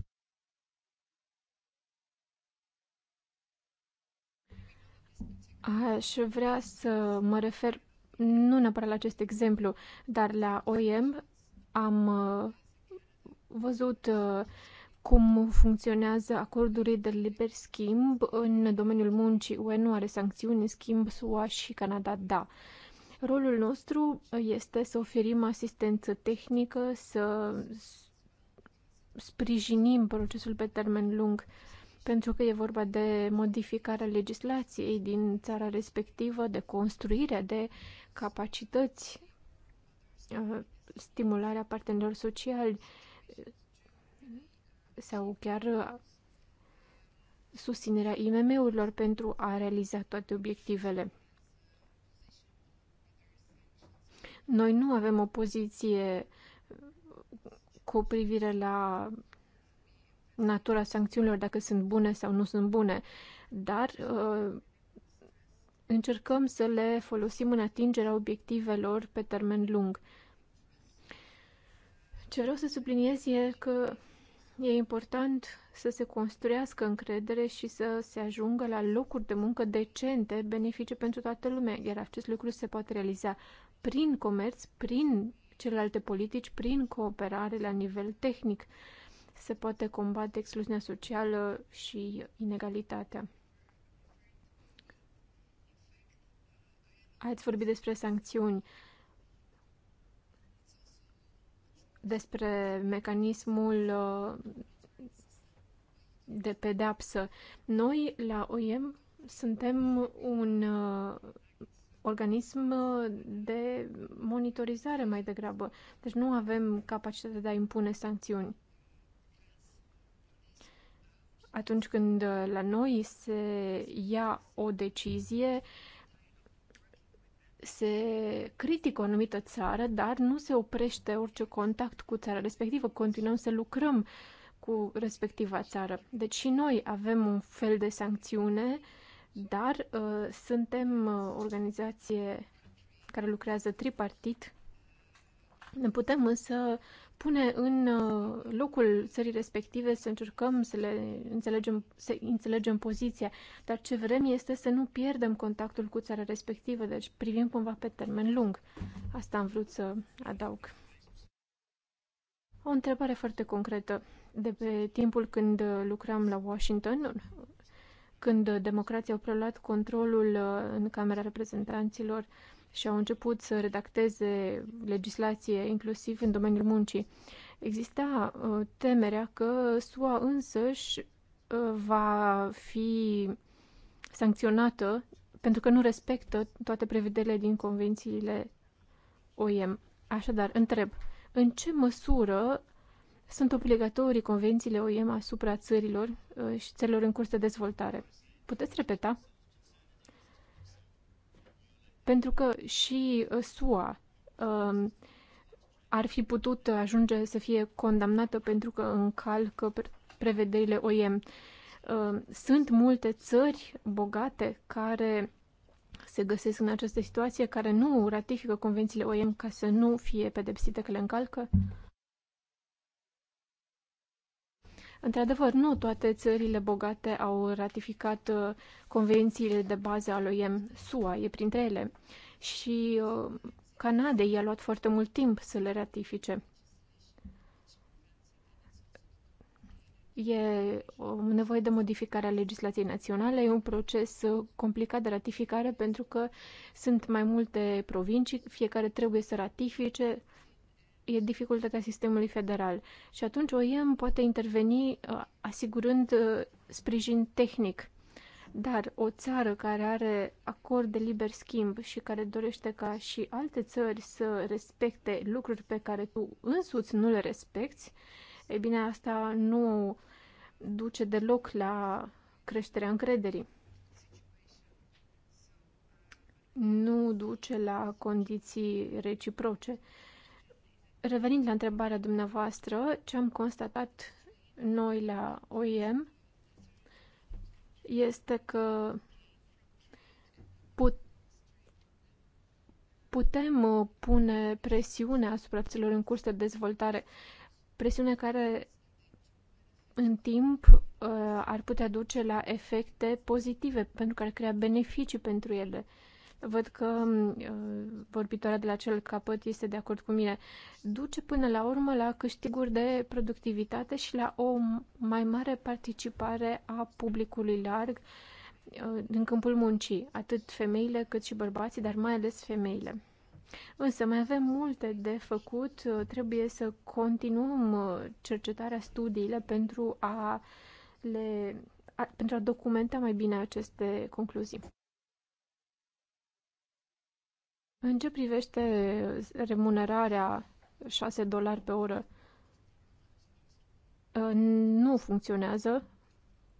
Aș vrea să mă refer nu neapărat la acest exemplu, dar la OEM am uh, văzut uh, cum funcționează acordurile de liber schimb în domeniul muncii. UE nu are sancțiuni, în schimb SUA și Canada da. Rolul nostru este să oferim asistență tehnică, să sprijinim procesul pe termen lung, pentru că e vorba de modificarea legislației din țara respectivă, de construirea de capacități, uh, stimularea partenerilor sociali, sau chiar uh, susținerea IMM-urilor pentru a realiza toate obiectivele. Noi nu avem o poziție uh, cu privire la natura sancțiunilor, dacă sunt bune sau nu sunt bune, dar uh, încercăm să le folosim în atingerea obiectivelor pe termen lung. Ce vreau să subliniez e că E important să se construiască încredere și să se ajungă la locuri de muncă decente, benefice pentru toată lumea, iar acest lucru se poate realiza prin comerț, prin celelalte politici, prin cooperare la nivel tehnic. Se poate combate excluziunea socială și inegalitatea. Ați vorbit despre sancțiuni. Uh, despre mecanismul uh, de pedeapsă. Noi, la OIM, suntem un uh, organism uh, de monitorizare mai degrabă. Deci nu avem capacitatea de a impune sancțiuni. Atunci când la noi se ia o decizie, uh, se critică o anumită țară, dar nu se oprește orice contact cu țara respectivă. Continuăm să lucrăm cu respectiva țară. Deci și noi avem un fel de sancțiune, dar uh, suntem uh, organizație care lucrează tripartit. Ne putem însă pune în uh, locul țării respective, să încercăm să le înțelegem, să înțelegem poziția, dar ce vrem este să nu pierdem contactul cu țara respectivă, deci privim cumva pe termen lung. Asta am vrut să adaug. O întrebare foarte concretă. De pe timpul când uh, lucram la Washington, când democrații au preluat controlul uh, în Camera Reprezentanților, și au început să redacteze legislație inclusiv în domeniul muncii. Exista uh, temerea că SUA însăși uh, va fi sancționată pentru că nu respectă toate prevederile din convențiile OIM. Așadar, întreb, în ce măsură sunt obligatorii convențiile OIM asupra țărilor uh, și țărilor în curs de dezvoltare? Puteți repeta? Pentru că și uh, SUA um, ar fi putut ajunge să fie condamnată pentru că încalcă prevederile OIM. Um, sunt multe țări bogate care se găsesc în această situație, care nu ratifică convențiile OIM ca să nu fie pedepsite că le încalcă? Într-adevăr, nu toate țările bogate au ratificat uh, convențiile de bază al OIM. SUA e printre ele. Și uh, Canadei i-a luat foarte mult timp să le ratifice. E o uh, nevoie de modificare a legislației naționale, e un proces complicat de ratificare pentru că sunt mai multe provincii, fiecare trebuie să ratifice, e dificultatea sistemului federal. Și atunci OIM poate interveni uh, asigurând uh, sprijin tehnic. Dar o țară care are acord de liber schimb și care dorește ca și alte țări să respecte lucruri pe care tu însuți nu le respecti, e bine, asta nu duce deloc la creșterea încrederii. Nu duce la condiții reciproce. Revenind la întrebarea dumneavoastră, ce am constatat noi la OIM este că put, putem uh, pune presiune asupra celor în curs de dezvoltare, presiune care în timp uh, ar putea duce la efecte pozitive pentru că ar crea beneficii pentru ele. Văd că mm, uh, vorbitoarea de la cel capăt este de acord cu mine. Duce până la urmă la câștiguri de productivitate și la o mai mare participare a publicului larg din uh, câmpul muncii, atât femeile cât și bărbații, dar mai ales femeile. Însă mai avem multe de făcut, uh, trebuie să continuăm cercetarea, studiile pentru a le, a, pentru a documenta mai bine aceste concluzii. În ce privește remunerarea 6 dolari pe oră, ă, nu funcționează,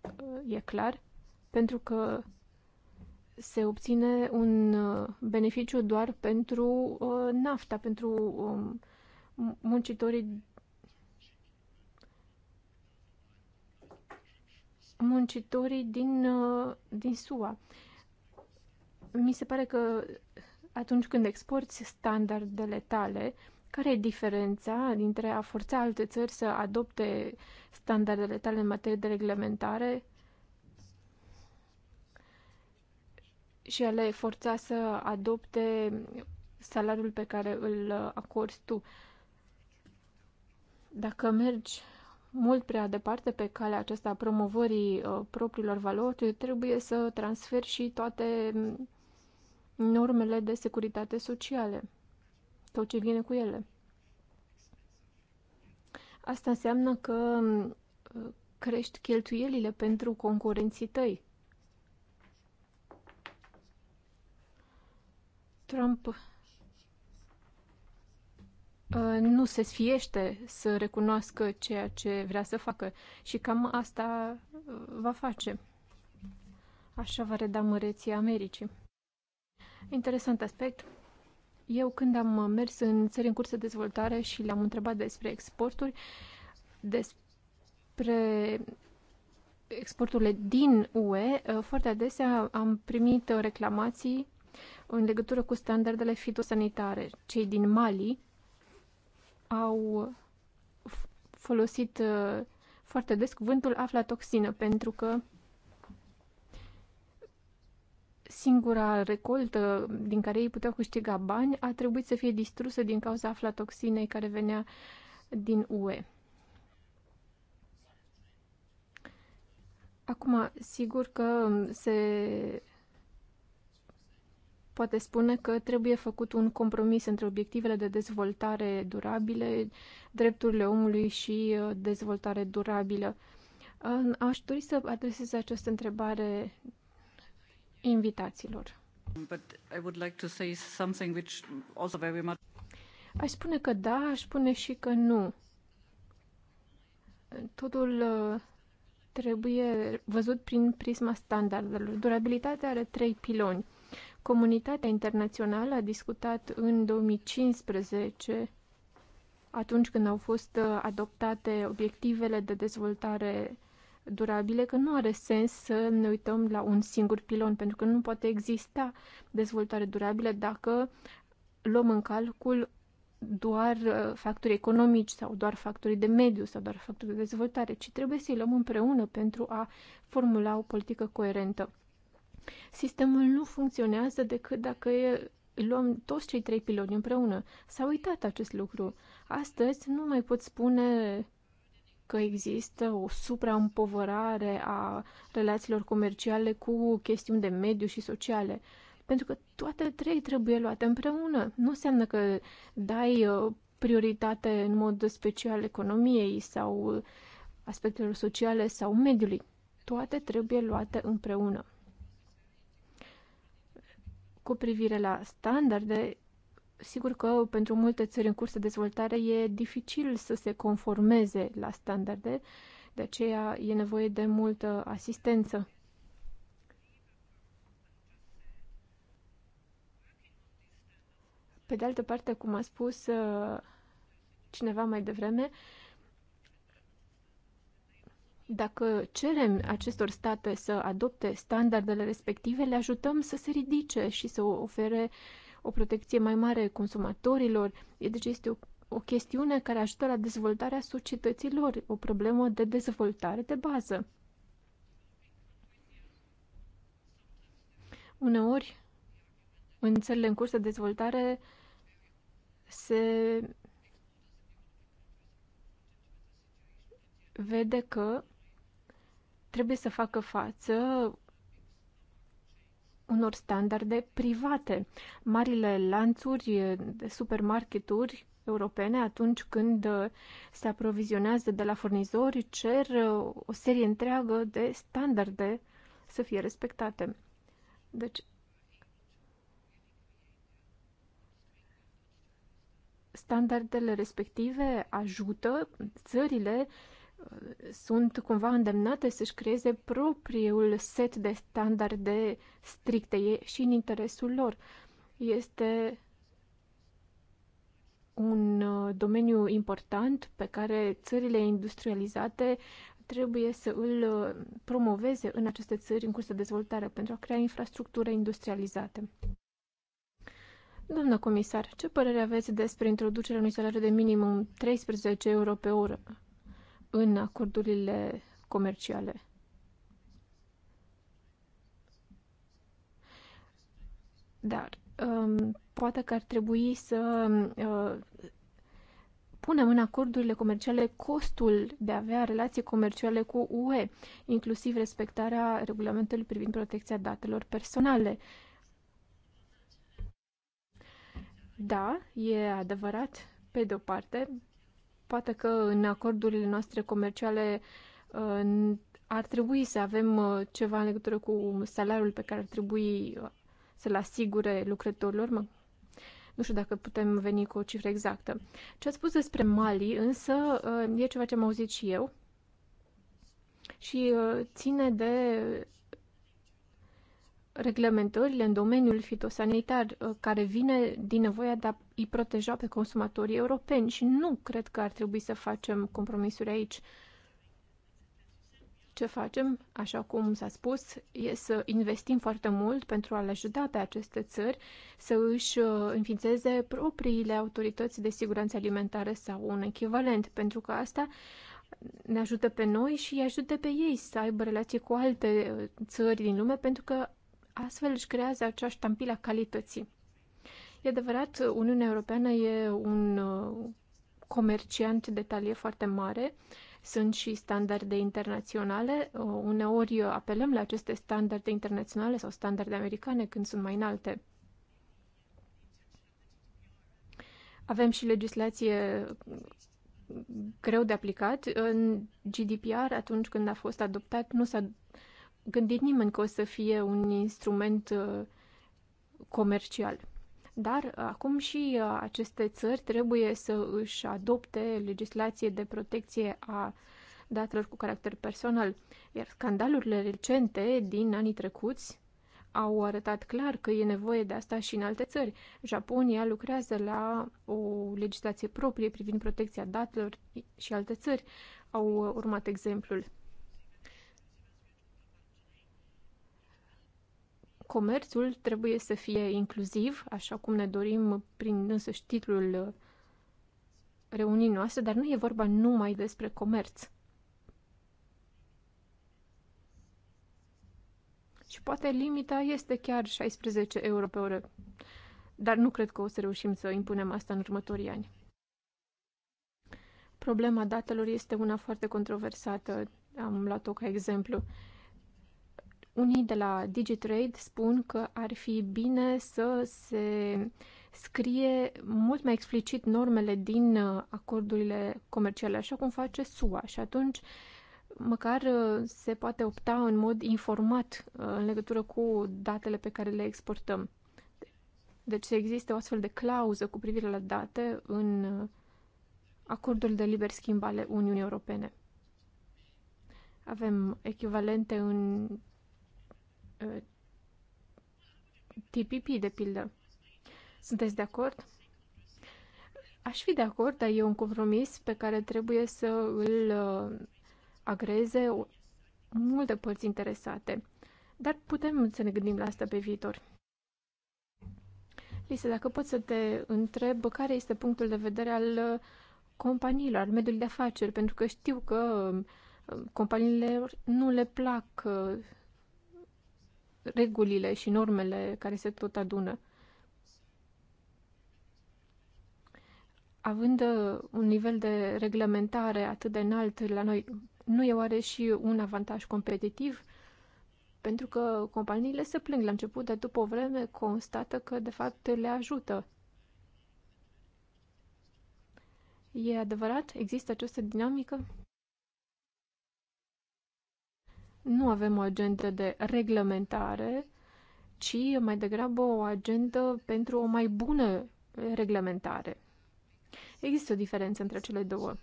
ă, e clar, pentru că se obține un ă, beneficiu doar pentru nafta, pentru muncitorii muncitorii din, din SUA. Mi se pare că atunci când exporți standardele tale, care e diferența dintre a forța alte țări să adopte standardele tale în materie de reglementare și a le forța să adopte salariul pe care îl acorzi tu? Dacă mergi mult prea departe pe calea aceasta a promovării uh, propriilor valori, trebuie să transferi și toate normele de securitate sociale, tot ce vine cu ele. Asta înseamnă că mm, crești cheltuielile pentru concurenții tăi. Trump ă, nu se sfiește să recunoască ceea ce vrea să facă și cam asta ă, va face. Așa va reda măreția Americii. Interesant aspect. Eu când am mers în țări în curs de dezvoltare și le-am întrebat despre exporturi, despre exporturile din UE, foarte adesea am primit reclamații în legătură cu standardele fitosanitare. Cei din Mali au folosit uh, foarte des cuvântul aflatoxină pentru că singura recoltă din care ei puteau câștiga bani a trebuit să fie distrusă din cauza aflatoxinei care venea din UE. Acum, sigur că se poate spune că trebuie făcut un compromis între obiectivele de dezvoltare durabile, drepturile omului și uh, dezvoltare durabilă. Aș dori să adresez această întrebare invitațiilor. Aș spune că da, aș spune și că nu. Totul uh, trebuie văzut prin prisma standardelor. Durabilitatea are trei piloni. Comunitatea internațională a discutat în 2015, atunci când au fost uh, adoptate obiectivele de dezvoltare durabile că nu are sens să ne uităm la un singur pilon, pentru că nu poate exista dezvoltare durabilă dacă luăm în calcul doar uh, factori economici sau doar factorii de mediu sau doar factorii de dezvoltare, ci trebuie să-i luăm împreună pentru a formula o politică coerentă. Sistemul nu funcționează decât dacă luăm toți cei trei piloni împreună. S-a uitat acest lucru. Astăzi nu mai pot spune că există o supraîmpovărare a relațiilor comerciale cu chestiuni de mediu și sociale. Pentru că toate trei trebuie luate împreună. Nu înseamnă că dai uh, prioritate în mod special economiei sau aspectelor sociale sau mediului. Toate trebuie luate împreună. Cu privire la standarde, Sigur că pentru multe țări în curs de dezvoltare e dificil să se conformeze la standarde, de aceea e nevoie de multă asistență. Pe de altă parte, cum a spus uh, cineva mai devreme, dacă cerem acestor state să adopte standardele respective, le ajutăm să se ridice și să ofere uh, o protecție mai mare consumatorilor. Deci este o, o chestiune care ajută la dezvoltarea societăților, o problemă de dezvoltare de bază. Uneori, în țările în curs de dezvoltare, se vede că trebuie să facă față unor standarde private. Marile lanțuri de supermarketuri europene, atunci când uh, se aprovizionează de la furnizori, cer uh, o serie întreagă de standarde să fie respectate. Deci, standardele respective ajută țările sunt cumva îndemnate să-și creeze propriul set de standarde stricte e și în interesul lor. Este un uh, domeniu important pe care țările industrializate trebuie să îl uh, promoveze în aceste țări în curs de dezvoltare pentru a crea infrastructură industrializate. Doamnă comisar, ce părere aveți despre introducerea unui salariu de minimum 13 euro pe oră în acordurile comerciale. Dar um, poate că ar trebui să uh, punem în acordurile comerciale costul de a avea relații comerciale cu UE, inclusiv respectarea regulamentului privind protecția datelor personale. Da, e adevărat, pe de o parte, Poate că în acordurile noastre comerciale uh, ar trebui să avem uh, ceva în legătură cu salariul pe care ar trebui uh, să-l asigure lucrătorilor. Mă, nu știu dacă putem veni cu o cifră exactă. Ce ați spus despre Mali, însă, e ceva ce am auzit și eu și ține de reglementările în domeniul fitosanitar uh, care vine din nevoia de a îi proteja pe consumatorii europeni și nu cred că ar trebui să facem compromisuri aici. Ce facem, așa cum s-a spus, e să investim foarte mult pentru a le ajuta pe aceste țări să își uh, înființeze propriile autorități de siguranță alimentară sau un echivalent, pentru că asta ne ajută pe noi și îi ajută pe ei să aibă relații cu alte uh, țări din lume, pentru că Astfel își creează acea ștampilă a calității. E adevărat, Uniunea Europeană e un uh, comerciant de talie foarte mare, sunt și standarde internaționale. Uh, uneori apelăm la aceste standarde internaționale sau standarde americane când sunt mai înalte. Avem și legislație greu de aplicat. În GDPR, atunci când a fost adoptat, nu s-a gândit nimeni că o să fie un instrument uh, comercial. Dar uh, acum și uh, aceste țări trebuie să își adopte legislație de protecție a datelor cu caracter personal. Iar scandalurile recente din anii trecuți au arătat clar că e nevoie de asta și în alte țări. Japonia lucrează la o legislație proprie privind protecția datelor și alte țări au urmat exemplul. comerțul trebuie să fie inclusiv, așa cum ne dorim prin însăși titlul uh, reunii noastre, dar nu e vorba numai despre comerț. Și poate limita este chiar 16 euro pe oră, dar nu cred că o să reușim să impunem asta în următorii ani. Problema datelor este una foarte controversată, am luat-o ca exemplu. Unii de la DigiTrade spun că ar fi bine să se scrie mult mai explicit normele din uh, acordurile comerciale, așa cum face SUA. Și atunci, măcar uh, se poate opta în mod informat uh, în legătură cu datele pe care le exportăm. Deci există o astfel de clauză cu privire la date în acordul de liber schimb ale Uniunii Europene. Avem echivalente în TPP, de pildă. Sunteți de acord? Aș fi de acord, dar e un compromis pe care trebuie să îl uh, agreze multe părți interesate. Dar putem să ne gândim la asta pe viitor. Lisa, dacă pot să te întreb care este punctul de vedere al uh, companiilor, al mediului de afaceri, pentru că știu că uh, companiile nu le plac regulile și normele care se tot adună. Având uh, un nivel de reglementare atât de înalt la noi, nu e oare și un avantaj competitiv? Pentru că companiile se plâng la început, dar după o vreme constată că de fapt le ajută. E adevărat? Există această dinamică? Nu avem o agendă de reglementare, ci mai degrabă o agendă pentru o mai bună reglementare. Există o diferență între cele două.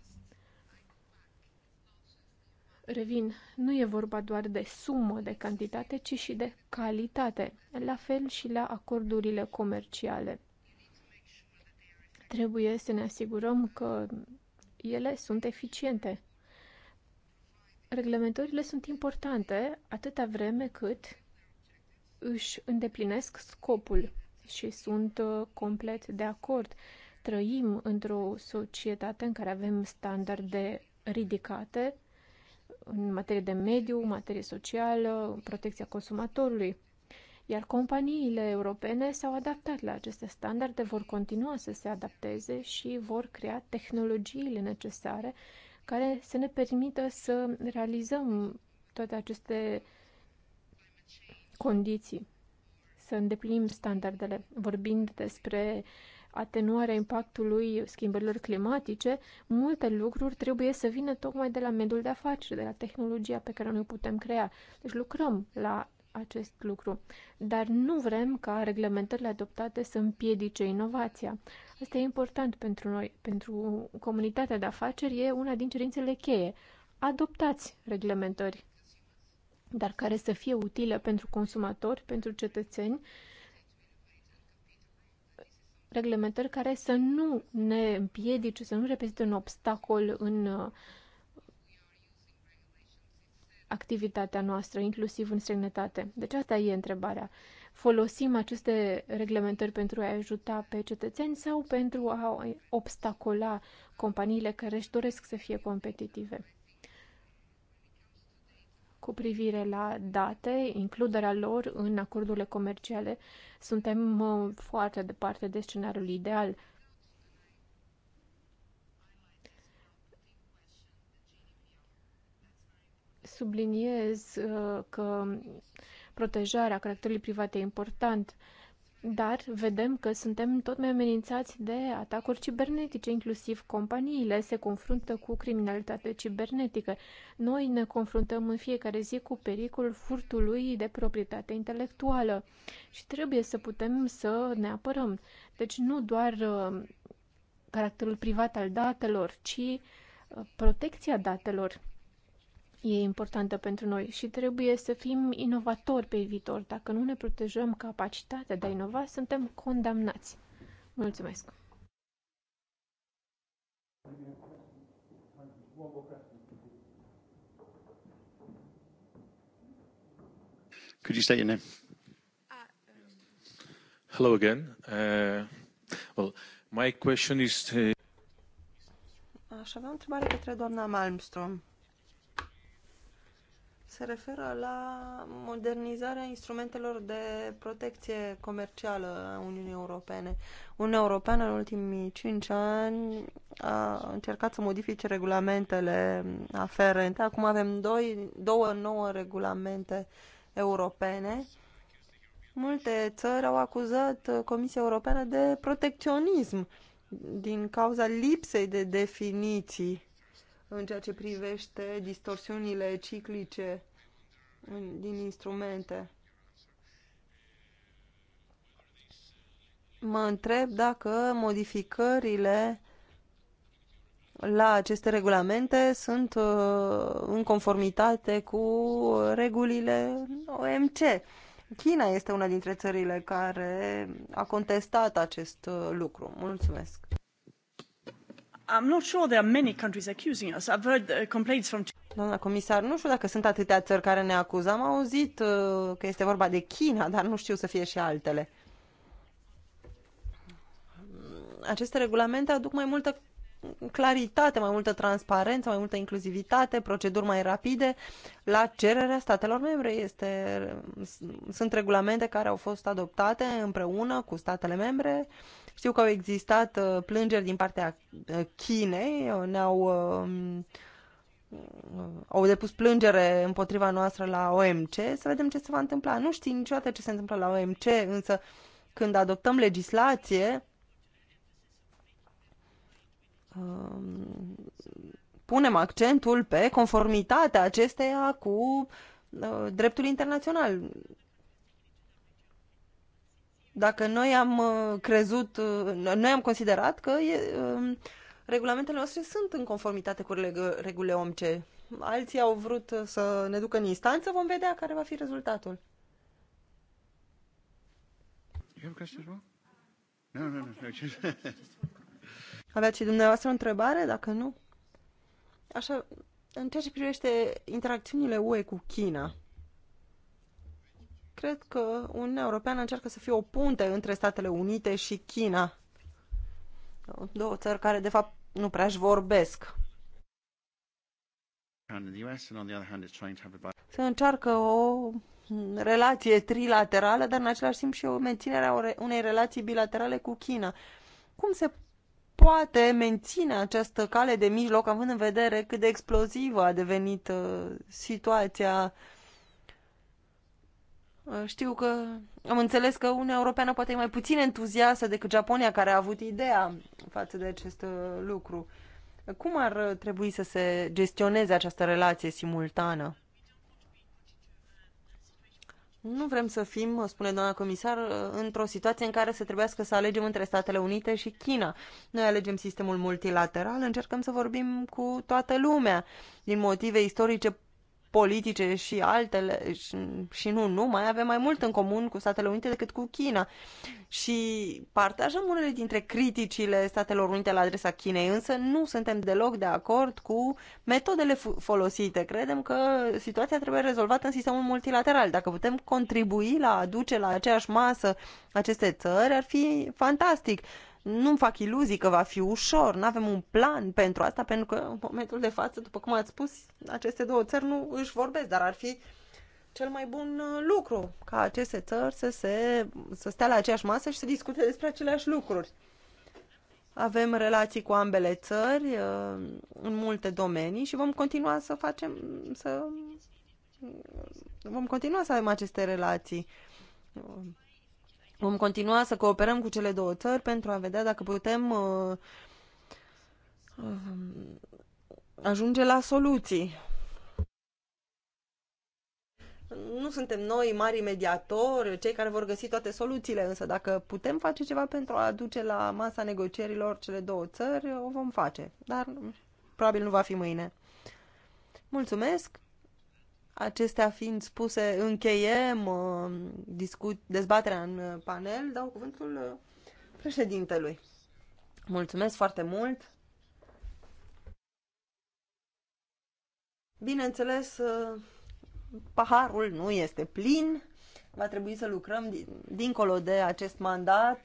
Revin, nu e vorba doar de sumă, de cantitate, ci și de calitate, la fel și la acordurile comerciale. Trebuie să ne asigurăm că ele sunt eficiente reglementările sunt importante atâta vreme cât își îndeplinesc scopul și sunt uh, complet de acord. Trăim într-o societate în care avem standarde ridicate în materie de mediu, materie socială, protecția consumatorului. Iar companiile europene s-au adaptat la aceste standarde, vor continua să se adapteze și vor crea tehnologiile necesare care să ne permită să realizăm toate aceste condiții, să îndeplinim standardele. Vorbind despre atenuarea impactului schimbărilor climatice, multe lucruri trebuie să vină tocmai de la mediul de afaceri, de la tehnologia pe care noi putem crea. Deci lucrăm la acest lucru. Dar nu vrem ca reglementările adoptate să împiedice inovația. Asta e important pentru noi, pentru comunitatea de afaceri, e una din cerințele cheie. Adoptați reglementări, dar care să fie utile pentru consumatori, pentru cetățeni, reglementări care să nu ne împiedice, să nu reprezintă un obstacol în uh, activitatea noastră, inclusiv în străinătate. Deci asta e întrebarea. Folosim aceste reglementări pentru a ajuta pe cetățeni sau pentru a obstacola companiile care își doresc să fie competitive? Cu privire la date, includerea lor în acordurile comerciale, suntem uh, foarte departe de scenariul ideal – subliniez uh, că protejarea caracterului privat e important, dar vedem că suntem tot mai amenințați de atacuri cibernetice, inclusiv companiile se confruntă cu criminalitate cibernetică. Noi ne confruntăm în fiecare zi cu pericolul furtului de proprietate intelectuală și trebuie să putem să ne apărăm. Deci nu doar uh, caracterul privat al datelor, ci uh, protecția datelor e importantă pentru noi și trebuie să fim inovatori pe viitor. Dacă nu ne protejăm capacitatea de a inova, suntem condamnați. Mulțumesc! Could you state your name? Uh, hello again. Uh, well, my question is... To... Uh, Aș avea o întrebare către doamna Malmström se referă la modernizarea instrumentelor de protecție comercială a Uniunii Europene. Uniunea Europeană în ultimii cinci ani a încercat să modifice regulamentele aferente. Acum avem doi, două nouă regulamente europene. Multe țări au acuzat Comisia Europeană de protecționism din cauza lipsei de definiții în ceea ce privește distorsiunile ciclice din instrumente. Mă întreb dacă modificările la aceste regulamente sunt uh, în conformitate cu regulile OMC. China este una dintre țările care a contestat acest uh, lucru. Mulțumesc! Doamna comisar, nu știu dacă sunt atâtea țări care ne acuză. Am auzit uh, că este vorba de China, dar nu știu să fie și altele. Aceste regulamente aduc mai multă claritate, mai multă transparență, mai multă inclusivitate, proceduri mai rapide la cererea statelor membre. Este, sunt regulamente care au fost adoptate împreună cu statele membre știu că au existat uh, plângeri din partea uh, Chinei, uh, ne-au um, au depus plângere împotriva noastră la OMC, să vedem ce se va întâmpla. Nu știi niciodată ce se întâmplă la OMC, însă când adoptăm legislație, um, punem accentul pe conformitatea acesteia cu dreptul internațional. Dacă noi am uh, crezut, uh, noi am considerat că e, um, regulamentele noastre sunt în conformitate cu regulile OMC. Alții au vrut uh, să ne ducă în instanță, vom vedea care va fi rezultatul. Nu, Aveați și dumneavoastră o întrebare, dacă nu? Așa, în ceea ce privește interacțiunile UE cu China, Cred că Uniunea Europeană încearcă să fie o punte între Statele Unite și China. Două țări care, de fapt, nu prea își vorbesc. Se încearcă o relație trilaterală, dar în același timp și o menținere unei relații bilaterale cu China. Cum se poate menține această cale de mijloc, având în vedere cât de explozivă a devenit uh, situația uh, Uh, știu că am înțeles că Uniunea Europeană poate e mai puțin entuziastă decât Japonia, care a avut ideea față de acest uh, lucru. Cum ar uh, trebui să se gestioneze această relație simultană? Nu vrem să fim, spune doamna comisar, într-o situație în care să trebuiască să alegem între Statele Unite și China. Noi alegem sistemul multilateral, încercăm să vorbim cu toată lumea. Din motive istorice politice și altele, și, și nu numai, avem mai mult în comun cu Statele Unite decât cu China. Și partajăm unele dintre criticile Statelor Unite la adresa Chinei, însă nu suntem deloc de acord cu metodele folosite. Credem că situația trebuie rezolvată în sistemul multilateral. Dacă putem contribui la a aduce la aceeași masă aceste țări, ar fi fantastic nu-mi fac iluzii că va fi ușor, nu avem un plan pentru asta, pentru că în momentul de față, după cum ați spus, aceste două țări nu își vorbesc, dar ar fi cel mai bun uh, lucru ca aceste țări să, se, să stea la aceeași masă și să discute despre aceleași lucruri. Avem relații cu ambele țări uh, în multe domenii și vom continua să facem, să uh, vom continua să avem aceste relații. Vom continua să cooperăm cu cele două țări pentru a vedea dacă putem uh, uh, ajunge la soluții. Nu suntem noi mari mediatori, cei care vor găsi toate soluțiile, însă dacă putem face ceva pentru a aduce la masa negocierilor cele două țări, o vom face, dar probabil nu va fi mâine. Mulțumesc! Acestea fiind spuse, încheiem uh, discut, dezbaterea în uh, panel. Dau cuvântul uh, președintelui. Mulțumesc foarte mult! Bineînțeles, paharul nu este plin. Va trebui să lucrăm dincolo de acest mandat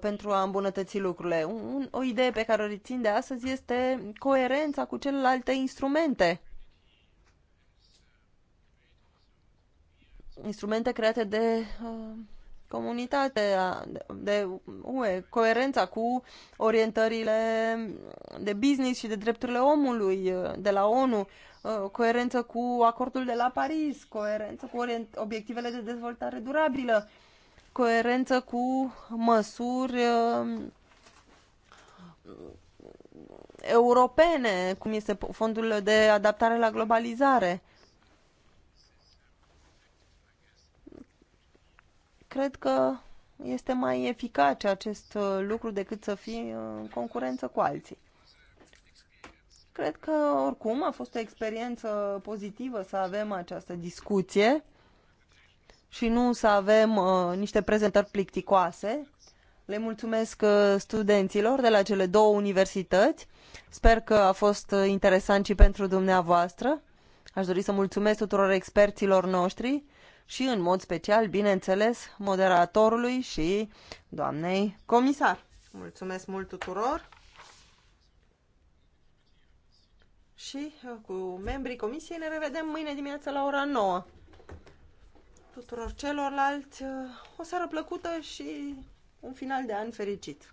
pentru a îmbunătăți lucrurile. o idee pe care o rețin de astăzi este coerența cu celelalte instrumente instrumente create de uh, comunitate, de UE, coerența cu orientările de business și de drepturile omului uh, de la ONU, uh, coerență cu acordul de la Paris, coerență cu obiectivele de dezvoltare durabilă, coerență cu măsuri uh, europene, cum este fondul de adaptare la globalizare. Cred că este mai eficace acest uh, lucru decât să fii în concurență cu alții. Cred că oricum a fost o experiență pozitivă să avem această discuție și nu să avem uh, niște prezentări plicticoase. Le mulțumesc uh, studenților de la cele două universități. Sper că a fost uh, interesant și pentru dumneavoastră. Aș dori să mulțumesc tuturor experților noștri și, în mod special, bineînțeles, moderatorului și doamnei comisar. Mulțumesc mult tuturor! Și uh, cu membrii comisiei ne revedem mâine dimineața la ora 9. Tuturor celorlalți uh, o seară plăcută și un final de an fericit!